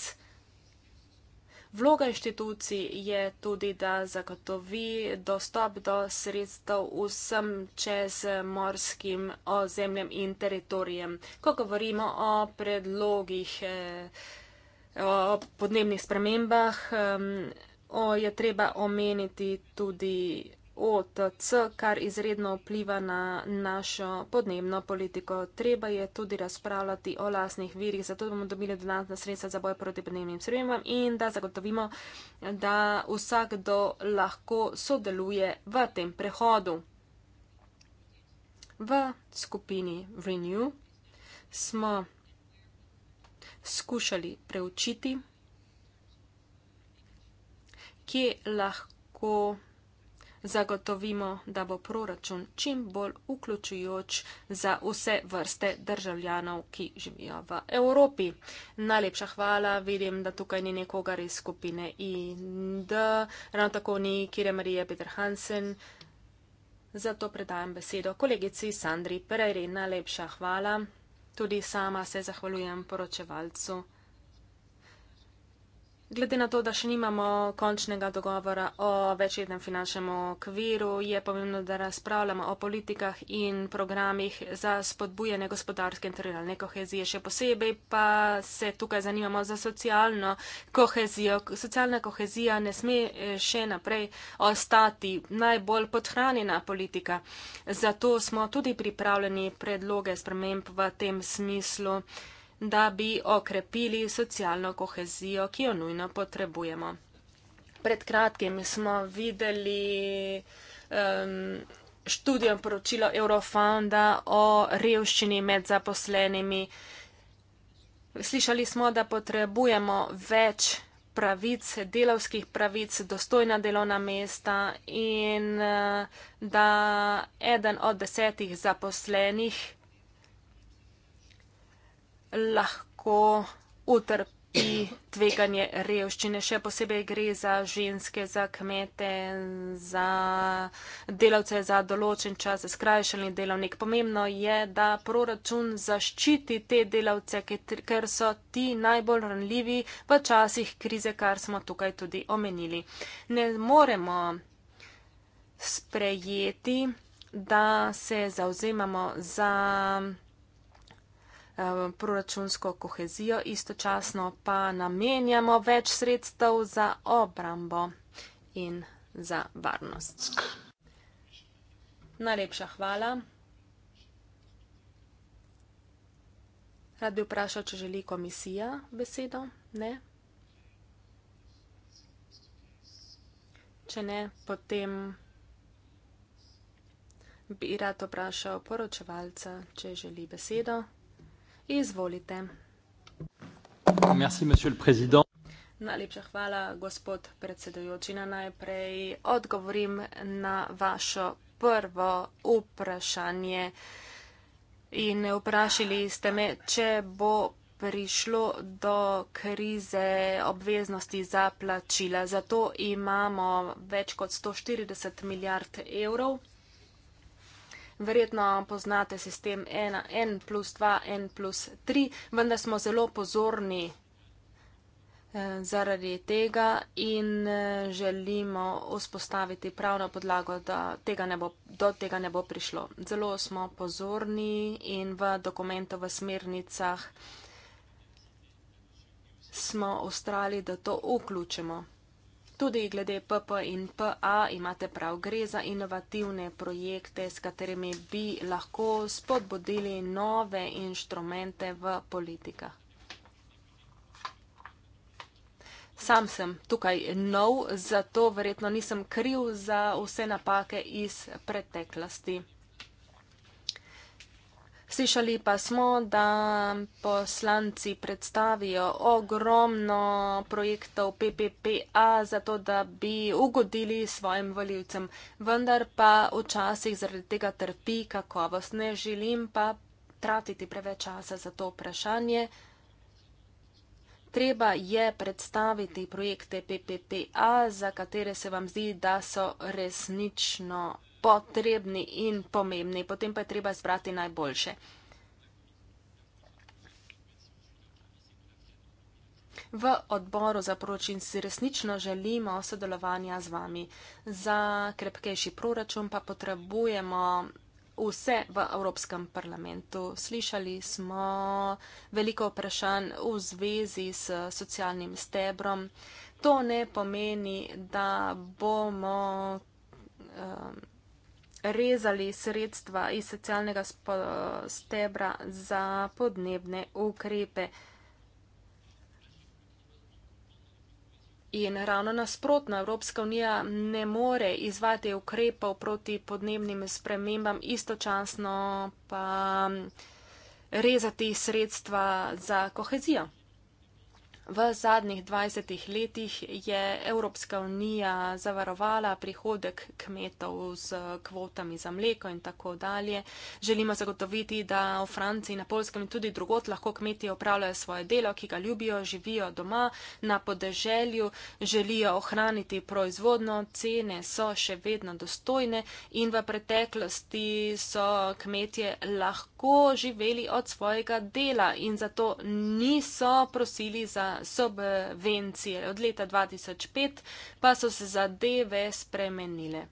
Vloga inštitucij je tudi, da zagotovi dostop do sredstev vsem čez morskim ozemljem in teritorijem. Ko govorimo o predlogih, eh, o podnebnih spremembah, eh, o, je treba omeniti tudi OTC, kar izredno vpliva na našo podnebno politiko. Treba je tudi razpravljati o lasnih virih, zato bomo dobili dodatna sredstva za boj proti podnebnim spremembam in da zagotovimo, da vsakdo lahko sodeluje v tem prehodu. V skupini Renew smo skušali preučiti, kje lahko zagotovimo, da bo proračun čim bolj vključujoč za vse vrste državljanov, ki živijo v Evropi. Najlepša hvala, vidim, da tukaj ni nekogar iz skupine IND, ravno tako ni Kire Marije Peter Hansen. Zato predajam besedo kolegici Sandri Pereiri. Najlepša hvala. Tudi sama se zahvaljujem poročevalcu. Glede na to, da še nimamo končnega dogovora o večjednem finančnem okviru, je pomembno, da razpravljamo o politikah in programih za spodbujanje gospodarske in teritorijalne kohezije. Še posebej pa se tukaj zanimamo za socialno kohezijo. Socialna kohezija ne sme eh, še naprej ostati najbolj podhranjena politika. Zato smo tudi pripravljeni predloge sprememb v tem smislu da bi okrepili socialno kohezijo, ki jo nujno potrebujemo. Pred kratkim smo videli um, študijo poročilo Eurofonda o revščini med zaposlenimi. Slišali smo, da potrebujemo več pravic, delavskih pravic, dostojna delovna mesta in eh, da eden od desetih zaposlenih lahko utrpi tveganje revščine. Še posebej gre za ženske, za kmete, za delavce za določen čas, za skrajšanje delovnik. Pomembno je, da proračun zaščiti te delavce, ker so ti najbolj ranljivi v časih krize, kar smo tukaj tudi omenili. Ne moremo sprejeti, da se zauzemamo za Eh, proračunsko kohezijo, istočasno pa namenjamo več sredstev za obrambo in za varnost. Najlepša hvala. Rad bi vprašal, če želi komisija besedo? Ne. Če ne, potem bi rad vprašal poročevalca, če želi besedo. Izvolite. Najlepša hvala, gospod predsedujoči. Na no, najprej odgovorim na vašo prvo vprašanje. In vprašali ste me, če bo prišlo do krize obveznosti za plačila. Zato imamo več kot 140 milijard evrov Verjetno poznate sistem 1, 1 plus 2, 1 plus 3, vendar smo zelo pozorni eh, zaradi tega in eh, želimo vzpostaviti pravno podlago, da tega ne bo, do tega ne bo prišlo. Zelo smo pozorni in v dokumentu, v smernicah smo ustrali, da to vključimo. Tudi glede PP in PA imate prav, gre za inovativne projekte, s katerimi bi lahko spodbudili nove inštrumente v politikah. Sam sem tukaj nov, zato verjetno nisem kriv za vse napake iz preteklosti. Slišali pa smo, da poslanci predstavijo ogromno projektov PPPA za to, da bi ugodili svojim voljivcem, vendar pa včasih zaradi tega trpi kakovost. Ne želim pa tratiti preveč časa za to vprašanje. Treba je predstaviti projekte PPPA, za katere se vam zdi, da so resnično potrebni in pomembni, potem pa je treba izbrati najboljše. V odboru za proračun si resnično želimo sodelovanja z vami. Za krepkejši proračun pa potrebujemo vse v Evropskem parlamentu. Slišali smo veliko vprašanj v zvezi s socialnim stebrom. To ne pomeni, da bomo. Um, rezali sredstva iz socialnega stebra za podnebne ukrepe. In ravno nasprotno, Evropska unija ne more izvati ukrepov proti podnebnim spremembam, istočasno pa mm, rezati sredstva za kohezijo. V zadnjih 20 letih je Evropska unija zavarovala prihodek kmetov z kvotami za mleko in tako dalje. Želimo zagotoviti, da v Franciji, na Polskem in tudi drugot lahko kmetije opravljajo svoje delo, ki ga ljubijo, živijo doma, na podeželju, želijo ohraniti proizvodno, cene so še vedno dostojne in v preteklosti so kmetije lahko lahko živeli od svojega dela in zato niso prosili za subvencije. Od leta 2005 pa so se zadeve spremenile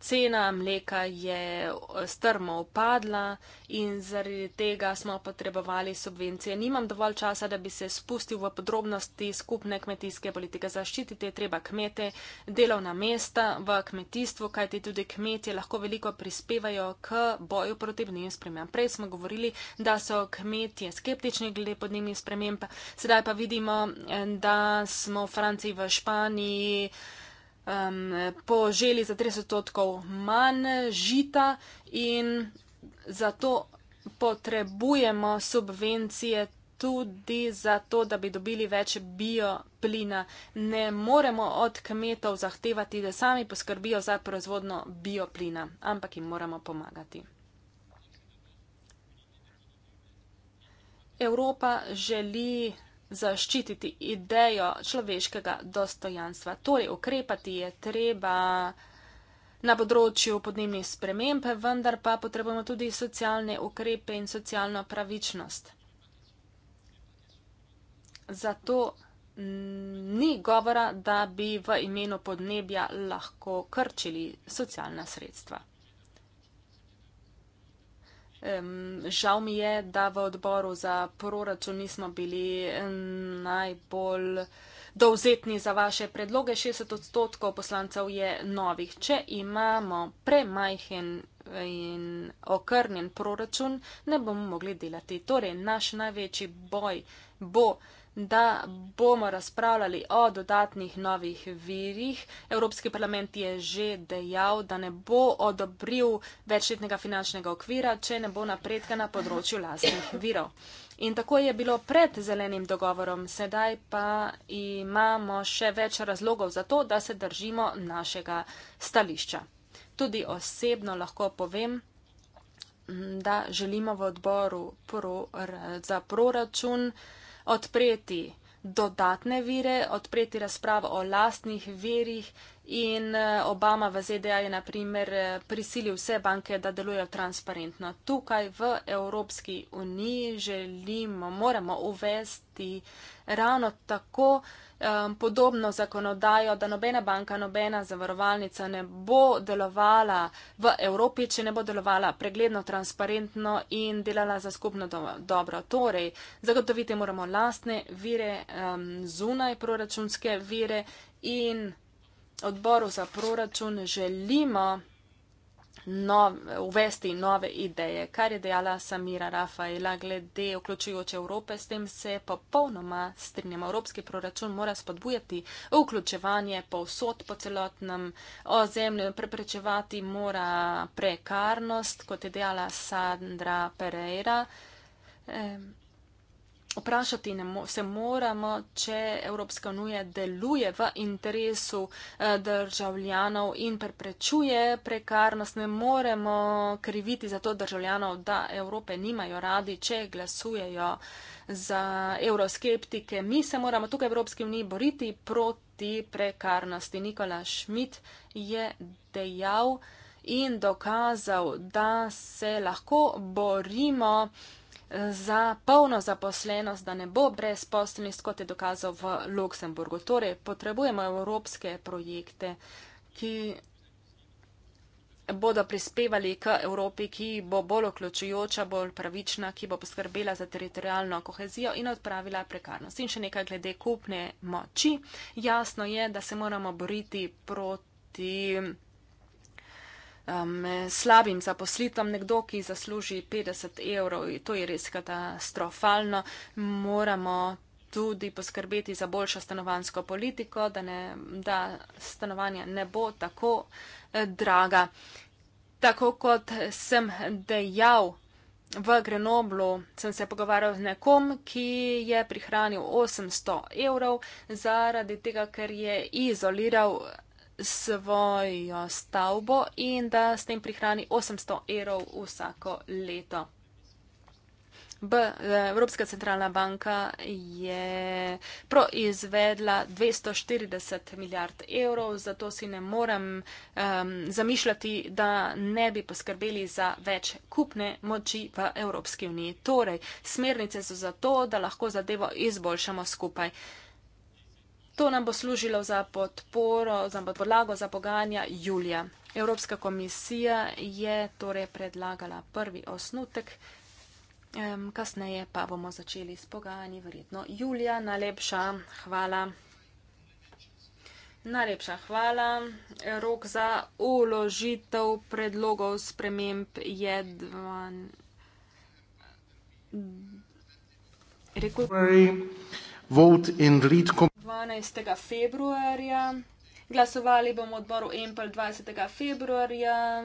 cena mleka je eh, strmo upadla in zaradi tega smo potrebovali subvencije. Nimam dovolj časa, da bi se spustil v podrobnosti skupne kmetijske politike. Zaščititi je treba kmete, delovna mesta v kmetijstvu, kajti tudi kmetje lahko veliko prispevajo k boju proti podnebnim spremembam. Prej smo govorili, da so kmetje skeptični glede podnebnih sprememb, sedaj pa vidimo, eh, da smo v Franciji, v Španiji um, poželi za 30 odstotkov manj žita in zato potrebujemo subvencije tudi zato, da bi dobili več bioplina. Ne moremo od kmetov zahtevati, da sami poskrbijo za proizvodno bioplina, ampak jim moramo pomagati. Evropa želi zaščititi idejo človeškega dostojanstva. Torej, ukrepati je treba na področju podnebnih sprememb, vendar pa potrebujemo tudi socialne ukrepe in socialno pravičnost. Zato ni govora, da bi v imenu podnebja lahko krčili socialna sredstva. Um, žal mi je, da v odboru za proračun nismo bili najbolj dovzetni za vaše predloge. 60 odstotkov poslancev je novih. Če imamo premajhen in okrnjen proračun, ne bomo mogli delati. Torej, naš največji boj bo da bomo razpravljali o dodatnih novih virih. Evropski parlament je že dejal, da ne bo odobril večletnega finančnega okvira, če ne bo napredka na področju lastnih virov. In tako je bilo pred zelenim dogovorom, sedaj pa imamo še več razlogov za to, da se držimo našega stališča. Tudi osebno lahko povem, da želimo v odboru pro, za proračun, odpreti dodatne vire, odpreti razpravo o lastnih virih in eh, Obama v ZDA je naprimer eh, prisilil vse banke, da delujejo transparentno. Tukaj v Evropski uniji želimo, moramo uvesti uh, ravno tako um, podobno zakonodajo, da nobena banka, nobena zavarovalnica ne bo delovala v Evropi, če ne bo delovala pregledno, transparentno in delala za skupno do dobro. Torej, zagotoviti moramo lastne vire, um, zunaj proračunske vire in odboru za proračun želimo, nov, uvesti nove ideje, kar je dejala Samira Rafaela glede vključujoče Evrope. S tem se popolnoma strinjam. Evropski proračun mora spodbujati vključevanje povsod po celotnem ozemlju, preprečevati mora prekarnost, kot je dejala Sandra Pereira. Ehm vprašati se moramo, če Evropska unija deluje v interesu eh, državljanov in preprečuje prekarnost. Ne moremo kriviti za to državljanov, da Evrope nimajo radi, če glasujejo za euroskeptike. Mi se moramo tukaj v Evropski uniji boriti proti prekarnosti. Nikola Schmidt je dejal in dokazal, da se lahko borimo za polno zaposlenost, da ne bo brezposelnost, kot je dokazal v Luksemburgu. Torej, potrebujemo evropske projekte, ki bodo prispevali k Evropi, ki bo bolj vključujoča, bolj pravična, ki bo poskrbela za teritorijalno kohezijo in odpravila prekarnost. In še nekaj glede kupne moči. Jasno je, da se moramo boriti proti um, slabim zaposlitom, nekdo, ki zasluži 50 evrov, to je res katastrofalno, moramo tudi poskrbeti za boljšo stanovansko politiko, da, ne, da stanovanja ne bo tako eh, draga. Tako kot sem dejal v Grenoblu, sem se pogovarjal z nekom, ki je prihranil 800 evrov zaradi tega, ker je izoliral svojo stavbo in da s tem prihrani 800 evrov vsako leto. B, Evropska centralna banka je proizvedla 240 milijard evrov, zato si ne morem um, zamišljati, da ne bi poskrbeli za več kupne moči v Evropski uniji. Torej, smernice so za to, da lahko zadevo izboljšamo skupaj. Uh, To nam bo služilo za podporo, za podlago za poganja julija. Evropska komisija je torej predlagala prvi osnutek, kasneje pa bomo začeli s poganji, verjetno julija. Najlepša hvala. Najlepša hvala. Rok za uložitev predlogov sprememb je dvan. Rekord vote in lead com. 12. februarja. Glasovali bomo v odboru Empel 20. februarja,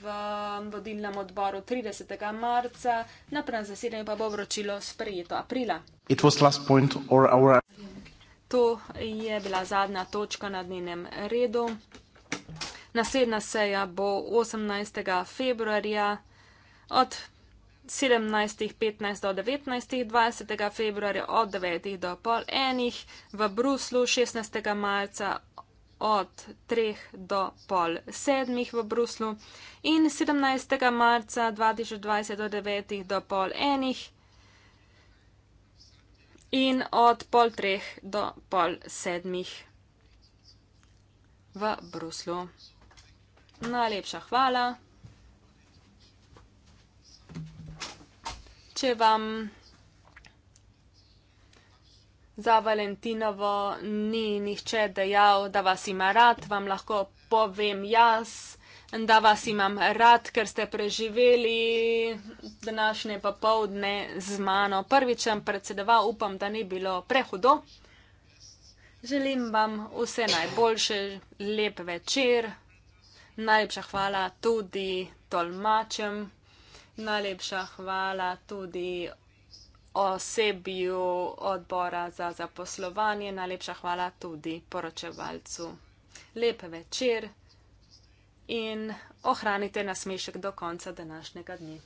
v vodilnem odboru 30. marca, na prvem zasedanju pa bo vročilo sprejeto aprila. Our... To je bila zadnja točka na dnevnem redu. Naslednja seja bo 18. februarja od 17, 15 do 19, 20. februarja od 9 do pol enih, v Bruslu 16. marca od 3 do pol sedmih v Bruslu in 17. marca 2020 do 9 do pol enih in od pol treh do pol sedmih v Bruslu. Najlepša hvala. če vam za Valentinovo ni nihče dejal, da vas ima rad, vam lahko povem jaz, da vas imam rad, ker ste preživeli današnje popovdne z mano. Prvič sem predsedoval, upam, da ni bilo prehudo. Želim vam vse najboljše, lep večer. Najlepša hvala tudi tolmačem. Najlepša hvala tudi osebju odbora za zaposlovanje, najlepša hvala tudi poročevalcu. Lep večer in ohranite nasmešek do konca današnjega dne.